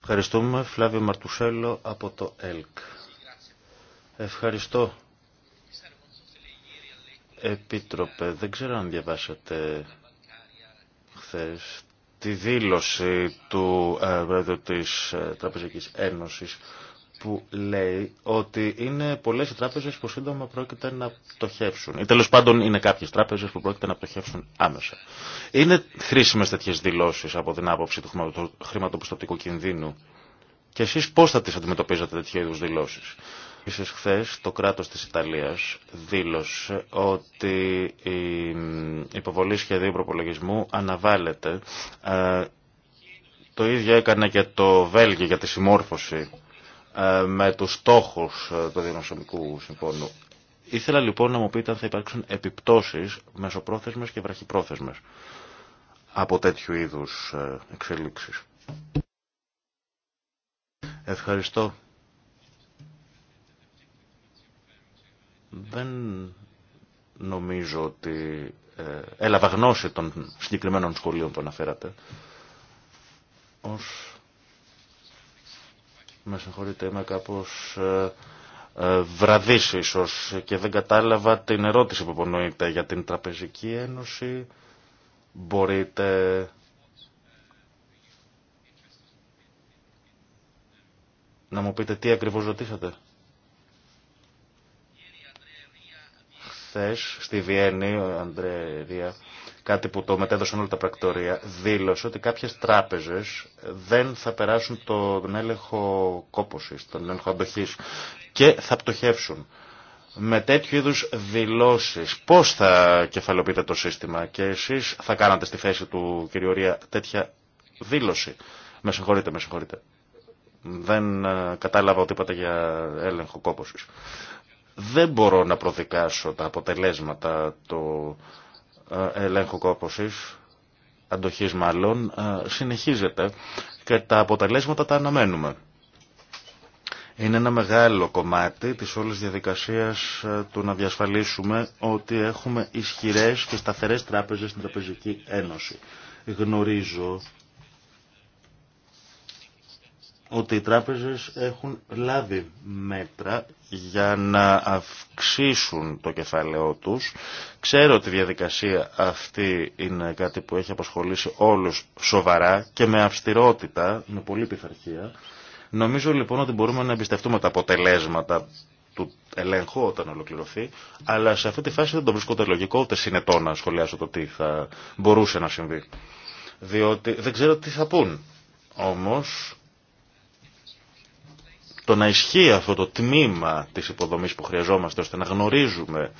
Ευχαριστούμε. Φλάβιο Μαρτουσέλο από το ΕΛΚ. Ευχαριστώ. Επίτροπε, δεν ξέρω αν διαβάσατε χθες τη δήλωση του ε, Πρόεδρου της ε, Τραπεζικής Ένωσης που λέει ότι είναι πολλές οι τράπεζες που σύντομα πρόκειται να πτωχεύσουν. Ή τέλος πάντων είναι κάποιες τράπεζες που πρόκειται να πτωχεύσουν άμεσα. Είναι χρήσιμες τέτοιες δηλώσεις από την άποψη του χρηματοπιστωτικού κινδύνου. Και εσείς πώς θα τις αντιμετωπίζετε τέτοιου είδους δηλώσεις. Επίσης χθες το κράτος της Ιταλίας δήλωσε ότι η υποβολή σχεδίου προπολογισμού αναβάλλεται. Ε, το ίδιο έκανε και το Βέλγιο για τη συμμόρφωση ε, με τους στόχους ε, του Δημοσιονομικού Συμφώνου. Ήθελα λοιπόν να μου πείτε αν θα υπάρξουν επιπτώσεις μεσοπρόθεσμες και βραχυπρόθεσμες από τέτοιου είδους εξελίξεις. Ευχαριστώ Δεν νομίζω ότι ε, έλαβα γνώση των συγκεκριμένων σχολείων που αναφέρατε. Ως... Με συγχωρείτε, είμαι κάπως ε, ε, βραδύς ίσως και δεν κατάλαβα την ερώτηση που υπονοείται για την Τραπεζική Ένωση. Μπορείτε... Να μου πείτε τι ακριβώς ρωτήσατε. Χθε στη Βιέννη, ο Αντρέ Δία, κάτι που το μετέδωσαν όλα τα πρακτορία, δήλωσε ότι κάποιες τράπεζες δεν θα περάσουν τον έλεγχο κόποση, τον έλεγχο αντοχή και θα πτωχεύσουν. Με τέτοιου είδους δηλώσει. πώς θα κεφαλοποιείτε το σύστημα και εσείς θα κάνατε στη θέση του κυριορία τέτοια δήλωση. Με συγχωρείτε, με συγχωρείτε. Δεν ε, κατάλαβα ότι είπατε για έλεγχο κόπωσης. Δεν μπορώ να προδικάσω τα αποτελέσματα του ε, ελέγχου κόπωσης, αντοχής μάλλον, ε, συνεχίζεται και τα αποτελέσματα τα αναμένουμε. Είναι ένα μεγάλο κομμάτι της όλης διαδικασίας ε, του να διασφαλίσουμε ότι έχουμε ισχυρές και σταθερές τράπεζες στην Τραπεζική Ένωση. Γνωρίζω ότι οι τράπεζες έχουν λάβει μέτρα για να αυξήσουν το κεφάλαιό τους. Ξέρω ότι η διαδικασία αυτή είναι κάτι που έχει απασχολήσει όλους σοβαρά και με αυστηρότητα, με πολλή πειθαρχία. Νομίζω λοιπόν ότι μπορούμε να εμπιστευτούμε τα αποτελέσματα του ελέγχου όταν ολοκληρωθεί, αλλά σε αυτή τη φάση δεν το βρίσκονται λογικό ούτε συνετό να σχολιάσω το τι θα μπορούσε να συμβεί. Διότι δεν ξέρω τι θα πούν. Όμως το να ισχύει αυτό το τμήμα της υποδομής που χρειαζόμαστε ώστε να γνωρίζουμε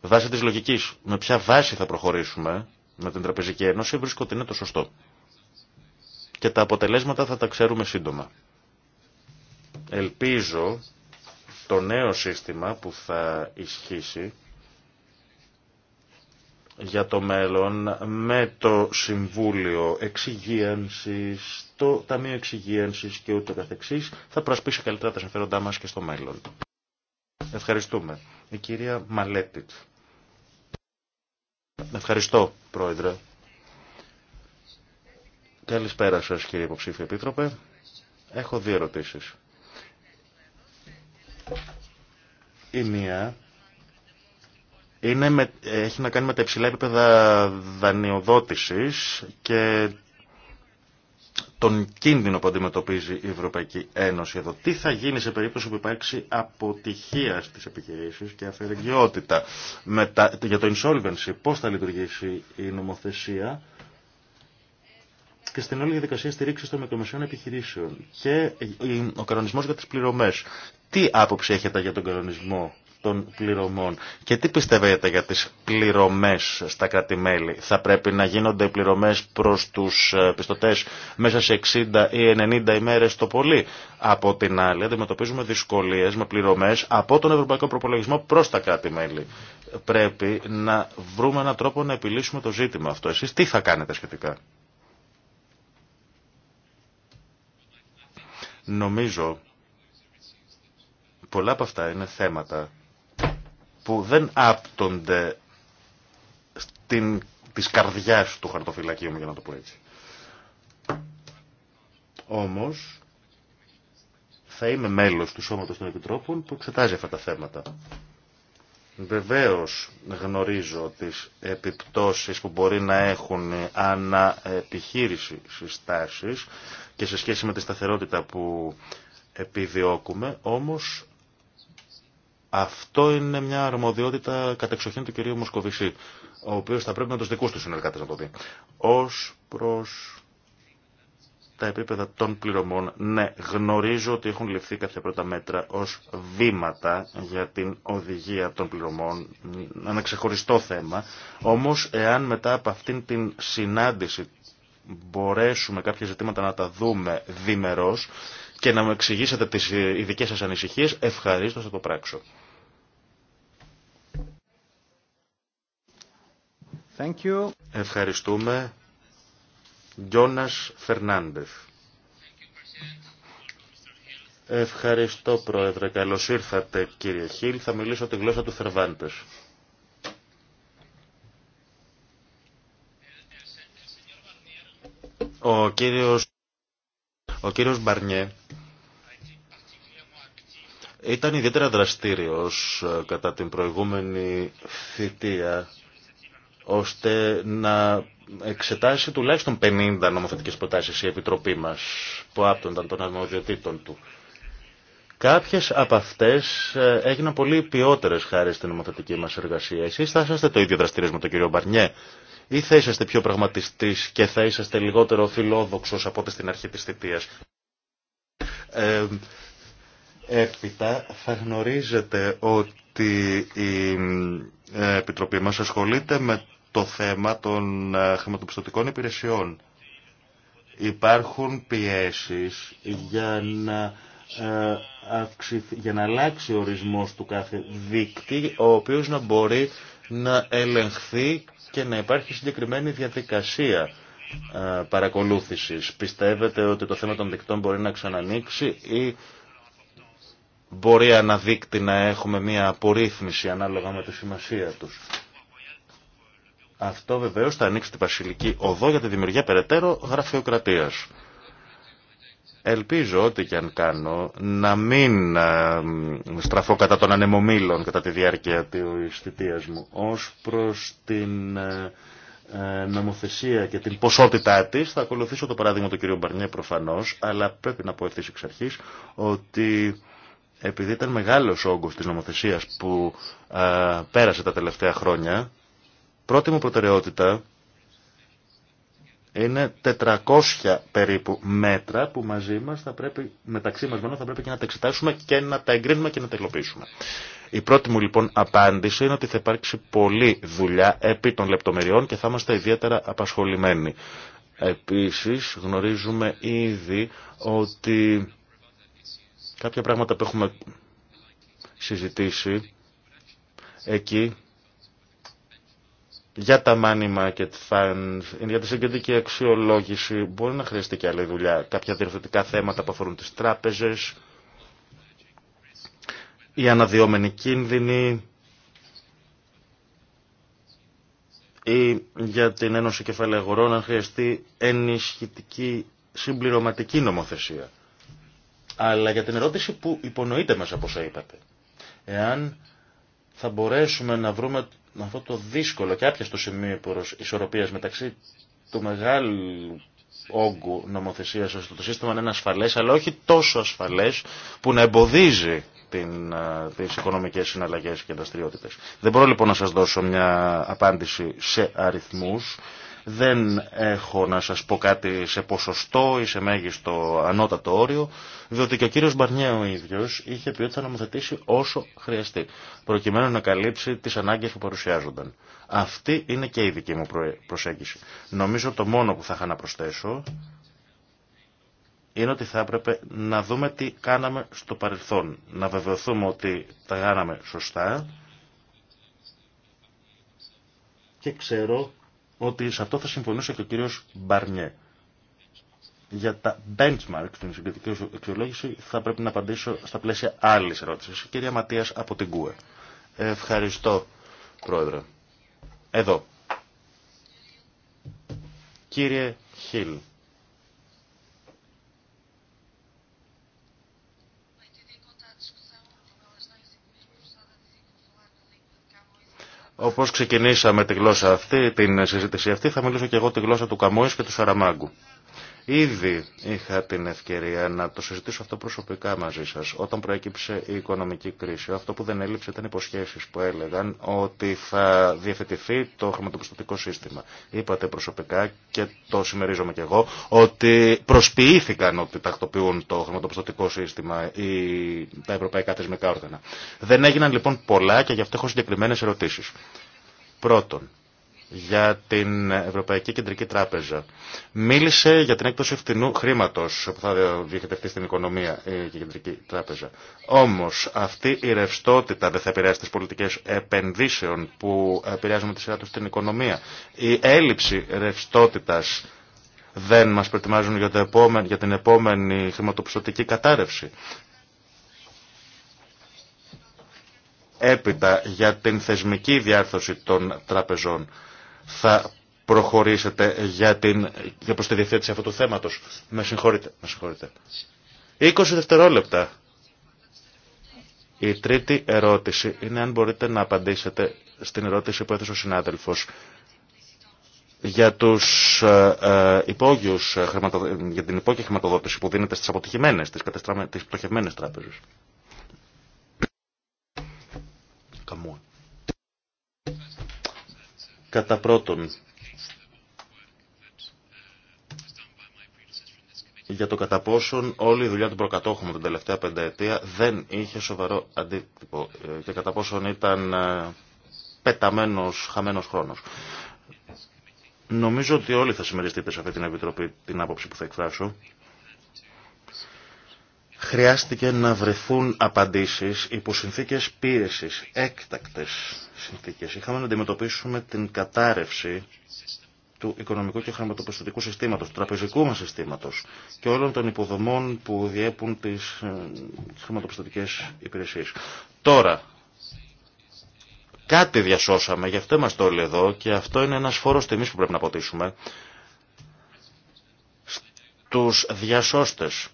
βάσει της λογικής με ποια βάση θα προχωρήσουμε με την Τραπεζική Ένωση βρίσκω ότι είναι το σωστό. Και τα αποτελέσματα θα τα ξέρουμε σύντομα. Ελπίζω το νέο σύστημα που θα ισχύσει για το μέλλον με το Συμβούλιο Εξυγίανσης, το Ταμείο Εξυγίανσης και ούτω καθεξής θα προσπίσει καλύτερα τα συμφέροντά μας και στο μέλλον. Ευχαριστούμε. Η κυρία Μαλέτιτ. Ευχαριστώ, Πρόεδρε. Καλησπέρα σας, κύριε Υποψήφιο Επίτροπε. Έχω δύο ερωτήσεις. Η μία είναι με, έχει να κάνει με τα υψηλά επίπεδα δανειοδότησης και τον κίνδυνο που αντιμετωπίζει η Ευρωπαϊκή Ένωση εδώ. Τι θα γίνει σε περίπτωση που υπάρξει αποτυχία στις επιχειρήσεις και αφαιρεγγιότητα για το insolvency, πώς θα λειτουργήσει η νομοθεσία και στην όλη διαδικασία στηρίξη των μικρομεσαίων επιχειρήσεων και ο κανονισμός για τις πληρωμές. Τι άποψη έχετε για τον κανονισμό των πληρωμών. Και τι πιστεύετε για τις πληρωμές στα κρατη Θα πρέπει να γίνονται οι πληρωμές προς τους ε, πιστωτές μέσα σε 60 ή 90 ημέρες το πολύ. Από την άλλη αντιμετωπίζουμε δυσκολίες με πληρωμές από τον Ευρωπαϊκό Προπολογισμό προς τα κρατη Πρέπει να βρούμε έναν τρόπο να επιλύσουμε το ζήτημα αυτό. Εσείς τι θα κάνετε σχετικά. Νομίζω πολλά από αυτά είναι θέματα που δεν άπτονται στην, της καρδιάς του χαρτοφυλακίου μου, για να το πω έτσι. Όμως, θα είμαι μέλος του Σώματος των Επιτρόπων που εξετάζει αυτά τα θέματα. Βεβαίως γνωρίζω τις επιπτώσεις που μπορεί να έχουν επιχείρηση συστάσεις και σε σχέση με τη σταθερότητα που επιδιώκουμε, όμως αυτό είναι μια αρμοδιότητα κατεξοχήν του κυρίου Μοσκοβισή, ο οποίο θα πρέπει με του δικού του συνεργάτε να το δει. Ω προ τα επίπεδα των πληρωμών, ναι, γνωρίζω ότι έχουν ληφθεί κάποια πρώτα μέτρα ω βήματα για την οδηγία των πληρωμών, ένα ξεχωριστό θέμα. Όμω, εάν μετά από αυτήν την συνάντηση μπορέσουμε κάποια ζητήματα να τα δούμε διμερώς και να μου εξηγήσετε τις ειδικές σας ανησυχίες, ευχαρίστω θα το πράξω. Ευχαριστούμε. Γιώνας Φερνάντεφ. Ευχαριστώ Πρόεδρε. Καλώς ήρθατε κύριε Χίλ. Θα μιλήσω τη γλώσσα του Φερβάντες. Ο κύριος, ο κύριος Μπαρνιέ ήταν ιδιαίτερα δραστήριος ε, κατά την προηγούμενη θητεία ώστε να εξετάσει τουλάχιστον 50 νομοθετικές προτάσεις η Επιτροπή μας που άπτονταν των αρμοδιοτήτων του. Κάποιες από αυτές ε, έγιναν πολύ ποιότερες χάρη στην νομοθετική μας εργασία. Εσείς θα είσαστε το ίδιο δραστήριο με τον κύριο Μπαρνιέ ή θα είσαστε πιο πραγματιστής και θα είσαστε λιγότερο φιλόδοξος από ό,τι στην αρχή της θητείας. Ε, έπειτα θα γνωρίζετε ότι η ε, Επιτροπή μας ασχολείται με το θέμα των ε, χρηματοπιστωτικών υπηρεσιών. Υπάρχουν πιέσεις για να ε, για να αλλάξει ο ορισμός του κάθε δίκτυ, ο οποίος να μπορεί να ελεγχθεί και να υπάρχει συγκεκριμένη διαδικασία ε, παρακολούθησης. Πιστεύετε ότι το θέμα των δικτών μπορεί να ξανανοίξει ή μπορεί αναδείκτη να έχουμε μια απορρίθμιση ανάλογα με τη σημασία τους. Αυτό βεβαίω θα ανοίξει τη βασιλική οδό για τη δημιουργία περαιτέρω γραφειοκρατία. Ελπίζω ότι και αν κάνω να μην ε, στραφώ κατά των ανεμομήλων κατά τη διάρκεια της θητείας μου ως προς την ε, ε, νομοθεσία και την ποσότητά της θα ακολουθήσω το παράδειγμα του κ. Μπαρνιέ προφανώς αλλά πρέπει να πω ευθύς εξ αρχής ότι επειδή ήταν μεγάλος όγκος της νομοθεσίας που πέρασε τα τελευταία χρόνια Πρώτη μου προτεραιότητα είναι 400 περίπου μέτρα που μαζί μας θα πρέπει, μεταξύ μας μόνο θα πρέπει και να τα εξετάσουμε και να τα εγκρίνουμε και να τα υλοποιήσουμε. Η πρώτη μου λοιπόν απάντηση είναι ότι θα υπάρξει πολλή δουλειά επί των λεπτομεριών και θα είμαστε ιδιαίτερα απασχολημένοι. Επίσης γνωρίζουμε ήδη ότι κάποια πράγματα που έχουμε συζητήσει εκεί για τα money market funds, για τη συγκεντρική αξιολόγηση, μπορεί να χρειαστεί και άλλη δουλειά. Κάποια διευθυντικά θέματα που αφορούν τις τράπεζες, οι αναδυόμενοι κίνδυνοι, ή για την Ένωση Κεφαλαίου Αγορών να χρειαστεί ενισχυτική συμπληρωματική νομοθεσία. Αλλά για την ερώτηση που υπονοείται μέσα από όσα είπατε. Εάν θα μπορέσουμε να βρούμε με αυτό το δύσκολο και άπιαστο σημείο ισορροπίας μεταξύ του μεγάλου όγκου νομοθεσίας ώστε το σύστημα να είναι ασφαλές αλλά όχι τόσο ασφαλές που να εμποδίζει την, ε, τις οικονομικές συναλλαγές και δραστηριότητε. Δεν μπορώ λοιπόν να σας δώσω μια απάντηση σε αριθμούς δεν έχω να σας πω κάτι σε ποσοστό ή σε μέγιστο ανώτατο όριο, διότι και ο κύριος Μπαρνιέ ο ίδιος είχε πει ότι θα νομοθετήσει όσο χρειαστεί, προκειμένου να καλύψει τις ανάγκες που παρουσιάζονταν. Αυτή είναι και η δική μου προσέγγιση. Νομίζω το μόνο που θα είχα να προσθέσω είναι ότι θα έπρεπε να δούμε τι κάναμε στο παρελθόν, να βεβαιωθούμε ότι τα κάναμε σωστά και ξέρω ότι σε αυτό θα συμφωνούσε και ο κύριος Μπαρνιέ. Για τα benchmark στην συγκριτική εξολόγηση θα πρέπει να απαντήσω στα πλαίσια άλλης ερώτησης. Κυρία Ματίας από την ΚΟΕ. Ευχαριστώ, Πρόεδρε. Εδώ. Κύριε Χίλ, Όπως ξεκινήσαμε τη γλώσσα αυτή, την συζήτηση αυτή, θα μιλήσω και εγώ τη γλώσσα του Καμόης και του Σαραμάγκου. Ήδη είχα την ευκαιρία να το συζητήσω αυτό προσωπικά μαζί σας. Όταν προέκυψε η οικονομική κρίση, αυτό που δεν έλειψε ήταν υποσχέσεις που έλεγαν ότι θα διευθετηθεί το χρηματοπιστωτικό σύστημα. Είπατε προσωπικά και το συμμερίζομαι και εγώ ότι προσποιήθηκαν ότι τακτοποιούν το χρηματοπιστωτικό σύστημα ή τα ευρωπαϊκά θεσμικά όργανα. Δεν έγιναν λοιπόν πολλά και γι' αυτό έχω συγκεκριμένε ερωτήσεις. Πρώτον, για την Ευρωπαϊκή Κεντρική Τράπεζα. Μίλησε για την έκπτωση φτηνού χρήματο που θα διοχετευτεί στην οικονομία η Κεντρική Τράπεζα. Όμω αυτή η ρευστότητα δεν θα επηρεάσει τι πολιτικέ επενδύσεων που επηρεάζουν με τη σειρά του την οικονομία. Η έλλειψη ρευστότητα δεν μας προετοιμάζουν για, για την επόμενη χρηματοπιστωτική κατάρρευση. Έπειτα για την θεσμική διάρθρωση των τραπεζών θα προχωρήσετε για, την, για τη διευθέτηση αυτού του θέματος. Με συγχωρείτε, με συγχωρείτε. 20 δευτερόλεπτα. Η τρίτη ερώτηση είναι αν μπορείτε να απαντήσετε στην ερώτηση που έθεσε ο συνάδελφος για, τους, ε, ε, υπόγειους, ε, για την υπόγεια χρηματοδότηση που δίνεται στις αποτυχημένες, τις, κατεστραμε, τις πτωχευμένες τράπεζες. Κατά πρώτον, για το κατά πόσον όλη η δουλειά του προκατόχου μου την τελευταία πενταετία δεν είχε σοβαρό αντίτυπο ε, και κατά πόσον ήταν ε, πεταμένος, χαμένος χρόνος. Νομίζω ότι όλοι θα συμμεριστείτε σε αυτή την Επιτροπή την άποψη που θα εκφράσω χρειάστηκε να βρεθούν απαντήσεις υπό συνθήκες πίεσης, έκτακτες συνθήκες. Είχαμε να αντιμετωπίσουμε την κατάρρευση του οικονομικού και χρηματοπιστωτικού συστήματος, του τραπεζικού μας συστήματος και όλων των υποδομών που διέπουν τις ε, χρηματοπιστωτικές υπηρεσίες. Τώρα, κάτι διασώσαμε, γι' αυτό είμαστε όλοι εδώ και αυτό είναι ένας φόρος τιμής που πρέπει να αποτίσουμε. Τους διασώστες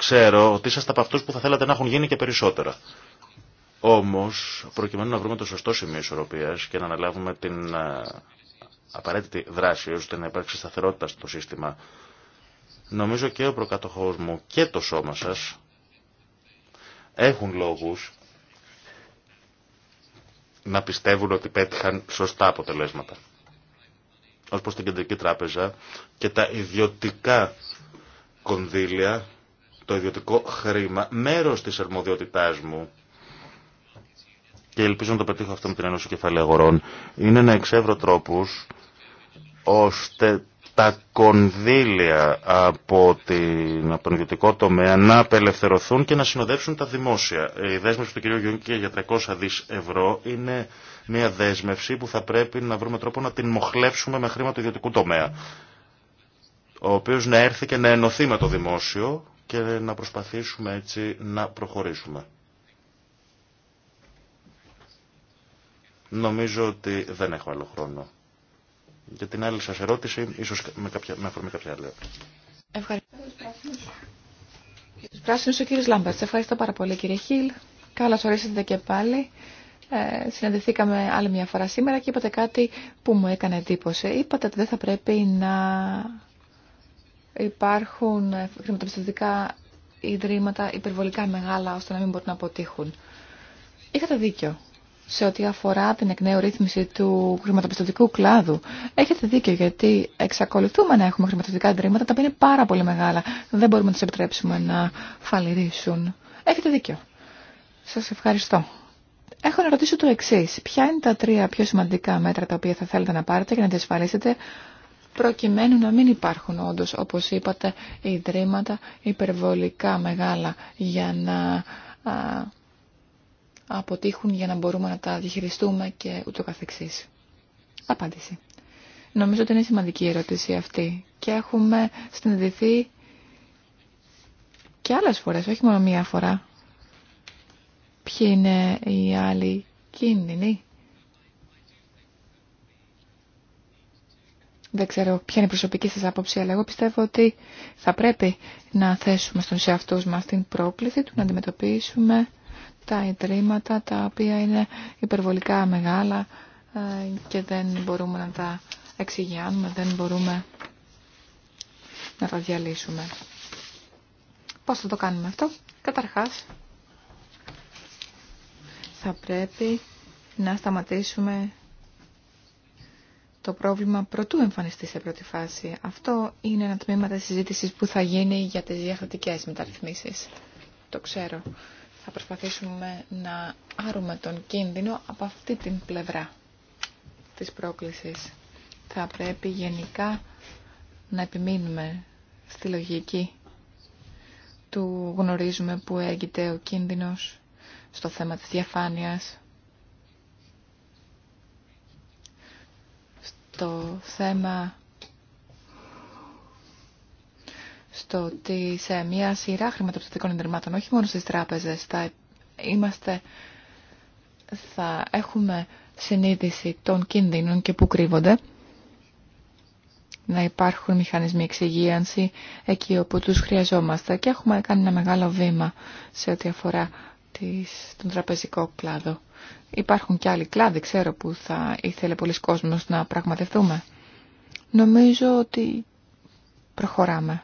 Ξέρω ότι είσαστε από αυτού που θα θέλατε να έχουν γίνει και περισσότερα. Όμω, προκειμένου να βρούμε το σωστό σημείο ισορροπία και να αναλάβουμε την ε, απαραίτητη δράση ώστε να υπάρξει σταθερότητα στο σύστημα, νομίζω και ο προκατοχό μου και το σώμα σα έχουν λόγου να πιστεύουν ότι πέτυχαν σωστά αποτελέσματα. Ως προς την Κεντρική Τράπεζα και τα ιδιωτικά κονδύλια το ιδιωτικό χρήμα, μέρος της αρμοδιότητάς μου, και ελπίζω να το πετύχω αυτό με την Ένωση Κεφαλαίου Αγορών, είναι να εξεύρω τρόπους ώστε τα κονδύλια από, την, από τον ιδιωτικό τομέα να απελευθερωθούν και να συνοδεύσουν τα δημόσια. Η δέσμευση του κ. Γιούνκια για 300 δις ευρώ είναι μια δέσμευση που θα πρέπει να βρούμε τρόπο να την μοχλεύσουμε με χρήμα του ιδιωτικού τομέα, ο οποίος να έρθει και να ενωθεί με το δημόσιο και να προσπαθήσουμε έτσι να προχωρήσουμε. Νομίζω ότι δεν έχω άλλο χρόνο. Για την άλλη σας ερώτηση, ίσως με, κάποια, με αφορμή κάποια άλλη. Ευχαριστώ. Τους πράσινους ο κύριος Λάμπερτς. Ευχαριστώ πάρα πολύ κύριε Χίλ. Καλώς ορίσατε και πάλι. Ε, συναντηθήκαμε άλλη μια φορά σήμερα και είπατε κάτι που μου έκανε εντύπωση. Είπατε ότι δεν θα πρέπει να υπάρχουν χρηματοπιστωτικά ιδρύματα υπερβολικά μεγάλα ώστε να μην μπορούν να αποτύχουν. Είχατε δίκιο σε ό,τι αφορά την εκ νέου ρύθμιση του χρηματοπιστωτικού κλάδου. Έχετε δίκιο γιατί εξακολουθούμε να έχουμε χρηματοπιστωτικά ιδρύματα τα οποία είναι πάρα πολύ μεγάλα. Δεν μπορούμε να τις επιτρέψουμε να φαλυρίσουν. Έχετε δίκιο. Σας ευχαριστώ. Έχω να ρωτήσω το εξή. Ποια είναι τα τρία πιο σημαντικά μέτρα τα οποία θα θέλετε να πάρετε για να διασφαλίσετε προκειμένου να μην υπάρχουν όντως, όπως είπατε, ιδρύματα υπερβολικά μεγάλα για να αποτύχουν για να μπορούμε να τα διχειριστούμε και ούτω καθεξής. Απάντηση. Νομίζω ότι είναι σημαντική η ερώτηση αυτή και έχουμε συνδεθεί και άλλες φορές, όχι μόνο μία φορά. Ποιοι είναι οι άλλοι κίνδυνοι Δεν ξέρω ποια είναι η προσωπική σας άποψη, αλλά εγώ πιστεύω ότι θα πρέπει να θέσουμε σε εαυτούς μας την πρόκληση του να αντιμετωπίσουμε τα ιδρύματα τα οποία είναι υπερβολικά μεγάλα ε, και δεν μπορούμε να τα εξηγιάνουμε, δεν μπορούμε να τα διαλύσουμε. Πώς θα το κάνουμε αυτό. Καταρχάς, θα πρέπει να σταματήσουμε το πρόβλημα προτού εμφανιστεί σε πρώτη φάση. Αυτό είναι ένα τμήμα της συζήτησης που θα γίνει για τις διαχρητικές μεταρρυθμίσεις. Το ξέρω. Θα προσπαθήσουμε να άρουμε τον κίνδυνο από αυτή την πλευρά της πρόκλησης. Θα πρέπει γενικά να επιμείνουμε στη λογική του γνωρίζουμε που έγινε ο κίνδυνος στο θέμα της διαφάνειας το θέμα στο ότι σε μια σειρά χρηματοπιστωτικών ενδερμάτων, όχι μόνο στις τράπεζες, θα είμαστε, θα έχουμε συνείδηση των κινδύνων και που κρύβονται, να υπάρχουν μηχανισμοί εξυγίανση εκεί όπου τους χρειαζόμαστε και έχουμε κάνει ένα μεγάλο βήμα σε ό,τι αφορά τον τραπεζικό κλάδο. Υπάρχουν και άλλοι κλάδοι, ξέρω, που θα ήθελε πολλοί κόσμος να πραγματευτούμε. Νομίζω ότι προχωράμε.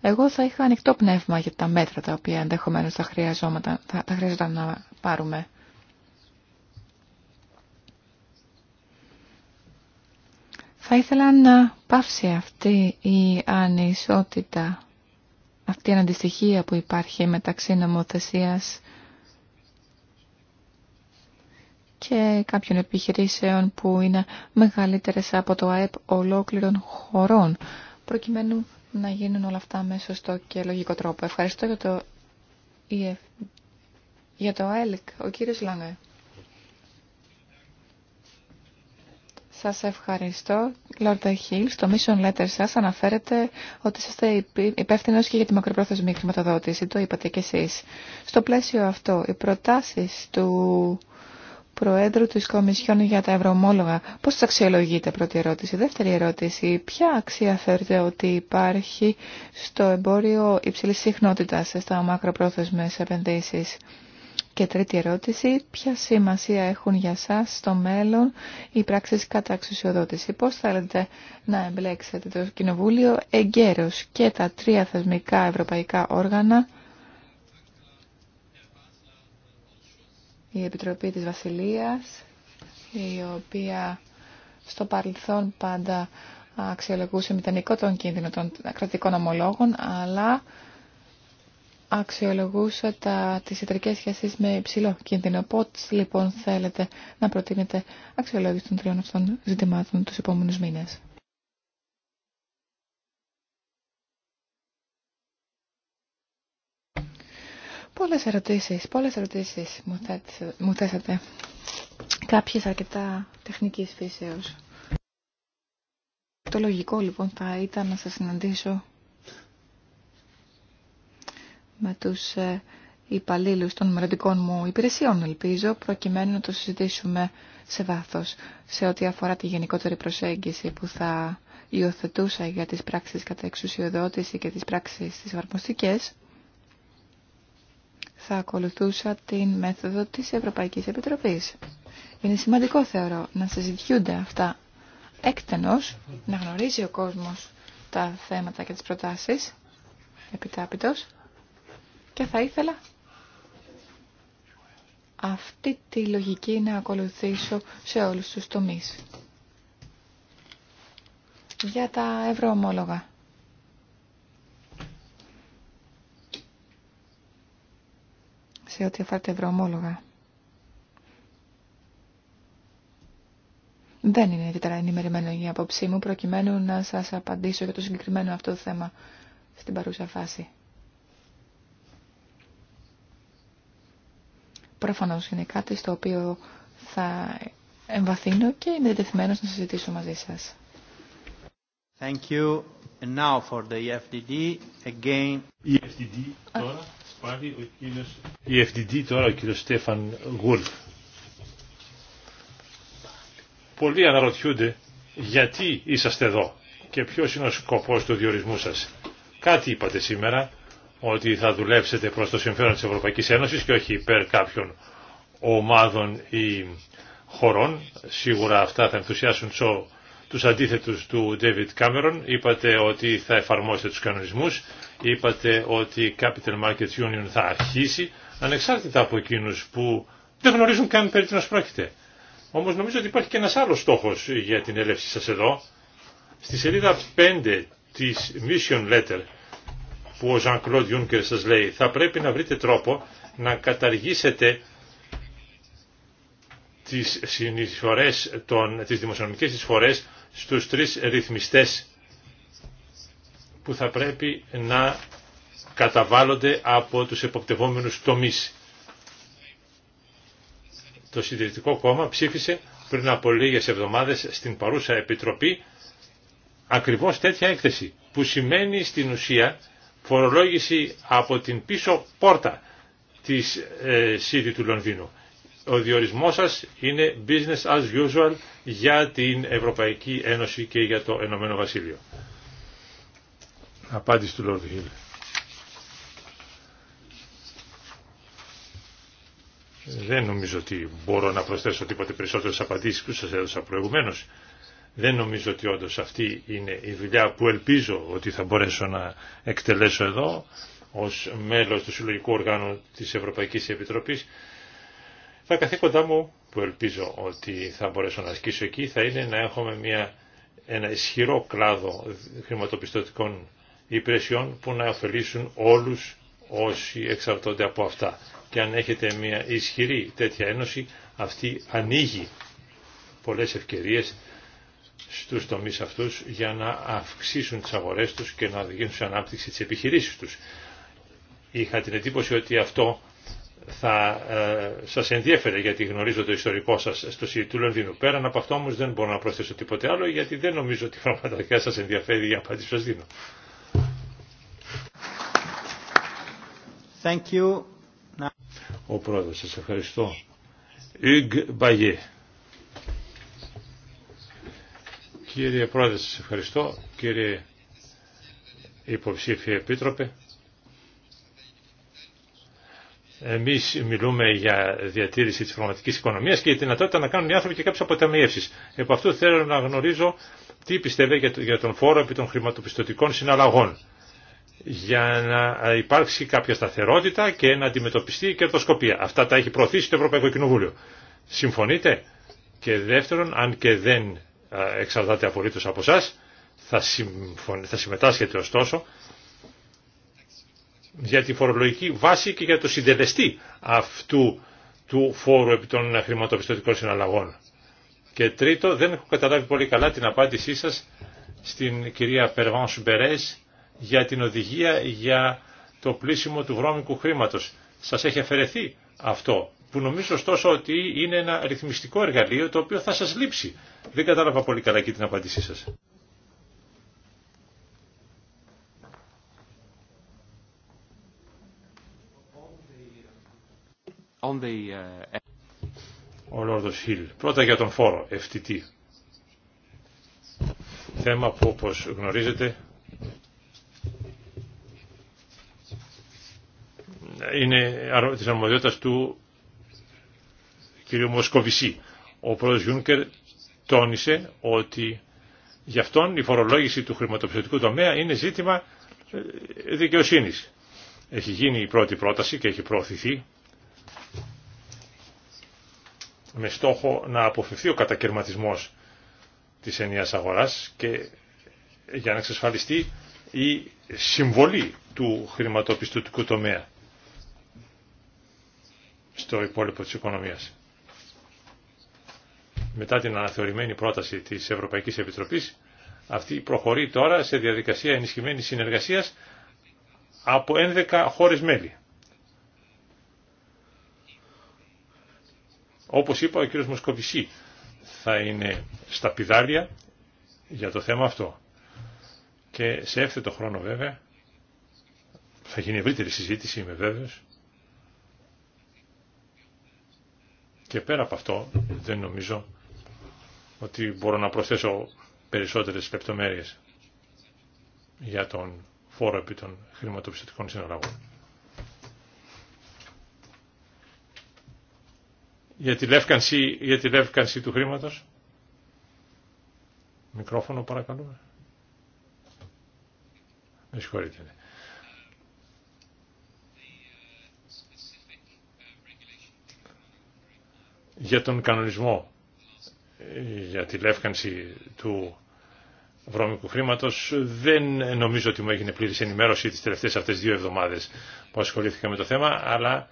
Εγώ θα είχα ανοιχτό πνεύμα για τα μέτρα τα οποία ενδεχομένω θα, θα, θα χρειαζόταν να πάρουμε. Θα ήθελα να πάυσει αυτή η ανισότητα αυτή η αντιστοιχία που υπάρχει μεταξύ νομοθεσίας και κάποιων επιχειρήσεων που είναι μεγαλύτερες από το ΑΕΠ ολόκληρων χωρών, προκειμένου να γίνουν όλα αυτά με σωστό και λογικό τρόπο. Ευχαριστώ για το, e για το ΑΕΛΚ, ο κύριος Λάγκε. Σας ευχαριστώ. Λόρτα Χίλ, στο mission letter σας αναφέρετε ότι είστε υπεύθυνο και για τη μακροπρόθεσμη χρηματοδότηση. Το είπατε κι εσείς. Στο πλαίσιο αυτό, οι προτάσεις του Προέδρου της Κομισιόν για τα Ευρωομόλογα, πώς τις αξιολογείτε, πρώτη ερώτηση. Δεύτερη ερώτηση, ποια αξία θεωρείτε ότι υπάρχει στο εμπόριο υψηλής συχνότητας στα μακροπρόθεσμες επενδύσεις. Και τρίτη ερώτηση, ποια σημασία έχουν για σας στο μέλλον οι πράξεις κατά αξιοδότηση. Πώς θέλετε να εμπλέξετε το Κοινοβούλιο εγκαίρως και τα τρία θεσμικά ευρωπαϊκά όργανα, η Επιτροπή της Βασιλείας, η οποία στο παρελθόν πάντα αξιολογούσε μηδενικό τον κίνδυνο των κρατικών ομολόγων, αλλά αξιολογούσα τα, τις ιατρικές σχέσεις με υψηλό κίνδυνο. Πότε λοιπόν θέλετε να προτείνετε αξιολόγηση των τριών αυτών ζητημάτων τους επόμενους μήνες. Πολλές ερωτήσει πολλές ερωτήσεις μου, μου θέσατε. Κάποιες αρκετά τεχνικής φύσεως. Το λογικό λοιπόν θα ήταν να σας συναντήσω με τους ε, υπαλλήλου των μελλοντικών μου υπηρεσιών, ελπίζω, προκειμένου να το συζητήσουμε σε βάθος σε ό,τι αφορά τη γενικότερη προσέγγιση που θα υιοθετούσα για τις πράξεις κατά εξουσιοδότηση και τις πράξεις της εφαρμοστικές. Θα ακολουθούσα την μέθοδο της Ευρωπαϊκής Επιτροπής. Είναι σημαντικό, θεωρώ, να συζητιούνται αυτά έκτενος, να γνωρίζει ο κόσμος τα θέματα και τις προτάσεις επιτάπητος και θα ήθελα αυτή τη λογική να ακολουθήσω σε όλους τους τομείς. Για τα ευρωομόλογα. Σε ό,τι αφορά τα ευρωομόλογα. Δεν είναι ιδιαίτερα ενημερημένο η απόψή μου προκειμένου να σας απαντήσω για το συγκεκριμένο αυτό το θέμα στην παρούσα φάση. Προφανώς είναι κάτι στο οποίο θα εμβαθύνω και είναι δεδεθμένος να συζητήσω μαζί σας. Thank you. And now for the e again. Η e FDD e τώρα, ο κύριος... τώρα κύριος Στέφαν Γουλφ. Πολλοί αναρωτιούνται γιατί είσαστε εδώ και ποιος είναι ο σκοπός του διορισμού σας. Κάτι είπατε σήμερα ότι θα δουλέψετε προς το συμφέρον της Ευρωπαϊκής Ένωσης και όχι υπέρ κάποιων ομάδων ή χωρών. Σίγουρα αυτά θα ενθουσιάσουν τσο τους αντίθετους του David Cameron. Είπατε ότι θα εφαρμόσετε τους κανονισμούς. Είπατε ότι η Capital Markets Union θα αρχίσει ανεξάρτητα από εκείνους που δεν γνωρίζουν καν περί τίνος πρόκειται. Όμως νομίζω ότι υπάρχει και ένας άλλος στόχος για την έλευση σας εδώ. Στη σελίδα 5 της Mission Letter που ο Jean-Claude Juncker σας λέει. Θα πρέπει να βρείτε τρόπο να καταργήσετε τις, συνεισφορές των, τις δημοσιονομικές εισφορές στους τρεις ρυθμιστές που θα πρέπει να καταβάλλονται από τους εποπτευόμενους τομείς. Το Συντηρητικό Κόμμα ψήφισε πριν από λίγες εβδομάδες στην παρούσα Επιτροπή ακριβώς τέτοια έκθεση που σημαίνει στην ουσία φορολόγηση από την πίσω πόρτα της ε, του Λονδίνου. Ο διορισμός σας είναι business as usual για την Ευρωπαϊκή Ένωση και για το Ενωμένο Βασίλειο. Απάντηση του Λόρδου Χίλ. Δεν νομίζω ότι μπορώ να προσθέσω τίποτε περισσότερο στις απαντήσεις που σας έδωσα προηγουμένως. Δεν νομίζω ότι όντω αυτή είναι η δουλειά που ελπίζω ότι θα μπορέσω να εκτελέσω εδώ ως μέλος του Συλλογικού Οργάνου της Ευρωπαϊκής Επιτροπής. Τα καθήκοντά μου που ελπίζω ότι θα μπορέσω να ασκήσω εκεί θα είναι να έχουμε μια, ένα ισχυρό κλάδο χρηματοπιστωτικών υπηρεσιών που να ωφελήσουν όλους όσοι εξαρτώνται από αυτά. Και αν έχετε μια ισχυρή τέτοια ένωση αυτή ανοίγει πολλές ευκαιρίες στους τομείς αυτούς για να αυξήσουν τις αγορές τους και να οδηγήσουν σε ανάπτυξη της επιχειρήσης τους. Είχα την εντύπωση ότι αυτό θα ε, σας ενδιέφερε γιατί γνωρίζω το ιστορικό σας στο ΣΥΡΙ του Λονδίνου. Πέραν από αυτό όμως δεν μπορώ να προσθέσω τίποτε άλλο γιατί δεν νομίζω ότι πραγματικά σας ενδιαφέρει η απάντηση που σας δίνω. Thank Ο πρόεδρος, σας ευχαριστώ. Κύριε Πρόεδρε, σας ευχαριστώ. Κύριε Υποψήφιε Επίτροπε, εμείς μιλούμε για διατήρηση της πραγματικής οικονομίας και η δυνατότητα να κάνουν οι άνθρωποι και κάποιες αποταμιεύσεις. Επ' αυτού θέλω να γνωρίζω τι πιστεύει για τον φόρο επί των χρηματοπιστωτικών συναλλαγών για να υπάρξει κάποια σταθερότητα και να αντιμετωπιστεί η κερδοσκοπία. Αυτά τα έχει προωθήσει το Ευρωπαϊκό Κοινοβούλιο. Συμφωνείτε? Και δεύτερον, αν και δεν εξαρτάται απολύτως από εσά. Θα, συμφων... θα συμμετάσχετε ωστόσο για τη φορολογική βάση και για το συντελεστή αυτού του φόρου επί των χρηματοπιστωτικών συναλλαγών. Και τρίτο, δεν έχω καταλάβει πολύ καλά την απάντησή σας στην κυρία Περβάν Σουμπερές για την οδηγία για το πλήσιμο του βρώμικου χρήματος. Σας έχει αφαιρεθεί αυτό, που νομίζω ωστόσο ότι είναι ένα ρυθμιστικό εργαλείο το οποίο θα σας λείψει δεν κατάλαβα πολύ καλά και την απάντησή σας. On the... Uh, Ο Λόρδος Χιλ. Πρώτα για τον φόρο, FTT. Θέμα που όπως γνωρίζετε είναι της αρμοδιότητας του κ. Μοσκοβισή. Ο πρόεδρος Γιούνκερ τόνισε ότι γι' αυτόν η φορολόγηση του χρηματοπιστωτικού τομέα είναι ζήτημα ε, δικαιοσύνης. Έχει γίνει η πρώτη πρόταση και έχει προωθηθεί με στόχο να αποφευθεί ο κατακαιρματισμός της ενιαίας αγοράς και για να εξασφαλιστεί η συμβολή του χρηματοπιστωτικού τομέα στο υπόλοιπο της οικονομίας μετά την αναθεωρημένη πρόταση της Ευρωπαϊκής Επιτροπής, αυτή προχωρεί τώρα σε διαδικασία ενισχυμένης συνεργασίας από 11 χώρες μέλη. Όπως είπα, ο κύριος Μοσκοβισή θα είναι στα πιδάλια για το θέμα αυτό. Και σε έφθετο χρόνο βέβαια, θα γίνει ευρύτερη συζήτηση, είμαι βέβαιος, και πέρα από αυτό δεν νομίζω ότι μπορώ να προσθέσω περισσότερες λεπτομέρειες για τον φόρο επί των χρηματοπιστωτικών συναλλαγών. Για τη λεύκανση, για τη λεύκανση του χρήματος. Μικρόφωνο παρακαλούμε. Με συγχωρείτε. Ναι. Για τον κανονισμό για τη λεύκανση του βρώμικου χρήματος δεν νομίζω ότι μου έγινε πλήρης ενημέρωση τις τελευταίες αυτές δύο εβδομάδες που ασχολήθηκα με το θέμα αλλά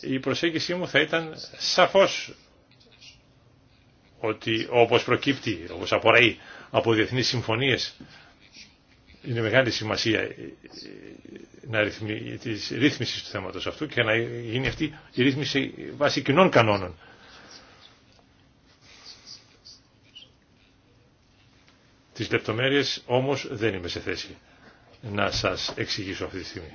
η προσέγγιση μου θα ήταν σαφώς ότι όπως προκύπτει, όπως απορραεί από διεθνείς συμφωνίες είναι μεγάλη σημασία να ρυθμι, της ρύθμισης του θέματος αυτού και να γίνει αυτή η ρύθμιση βάσει κοινών κανόνων. Τις λεπτομέρειες όμως δεν είμαι σε θέση να σας εξηγήσω αυτή τη στιγμή.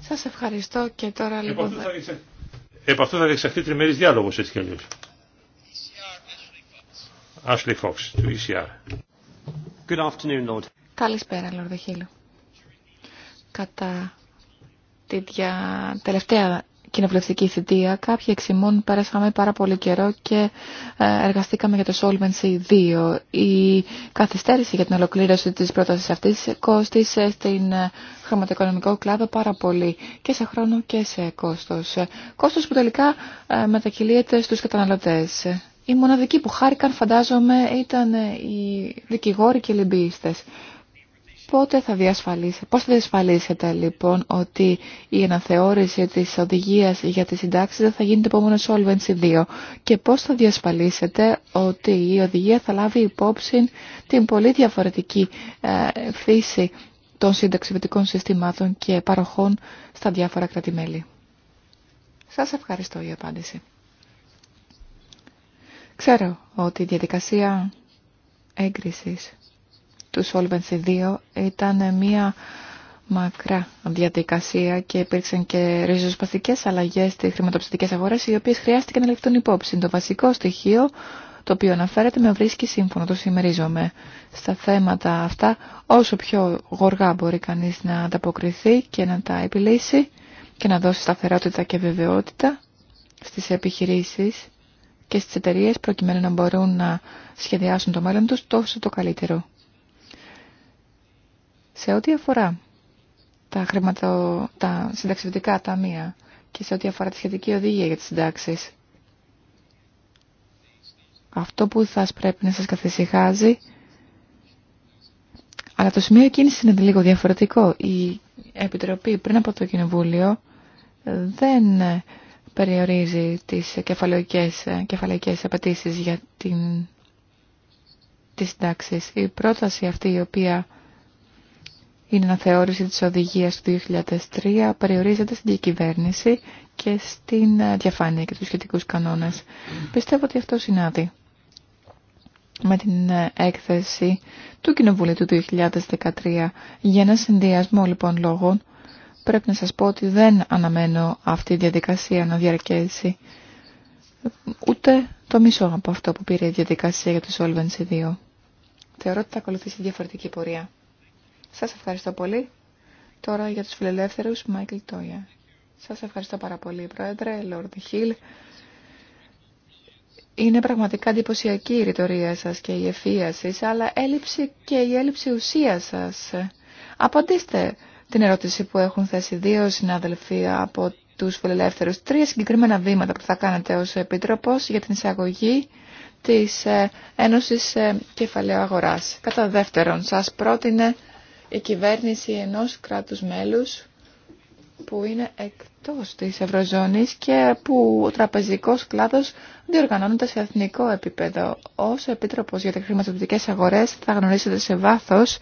Σας ευχαριστώ και τώρα λοιπόν... Θα... Επ' αυτό θα διεξαχθεί τριμερής διάλογος έτσι κι αλλιώς. Ashley Fox, του ECR. Good afternoon, Lord. Καλησπέρα, Λόρδε Χίλου. Κατά τη τελευταία κοινοβουλευτική θητεία κάποιοι εξημών πέρασαμε πάρα πολύ καιρό και ε, εργαστήκαμε για το Solvency 2. Η καθυστέρηση για την ολοκλήρωση της πρότασης αυτής κόστησε στην ε, χρηματοοικονομικό κλάδο πάρα πολύ και σε χρόνο και σε κόστος. Κόστος που τελικά ε, μετακυλίεται στους καταναλωτές. Οι μοναδικοί που χάρηκαν φαντάζομαι ήταν οι δικηγόροι και οι λιμπίστες. Πότε θα διασφαλίσετε, πώς θα διασφαλίσετε λοιπόν ότι η αναθεώρηση της οδηγίας για τις συντάξεις δεν θα γίνεται επόμενο Solvency 2 και πώς θα διασφαλίσετε ότι η οδηγία θα λάβει υπόψη την πολύ διαφορετική ε, φύση των συνταξιβετικών συστημάτων και παροχών στα διάφορα κράτη-μέλη. Σας ευχαριστώ για απάντηση. Ξέρω ότι η διαδικασία έγκρισης του Solvency 2 ήταν μια μακρά διαδικασία και υπήρξαν και ριζοσπαστικές αλλαγές στι χρηματοπιστικέ αγορές οι οποίες χρειάστηκαν να ληφθούν υπόψη. Το βασικό στοιχείο το οποίο αναφέρεται με βρίσκει σύμφωνο, το συμμερίζομαι. Στα θέματα αυτά όσο πιο γοργά μπορεί κανείς να ανταποκριθεί και να τα επιλύσει και να δώσει σταθερότητα και βεβαιότητα στις επιχειρήσεις και στις εταιρείες προκειμένου να μπορούν να σχεδιάσουν το μέλλον τους τόσο το καλύτερο. Σε ό,τι αφορά τα, χρηματο... τα συνταξιδοτικά ταμεία και σε ό,τι αφορά τη σχετική οδηγία για τις συντάξεις, αυτό που θα πρέπει να σας καθησυχάζει, αλλά το σημείο κίνησης είναι λίγο διαφορετικό. Η Επιτροπή πριν από το Κοινοβούλιο δεν περιορίζει τις κεφαλαϊκές, κεφαλαϊκές απαιτήσει για την, τις συντάξεις. Η πρόταση αυτή η οποία η αναθεώρηση της οδηγίας του 2003 περιορίζεται στην κυβέρνηση και στην ε, διαφάνεια και τους σχετικούς κανόνες. Πιστεύω ότι αυτό συνάδει με την ε, έκθεση του Κοινοβουλίου του 2013. Για ένα συνδυασμό λοιπόν λόγων πρέπει να σας πω ότι δεν αναμένω αυτή η διαδικασία να διαρκέσει ούτε το μισό από αυτό που πήρε η διαδικασία για το Solvency 2. Θεωρώ ότι θα ακολουθήσει διαφορετική πορεία. Σας ευχαριστώ πολύ. Τώρα για τους φιλελεύθερους, Μάικλ Τόια. Σας ευχαριστώ πάρα πολύ, Πρόεδρε, Λόρδι Χίλ. Είναι πραγματικά εντυπωσιακή η ρητορία σας και η ευφία σας, αλλά έλλειψη και η έλλειψη ουσία σας. Απαντήστε την ερώτηση που έχουν θέσει δύο συνάδελφοι από τους φιλελεύθερους. Τρία συγκεκριμένα βήματα που θα κάνετε ως Επίτροπος για την εισαγωγή της ε, Ένωσης ε, Κεφαλαίου Αγοράς. Κατά δεύτερον, σας πρότεινε η κυβέρνηση ενός κράτους μέλους που είναι εκτός της Ευρωζώνης και που ο τραπεζικός κλάδος διοργανώνεται σε εθνικό επίπεδο. Ως Επίτροπος για τα χρηματοδοτικές αγορές θα γνωρίσετε σε βάθος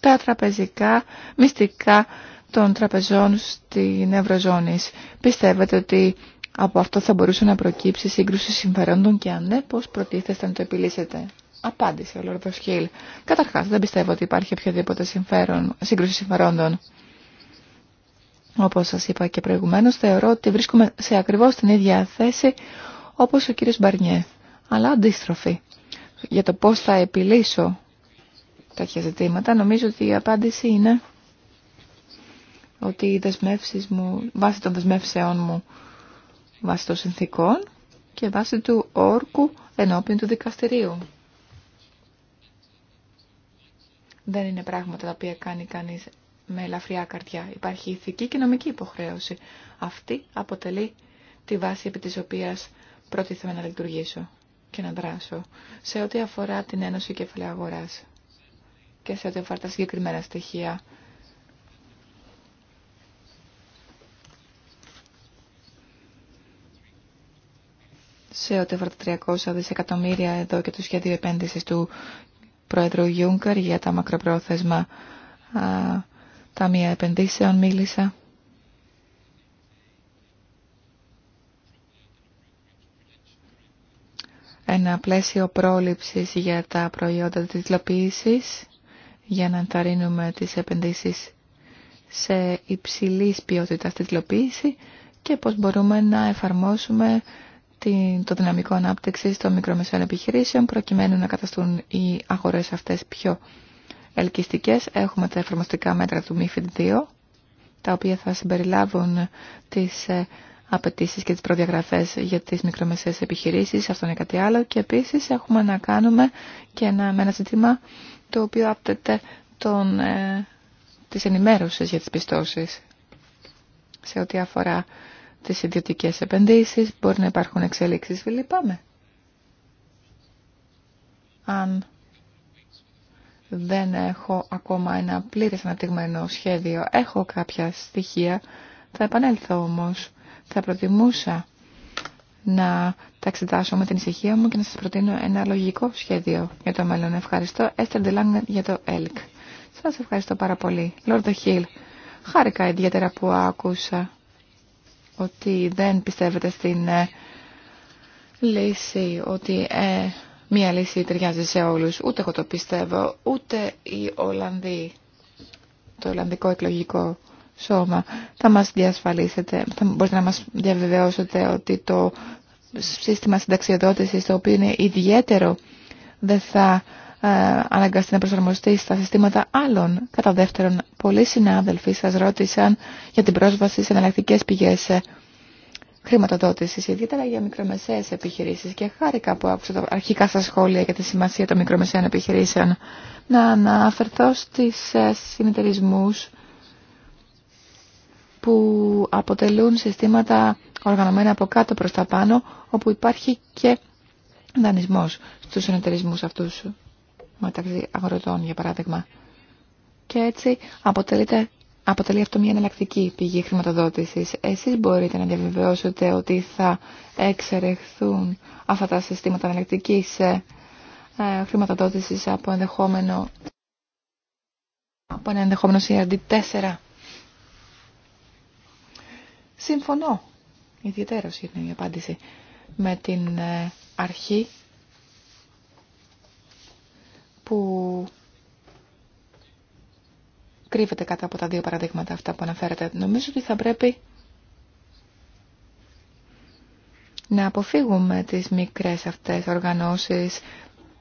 τα τραπεζικά μυστικά των τραπεζών στην Ευρωζώνη. Πιστεύετε ότι από αυτό θα μπορούσε να προκύψει σύγκρουση συμφερόντων και αν ναι, πώς προτίθεστε να το επιλύσετε. Απάντησε ο Λόρδο Χιλ. Καταρχά, δεν πιστεύω ότι υπάρχει οποιαδήποτε συμφέρον, σύγκρουση συμφερόντων. Όπω σα είπα και προηγουμένω, θεωρώ ότι βρίσκομαι σε ακριβώ την ίδια θέση όπω ο κύριο Μπαρνιέ. Αλλά αντίστροφη. Για το πώ θα επιλύσω τέτοια ζητήματα, νομίζω ότι η απάντηση είναι ότι οι δεσμεύσει μου, βάσει των δεσμεύσεών μου, βάσει των συνθήκων και βάσει του όρκου ενώπιον του δικαστηρίου. δεν είναι πράγματα τα οποία κάνει κανείς με ελαφριά καρδιά. Υπάρχει ηθική και νομική υποχρέωση. Αυτή αποτελεί τη βάση επί της οποίας προτίθεμαι να λειτουργήσω και να δράσω σε ό,τι αφορά την Ένωση Κεφαλαίου Αγοράς και σε ό,τι αφορά τα συγκεκριμένα στοιχεία. Σε ό,τι αφορά τα 300 δισεκατομμύρια εδώ και το σχέδιο επένδυσης του Πρόεδρο Γιούγκαρ για τα μακροπρόθεσμα ταμεία επενδύσεων μίλησα. Ένα πλαίσιο πρόληψης για τα προϊόντα της τυλοποίησης για να ενθαρρύνουμε τις επενδύσεις σε υψηλής ποιότητας τυλοποίηση και πώς μπορούμε να εφαρμόσουμε το δυναμικό ανάπτυξη των μικρομεσαίων επιχειρήσεων προκειμένου να καταστούν οι αγορέ αυτές πιο ελκυστικέ. Έχουμε τα εφαρμοστικά μέτρα του MIFID 2, τα οποία θα συμπεριλάβουν τις ε, απαιτήσει και τις προδιαγραφές για τις μικρομεσαίες επιχειρήσεις, αυτό είναι κάτι άλλο. Και επίσης έχουμε να κάνουμε και ένα, με ένα ζήτημα το οποίο άπτεται τον, ε, για τις πιστώσεις σε ό,τι αφορά τις ιδιωτικές επενδύσεις, μπορεί να υπάρχουν εξέλιξεις, λυπάμαι. Αν δεν έχω ακόμα ένα πλήρες αναπτυγμένο σχέδιο, έχω κάποια στοιχεία, θα επανέλθω όμως. Θα προτιμούσα να τα εξετάσω με την ησυχία μου και να σας προτείνω ένα λογικό σχέδιο για το μέλλον. Ευχαριστώ, Έστερντε για το ΕΛΚ. Σας ευχαριστώ πάρα πολύ. Λόρδο Χίλ, χάρηκα ιδιαίτερα που άκουσα ότι δεν πιστεύετε στην ε, λύση, ότι ε, μία λύση ταιριάζει σε όλους. Ούτε εγώ το πιστεύω, ούτε οι Ολλανδοί, το Ολλανδικό εκλογικό σώμα, θα μας διασφαλίσετε, θα μπορείτε να μας διαβεβαιώσετε ότι το σύστημα συνταξιοδότησης, το οποίο είναι ιδιαίτερο, δεν θα ε, αναγκαστεί να προσαρμοστεί στα συστήματα άλλων. Κατά δεύτερον, πολλοί συνάδελφοι σας ρώτησαν για την πρόσβαση σε εναλλακτικέ πηγές ε, χρηματοδότησης, ιδιαίτερα για μικρομεσαίες επιχειρήσεις και χάρηκα που άκουσα τα αρχικά σας σχόλια για τη σημασία των μικρομεσαίων επιχειρήσεων να αναφερθώ στις ε, συνεταιρισμού που αποτελούν συστήματα οργανωμένα από κάτω προς τα πάνω, όπου υπάρχει και δανεισμός στους συνεταιρισμούς αυτούς μεταξύ αγροτών, για παράδειγμα. Και έτσι αποτελείται, αποτελεί αυτό μια εναλλακτική πηγή χρηματοδότησης. Εσείς μπορείτε να διαβεβαιώσετε ότι θα εξερεχθούν αυτά τα συστήματα εναλλακτικής ε, ε, χρηματοδότησης από ενδεχόμενο από ένα ενδεχόμενο CRD4. Συμφωνώ ιδιαίτερως είναι η απάντηση με την ε, αρχή που κρύβεται κάτω από τα δύο παραδείγματα αυτά που αναφέρατε. Νομίζω ότι θα πρέπει να αποφύγουμε τις μικρές αυτές οργανώσεις,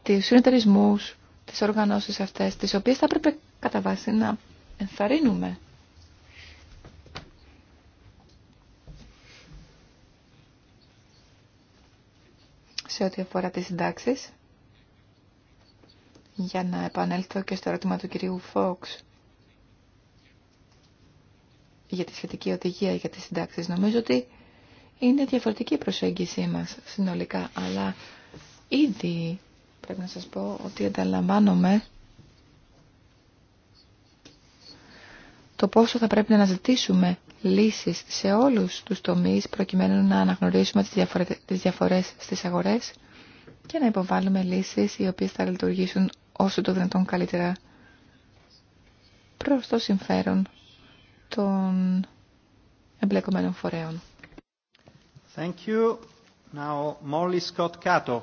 τις συνεταιρισμούς, τις οργανώσεις αυτές, τις οποίες θα πρέπει κατά βάση να ενθαρρύνουμε. Σε ό,τι αφορά τις συντάξεις για να επανέλθω και στο ερώτημα του κυρίου Φόξ για τη σχετική οδηγία για τις συντάξεις. Νομίζω ότι είναι διαφορετική η προσέγγιση μας συνολικά, αλλά ήδη πρέπει να σας πω ότι ανταλαμβάνομαι το πόσο θα πρέπει να αναζητήσουμε λύσεις σε όλους τους τομείς προκειμένου να αναγνωρίσουμε τις διαφορές στις αγορές και να υποβάλουμε λύσεις οι οποίες θα λειτουργήσουν όσο το δυνατόν καλύτερα προς το συμφέρον των εμπλεκομένων φορέων. Thank you. Now, Scott Cato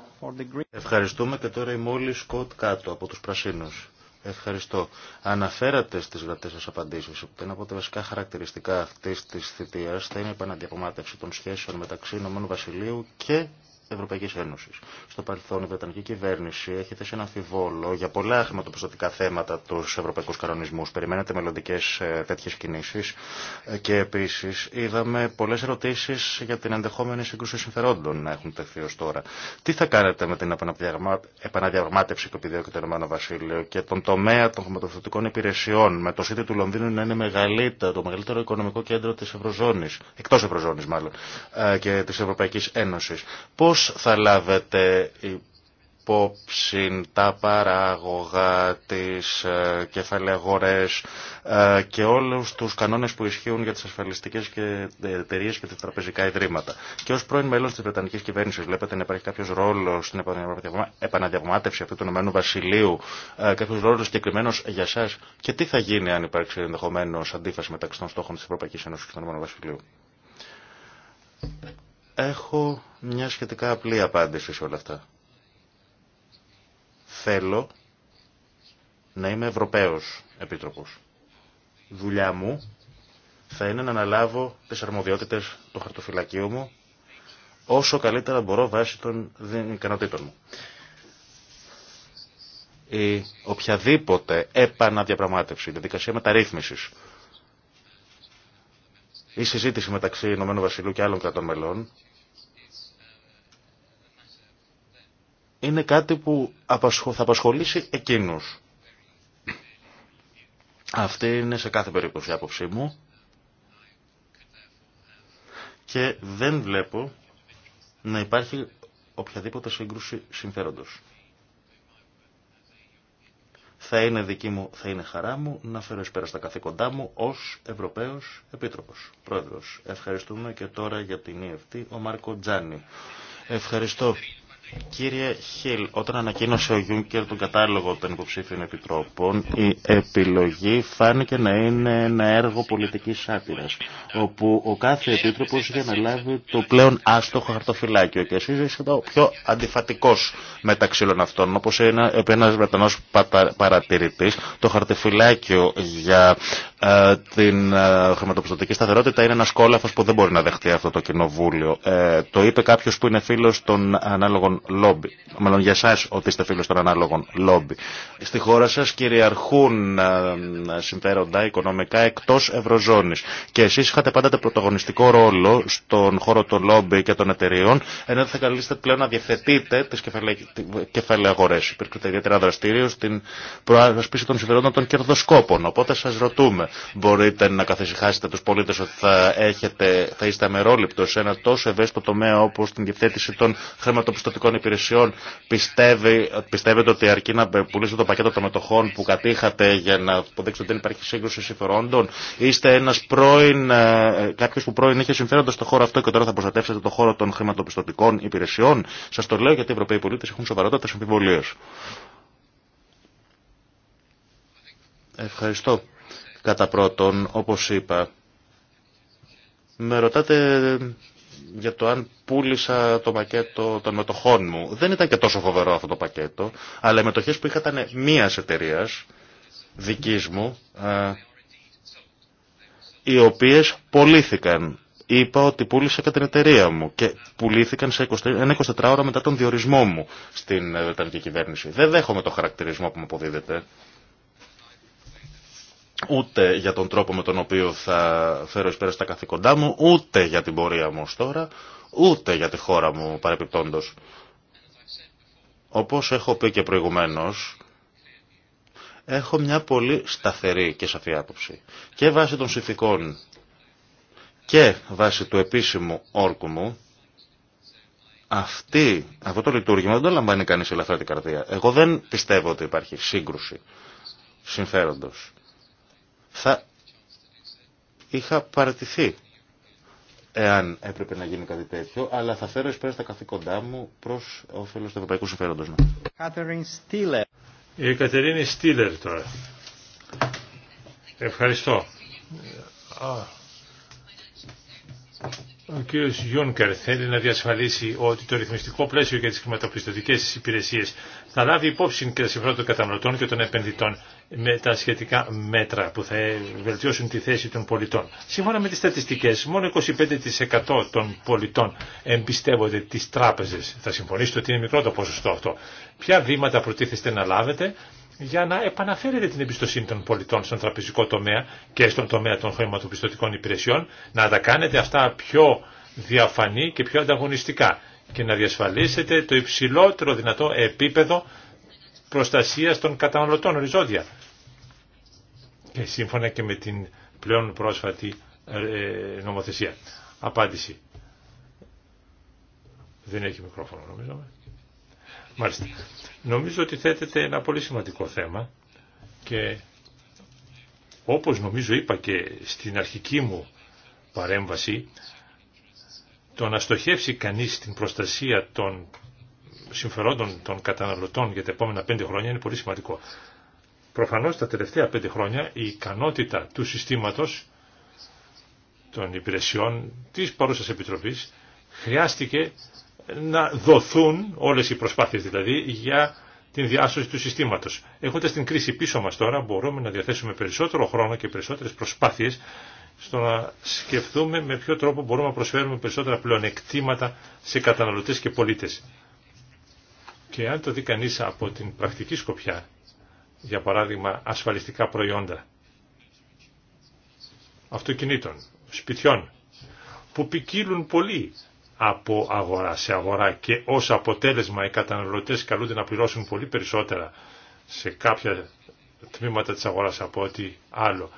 Ευχαριστούμε και τώρα η Μόλι Σκοτ Κάτω από τους Πρασίνους. Ευχαριστώ. Αναφέρατε στις γραπτές σας απαντήσεις ότι ένα από τα βασικά χαρακτηριστικά αυτής της θητείας θα είναι η επαναδιαπομάτευση των σχέσεων μεταξύ Ηνωμένου Βασιλείου και Ευρωπαϊκή Ένωση. Στο παρελθόν η Βρετανική κυβέρνηση έχει θέσει ένα αμφιβόλο για πολλά χρηματοπιστωτικά θέματα του ευρωπαϊκού κανονισμού. Περιμένετε μελλοντικέ ε, τέτοιε κινήσει. Ε, και επίση είδαμε πολλέ ερωτήσει για την ενδεχόμενη σύγκρουση συμφερόντων να έχουν τεθεί ω τώρα. Τι θα κάνετε με την επαναδιαγμάτευση του επιδιώκει το Ηνωμένο Βασίλειο και τον τομέα των χρηματοπιστωτικών υπηρεσιών με το σύντη του Λονδίνου να είναι μεγαλύτερο, το μεγαλύτερο οικονομικό κέντρο τη Ευρωζώνη, εκτό Ευρωζώνη μάλλον, ε, και της Ευρωπαϊκής Ένωσης. Πώ. Πώς θα λάβετε υπόψη τα παράγωγα, τις ε, κεφαλαίες ε, και όλους τους κανόνες που ισχύουν για τις ασφαλιστικές και ε, εταιρείε και τα τραπεζικά ιδρύματα. Και ως πρώην μέλος της Βρετανικής κυβέρνησης βλέπετε να υπάρχει κάποιος ρόλος στην επαναδιαγμάτευση αυτού του Ηνωμένου Βασιλείου, ε, κάποιος ρόλος συγκεκριμένο για σας και τι θα γίνει αν υπάρξει ενδεχομένω αντίφαση μεταξύ των στόχων της Ευρωπαϊκής Ένωσης και του Ηνωμένου Βασιλείου. Έχω μια σχετικά απλή απάντηση σε όλα αυτά. Θέλω να είμαι Ευρωπαίος Επίτροπος. Δουλειά μου θα είναι να αναλάβω τις αρμοδιότητες του χαρτοφυλακίου μου όσο καλύτερα μπορώ βάσει των ικανοτήτων μου. Η οποιαδήποτε επαναδιαπραγμάτευση, η διαδικασία μεταρρύθμισης η συζήτηση μεταξύ Ηνωμένου Βασιλού και άλλων κρατών μελών είναι κάτι που θα απασχολήσει εκείνους. Αυτή είναι σε κάθε περίπτωση η άποψή μου και δεν βλέπω να υπάρχει οποιαδήποτε σύγκρουση συμφέροντος. Θα είναι δική μου, θα είναι χαρά μου να φέρω εις πέρα στα καθήκοντά μου ως Ευρωπαίος Επίτροπος. Πρόεδρος, ευχαριστούμε και τώρα για την EFT ο Μάρκο Τζάνι. Ευχαριστώ Κύριε Χιλ, όταν ανακοίνωσε ο Γιούνκερ τον κατάλογο των υποψήφιων επιτρόπων, η επιλογή φάνηκε να είναι ένα έργο πολιτική άπειρα. όπου ο κάθε επίτροπο είχε αναλάβει το πλέον άστοχο χαρτοφυλάκιο και εσεί είστε το πιο αντιφατικό μεταξύ όλων αυτών, όπω είναι ένα Βρετανό παρατηρητή. Το χαρτοφυλάκιο για ε, την ε, χρηματοπιστωτική σταθερότητα είναι ένα κόλαφο που δεν μπορεί να δεχτεί αυτό το κοινοβούλιο. Ε, το είπε κάποιο που είναι φίλο των ανάλογων λόμπι. Μάλλον για εσά ότι είστε φίλο των ανάλογων λόμπι. Στη χώρα σα κυριαρχούν ε, συμφέροντα οικονομικά εκτό Ευρωζώνη. Και εσεί είχατε πάντα το πρωταγωνιστικό ρόλο στον χώρο των λόμπι και των εταιριών, ενώ θα καλείστε πλέον να διευθετείτε τι κεφαλαίε αγορέ. το ιδιαίτερα δραστήριο στην προάσπιση των συμφερόντων των κερδοσκόπων. Οπότε σα ρωτούμε, μπορείτε να καθησυχάσετε του πολίτε ότι θα, έχετε, θα είστε αμερόληπτο σε ένα τόσο ευαίσθητο τομέα όπω την διευθέτηση των χρηματοπιστωτικών βασικών υπηρεσιών πιστεύει, πιστεύετε ότι αρκεί να πουλήσετε το πακέτο των μετοχών που κατήχατε για να αποδείξετε ότι δεν υπάρχει σύγκρουση συμφερόντων. Είστε ένα πρώην, ε, κάποιο που πρώην είχε συμφέροντα στο χώρο αυτό και τώρα θα προστατεύσετε το χώρο των χρηματοπιστωτικών υπηρεσιών. Σα το λέω γιατί οι Ευρωπαίοι πολίτε έχουν σοβαρότατε αμφιβολίε. Ευχαριστώ. Κατά πρώτον, όπως είπα, με ρωτάτε για το αν πούλησα το πακέτο των μετοχών μου. Δεν ήταν και τόσο φοβερό αυτό το πακέτο, αλλά οι μετοχές που είχα ήταν μίας εταιρεία δικής μου, οι οποίες πουλήθηκαν. Είπα ότι πούλησα και την εταιρεία μου και πουλήθηκαν σε 24 ώρα μετά τον διορισμό μου στην ε, Βρετανική κυβέρνηση. Δεν δέχομαι το χαρακτηρισμό που μου αποδίδεται ούτε για τον τρόπο με τον οποίο θα φέρω εις πέρα στα καθήκοντά μου, ούτε για την πορεία μου ως τώρα, ούτε για τη χώρα μου παρεπιπτόντος. Όπως έχω πει και προηγουμένως, έχω μια πολύ σταθερή και σαφή άποψη. Και βάσει των συνθηκών και βάσει του επίσημου όρκου μου, αυτή, αυτό το λειτουργήμα δεν το λαμβάνει κανείς ελαφρά την καρδία. Εγώ δεν πιστεύω ότι υπάρχει σύγκρουση συμφέροντος θα είχα παρατηθεί εάν έπρεπε να γίνει κάτι τέτοιο, αλλά θα φέρω εις πέρα στα καθήκοντά μου προς όφελος του ευρωπαϊκού συμφέροντος Η Κατερίνη Στίλερ τώρα. Ευχαριστώ. Ο κύριος Γιούνκερ θέλει να διασφαλίσει ότι το ρυθμιστικό πλαίσιο για τις χρηματοπιστωτικές υπηρεσίες θα λάβει υπόψη και τα συμφέροντα των καταναλωτών και των επενδυτών με τα σχετικά μέτρα που θα βελτιώσουν τη θέση των πολιτών. Σύμφωνα με τις στατιστικές, μόνο 25% των πολιτών εμπιστεύονται τις τράπεζες. Θα συμφωνήσετε ότι είναι μικρό το ποσοστό αυτό. Ποια βήματα προτίθεστε να λάβετε για να επαναφέρετε την εμπιστοσύνη των πολιτών στον τραπεζικό τομέα και στον τομέα των χρηματοπιστωτικών υπηρεσιών, να τα κάνετε αυτά πιο διαφανή και πιο ανταγωνιστικά και να διασφαλίσετε το υψηλότερο δυνατό επίπεδο προστασίας των καταναλωτών οριζόντια. Και σύμφωνα και με την πλέον πρόσφατη ε, νομοθεσία. Απάντηση. Δεν έχει μικρόφωνο νομίζω. Μάλιστα. Νομίζω ότι θέτεται ένα πολύ σημαντικό θέμα και όπως νομίζω είπα και στην αρχική μου παρέμβαση, το να στοχεύσει κανείς την προστασία των συμφερόντων των καταναλωτών για τα επόμενα πέντε χρόνια είναι πολύ σημαντικό. Προφανώς τα τελευταία πέντε χρόνια η ικανότητα του συστήματος των υπηρεσιών της παρούσας επιτροπής χρειάστηκε να δοθούν όλες οι προσπάθειες δηλαδή για την διάσωση του συστήματος. Έχοντας την κρίση πίσω μας τώρα μπορούμε να διαθέσουμε περισσότερο χρόνο και περισσότερες προσπάθειες στο να σκεφτούμε με ποιο τρόπο μπορούμε να προσφέρουμε περισσότερα πλεονεκτήματα σε καταναλωτές και πολίτες. Και αν το δει κανεί από την πρακτική σκοπιά, για παράδειγμα ασφαλιστικά προϊόντα, αυτοκινήτων, σπιτιών, που ποικίλουν πολύ από αγορά σε αγορά και ως αποτέλεσμα οι καταναλωτές καλούνται να πληρώσουν πολύ περισσότερα σε κάποια τμήματα της αγοράς από ό,τι άλλο.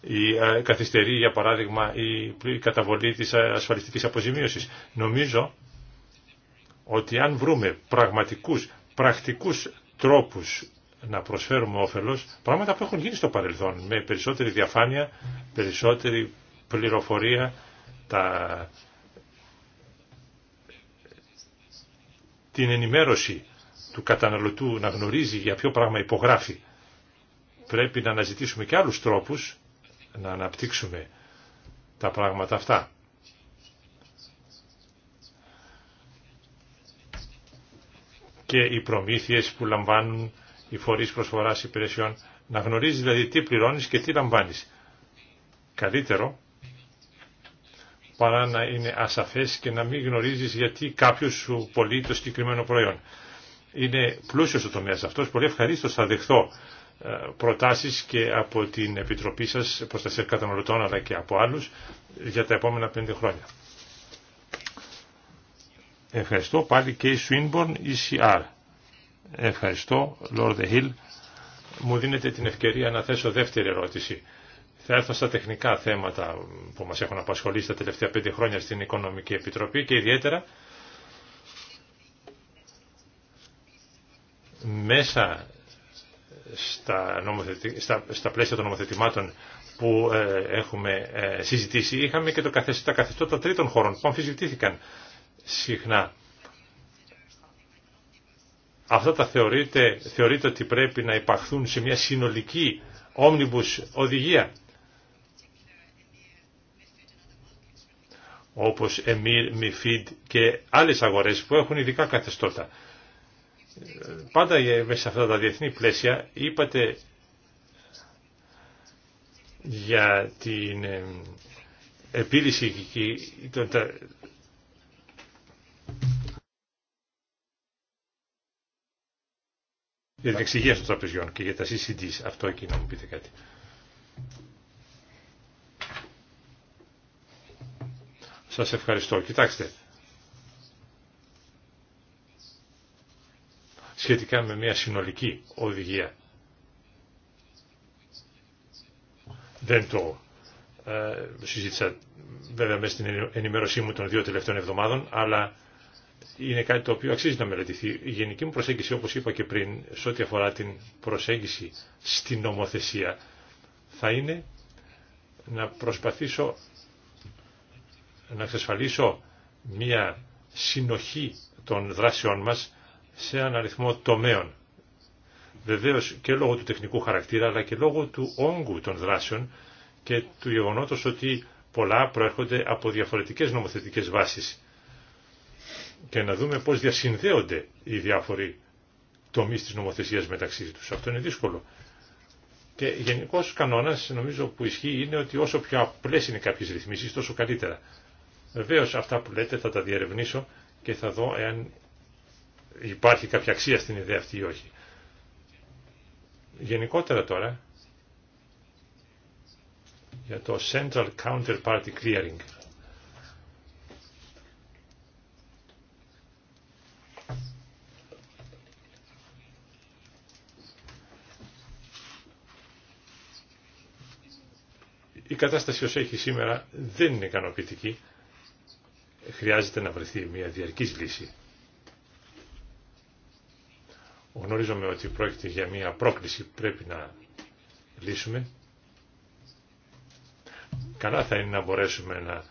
Η ε, καθυστερή για παράδειγμα η καταβολή της ε, ασφαλιστικής αποζημίωσης. Νομίζω ότι αν βρούμε πραγματικούς, πρακτικούς τρόπους να προσφέρουμε όφελος, πράγματα που έχουν γίνει στο παρελθόν, με περισσότερη διαφάνεια, περισσότερη πληροφορία, τα... την ενημέρωση του καταναλωτού να γνωρίζει για ποιο πράγμα υπογράφει. Πρέπει να αναζητήσουμε και άλλους τρόπους να αναπτύξουμε τα πράγματα αυτά. και οι προμήθειες που λαμβάνουν οι φορείς προσφοράς υπηρεσιών. Να γνωρίζεις δηλαδή τι πληρώνεις και τι λαμβάνεις. Καλύτερο παρά να είναι ασαφές και να μην γνωρίζεις γιατί κάποιος σου πωλεί το συγκεκριμένο προϊόν. Είναι πλούσιος ο τομέας αυτός, πολύ ευχαρίστως θα δεχθώ ε, προτάσεις και από την Επιτροπή σας Προστασία Καταναλωτών αλλά και από άλλους για τα επόμενα πέντε χρόνια. Ευχαριστώ πάλι και η η ECR. Ευχαριστώ, Lord Hill. Μου δίνετε την ευκαιρία να θέσω δεύτερη ερώτηση. Θα έρθω στα τεχνικά θέματα που μας έχουν απασχολήσει τα τελευταία πέντε χρόνια στην Οικονομική Επιτροπή και ιδιαίτερα μέσα στα, πλαίσια των νομοθετημάτων που ε, έχουμε ε, συζητήσει είχαμε και το τα καθεστώτα τρίτων χωρών που αμφισβητήθηκαν συχνά. Αυτά τα θεωρείτε, θεωρείτε ότι πρέπει να υπαχθούν σε μια συνολική όμνιμπους οδηγία. όπως Εμίρ, Μιφίντ και άλλες αγορές που έχουν ειδικά καθεστώτα. Πάντα ε, μέσα σε αυτά τα διεθνή πλαίσια είπατε για την ε, επίλυση για την εξυγεία των τραπεζιών και για τα CCDs. Αυτό εκεί να μου πείτε κάτι. Σας ευχαριστώ. Κοιτάξτε. Σχετικά με μια συνολική οδηγία. Δεν το ε, συζήτησα βέβαια μέσα στην ενημέρωσή μου των δύο τελευταίων εβδομάδων, αλλά είναι κάτι το οποίο αξίζει να μελετηθεί. Η γενική μου προσέγγιση, όπως είπα και πριν, σε ό,τι αφορά την προσέγγιση στην νομοθεσία, θα είναι να προσπαθήσω να εξασφαλίσω μια συνοχή των δράσεών μας σε έναν αριθμό τομέων. Βεβαίως και λόγω του τεχνικού χαρακτήρα, αλλά και λόγω του όγκου των δράσεων και του γεγονότος ότι πολλά προέρχονται από διαφορετικές νομοθετικές βάσεις και να δούμε πώς διασυνδέονται οι διάφοροι τομείς της νομοθεσίας μεταξύ τους. Αυτό είναι δύσκολο. Και γενικό κανόνα, νομίζω που ισχύει, είναι ότι όσο πιο απλέ είναι κάποιε ρυθμίσει, τόσο καλύτερα. Βεβαίω αυτά που λέτε θα τα διερευνήσω και θα δω εάν υπάρχει κάποια αξία στην ιδέα αυτή ή όχι. Γενικότερα τώρα, για το Central Counterparty Clearing. Η κατάσταση όσο έχει σήμερα δεν είναι ικανοποιητική. Χρειάζεται να βρεθεί μια διαρκής λύση. Γνωρίζομαι ότι πρόκειται για μια πρόκληση που πρέπει να λύσουμε. Καλά θα είναι να μπορέσουμε να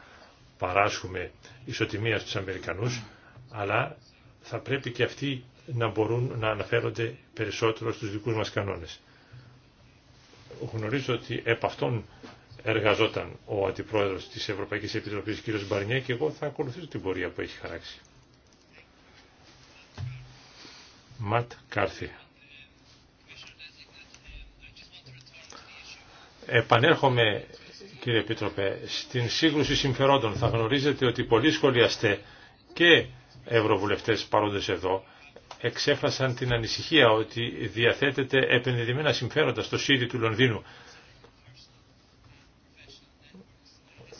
παράσχουμε ισοτιμία στους Αμερικανούς, αλλά θα πρέπει και αυτοί να μπορούν να αναφέρονται περισσότερο στους δικούς μας κανόνες. Γνωρίζω ότι επ' εργαζόταν ο Αντιπρόεδρος της Ευρωπαϊκής Επιτροπής κ. Μπαρνιέ και εγώ θα ακολουθήσω την πορεία που έχει χαράξει. Ματ Επανέρχομαι κύριε Επίτροπε στην σύγκρουση συμφερόντων. Θα γνωρίζετε ότι πολλοί σχολιαστέ και ευρωβουλευτές παρόντες εδώ εξέφρασαν την ανησυχία ότι διαθέτεται επενδυμένα συμφέροντα στο ΣΥΡΙ του Λονδίνου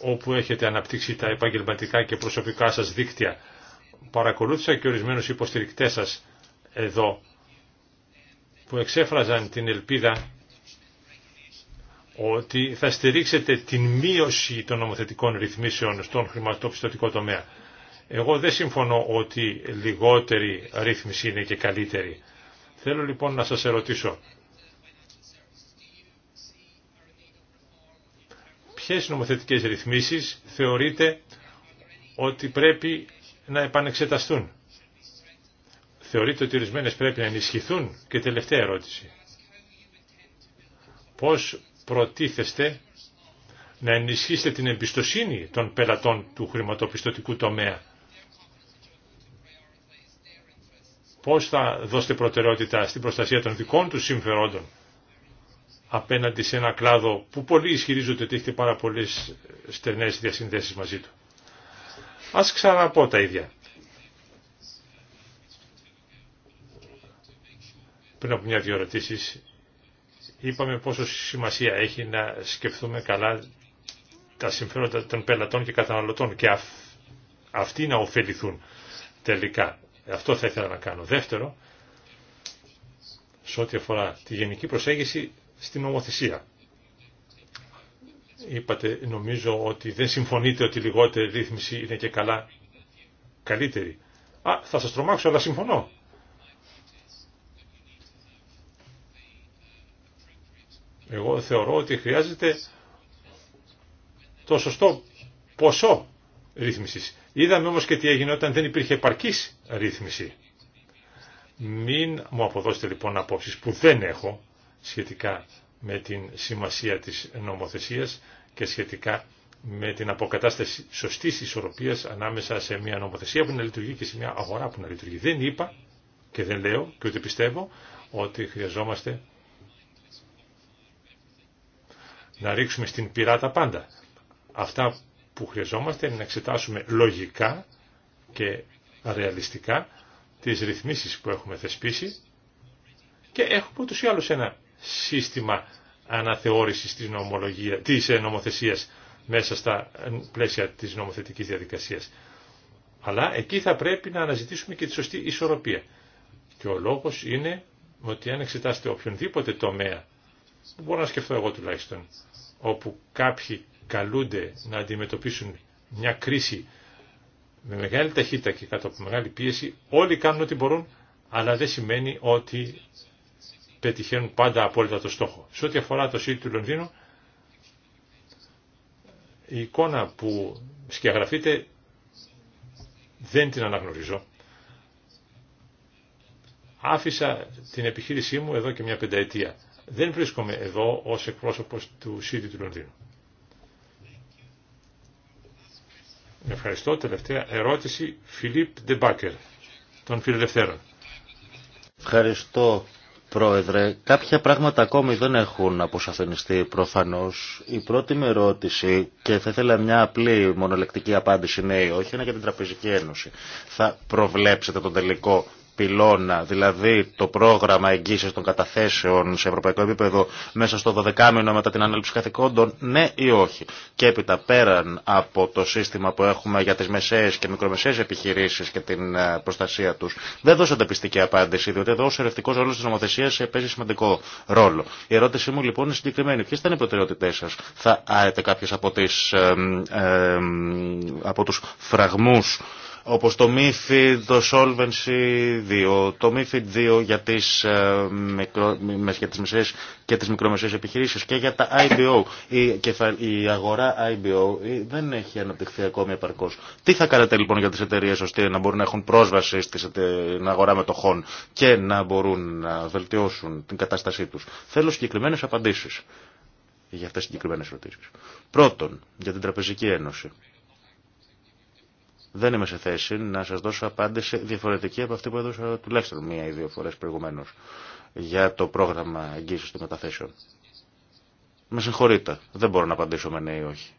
όπου έχετε αναπτύξει τα επαγγελματικά και προσωπικά σας δίκτυα. Παρακολούθησα και ορισμένους υποστηρικτές σας εδώ που εξέφραζαν την ελπίδα ότι θα στηρίξετε την μείωση των νομοθετικών ρυθμίσεων στον χρηματοπιστωτικό τομέα. Εγώ δεν συμφωνώ ότι λιγότερη ρύθμιση είναι και καλύτερη. Θέλω λοιπόν να σας ερωτήσω, ποιες νομοθετικές ρυθμίσεις θεωρείτε ότι πρέπει να επανεξεταστούν. Θεωρείτε ότι ορισμένε πρέπει να ενισχυθούν. Και τελευταία ερώτηση. Πώς προτίθεστε να ενισχύσετε την εμπιστοσύνη των πελατών του χρηματοπιστωτικού τομέα. Πώς θα δώσετε προτεραιότητα στην προστασία των δικών τους συμφερόντων απέναντι σε ένα κλάδο που πολλοί ισχυρίζονται ότι έχετε πάρα πολλές στενέ διασυνδέσει μαζί του. Ας ξαναπώ τα ίδια. Πριν από μια-δυο ερωτήσει, είπαμε πόσο σημασία έχει να σκεφτούμε καλά τα συμφέροντα των πελατών και καταναλωτών και αυτοί να ωφεληθούν τελικά. Αυτό θα ήθελα να κάνω. Δεύτερο, σε ό,τι αφορά τη γενική προσέγγιση, στην νομοθεσία. Είπατε, νομίζω ότι δεν συμφωνείτε ότι λιγότερη ρύθμιση είναι και καλά καλύτερη. Α, θα σας τρομάξω, αλλά συμφωνώ. Εγώ θεωρώ ότι χρειάζεται το σωστό ποσό ρύθμισης. Είδαμε όμως και τι έγινε όταν δεν υπήρχε επαρκής ρύθμιση. Μην μου αποδώσετε λοιπόν απόψεις που δεν έχω σχετικά με την σημασία της νομοθεσίας και σχετικά με την αποκατάσταση σωστής ισορροπίας ανάμεσα σε μια νομοθεσία που να λειτουργεί και σε μια αγορά που να λειτουργεί. Δεν είπα και δεν λέω και ούτε πιστεύω ότι χρειαζόμαστε να ρίξουμε στην πυρά τα πάντα. Αυτά που χρειαζόμαστε είναι να εξετάσουμε λογικά και ρεαλιστικά τις ρυθμίσεις που έχουμε θεσπίσει και έχουμε ούτως ή άλλως ένα σύστημα αναθεώρησης της, νομολογίας, της ε, νομοθεσίας μέσα στα ε, πλαίσια της νομοθετικής διαδικασίας. Αλλά εκεί θα πρέπει να αναζητήσουμε και τη σωστή ισορροπία. Και ο λόγος είναι ότι αν εξετάσετε οποιονδήποτε τομέα, που μπορώ να σκεφτώ εγώ τουλάχιστον, όπου κάποιοι καλούνται να αντιμετωπίσουν μια κρίση με μεγάλη ταχύτητα και κάτω από μεγάλη πίεση, όλοι κάνουν ό,τι μπορούν, αλλά δεν σημαίνει ότι πετυχαίνουν πάντα απόλυτα το στόχο. Σε ό,τι αφορά το City του Λονδίνου, η εικόνα που σκιαγραφείτε δεν την αναγνωρίζω. Άφησα την επιχείρησή μου εδώ και μια πενταετία. Δεν βρίσκομαι εδώ ως εκπρόσωπος του City του Λονδίνου. Ευχαριστώ. Τελευταία ερώτηση. Φιλίπ Ντεμπάκερ των Φιλελευθέρων. Ευχαριστώ Πρόεδρε, κάποια πράγματα ακόμη δεν έχουν αποσαφενιστεί προφανώς. Η πρώτη με ερώτηση, και θα ήθελα μια απλή μονολεκτική απάντηση ναι ή όχι, είναι για την Τραπεζική Ένωση. Θα προβλέψετε τον τελικό πυλώνα, δηλαδή το πρόγραμμα εγγύηση των καταθέσεων σε ευρωπαϊκό επίπεδο μέσα στο 12 μήνο μετά την ανάληψη καθηκόντων, ναι ή όχι. Και έπειτα πέραν από το σύστημα που έχουμε για τι μεσαίε και μικρομεσαίε επιχειρήσει και την ε, προστασία του, δεν δώσατε πιστική απάντηση, διότι εδώ ο ερευνητικό ρόλο τη νομοθεσία παίζει σημαντικό ρόλο. Η ερώτησή μου λοιπόν είναι συγκεκριμένη. Ποιε ήταν οι προτεραιότητέ σα, θα άρετε κάποιε από, ε, ε, από του φραγμού όπως το MIFID, το Solvency 2, το MIFID 2 για τις, ε, για τις και τις μικρομεσαίες επιχειρήσεις και για τα IBO. Η, η αγορά IBO ε, δεν έχει αναπτυχθεί ακόμη επαρκώς. Τι θα κάνετε λοιπόν για τις εταιρείες ώστε να μπορούν να έχουν πρόσβαση στην αγορά μετοχών και να μπορούν να βελτιώσουν την κατάστασή τους. Θέλω συγκεκριμένες απαντήσεις για αυτές τις συγκεκριμένες ερωτήσεις. Πρώτον, για την Τραπεζική Ένωση δεν είμαι σε θέση να σας δώσω απάντηση διαφορετική από αυτή που έδωσα τουλάχιστον μία ή δύο φορές προηγουμένως για το πρόγραμμα εγγύησης των μεταθέσεων. Με συγχωρείτε, δεν μπορώ να απαντήσω με ναι ή όχι.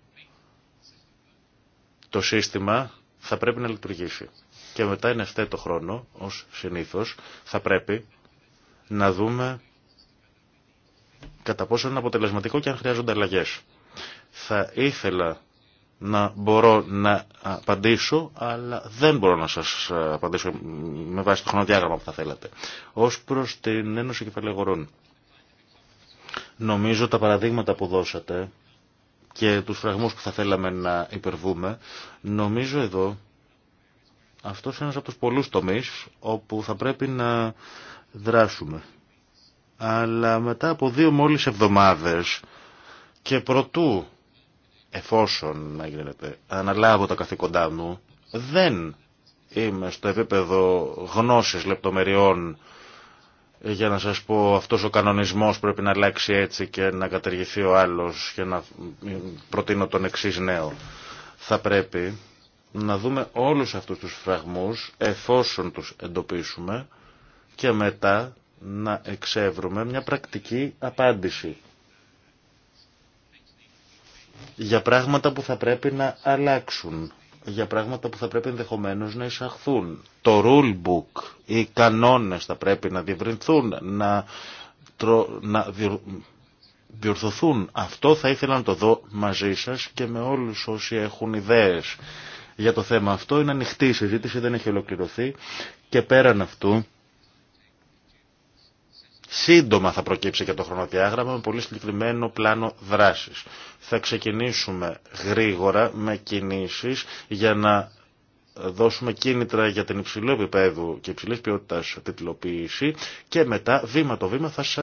Το σύστημα θα πρέπει να λειτουργήσει και μετά είναι το χρόνο, ως συνήθως, θα πρέπει να δούμε κατά πόσο είναι αποτελεσματικό και αν χρειάζονται αλλαγέ. Θα ήθελα να μπορώ να απαντήσω, αλλά δεν μπορώ να σας απαντήσω με βάση το χρονοδιάγραμμα που θα θέλατε. Ως προς την Ένωση Κεφαλαίου Νομίζω τα παραδείγματα που δώσατε και τους φραγμούς που θα θέλαμε να υπερβούμε, νομίζω εδώ αυτός είναι ένας από τους πολλούς τομείς όπου θα πρέπει να δράσουμε. Αλλά μετά από δύο μόλις εβδομάδες και προτού εφόσον να γίνεται, αναλάβω τα καθήκοντά μου, δεν είμαι στο επίπεδο γνώσης λεπτομεριών για να σας πω αυτός ο κανονισμός πρέπει να αλλάξει έτσι και να καταργηθεί ο άλλος και να προτείνω τον εξή νέο. Θα πρέπει να δούμε όλους αυτούς τους φραγμούς εφόσον τους εντοπίσουμε και μετά να εξεύρουμε μια πρακτική απάντηση για πράγματα που θα πρέπει να αλλάξουν, για πράγματα που θα πρέπει ενδεχομένω να εισαχθούν. Το rule book, οι κανόνες θα πρέπει να διευρυνθούν, να, να διορθωθούν. Αυτό θα ήθελα να το δω μαζί σας και με όλους όσοι έχουν ιδέες για το θέμα αυτό. Είναι ανοιχτή η συζήτηση, δεν έχει ολοκληρωθεί και πέραν αυτού Σύντομα θα προκύψει και το χρονοδιάγραμμα με πολύ συγκεκριμένο πλάνο δράσης. Θα ξεκινήσουμε γρήγορα με κινήσεις για να δώσουμε κίνητρα για την υψηλή επιπέδου και υψηλής ποιότητας τιτλοποίηση και μετά βήμα το βήμα θα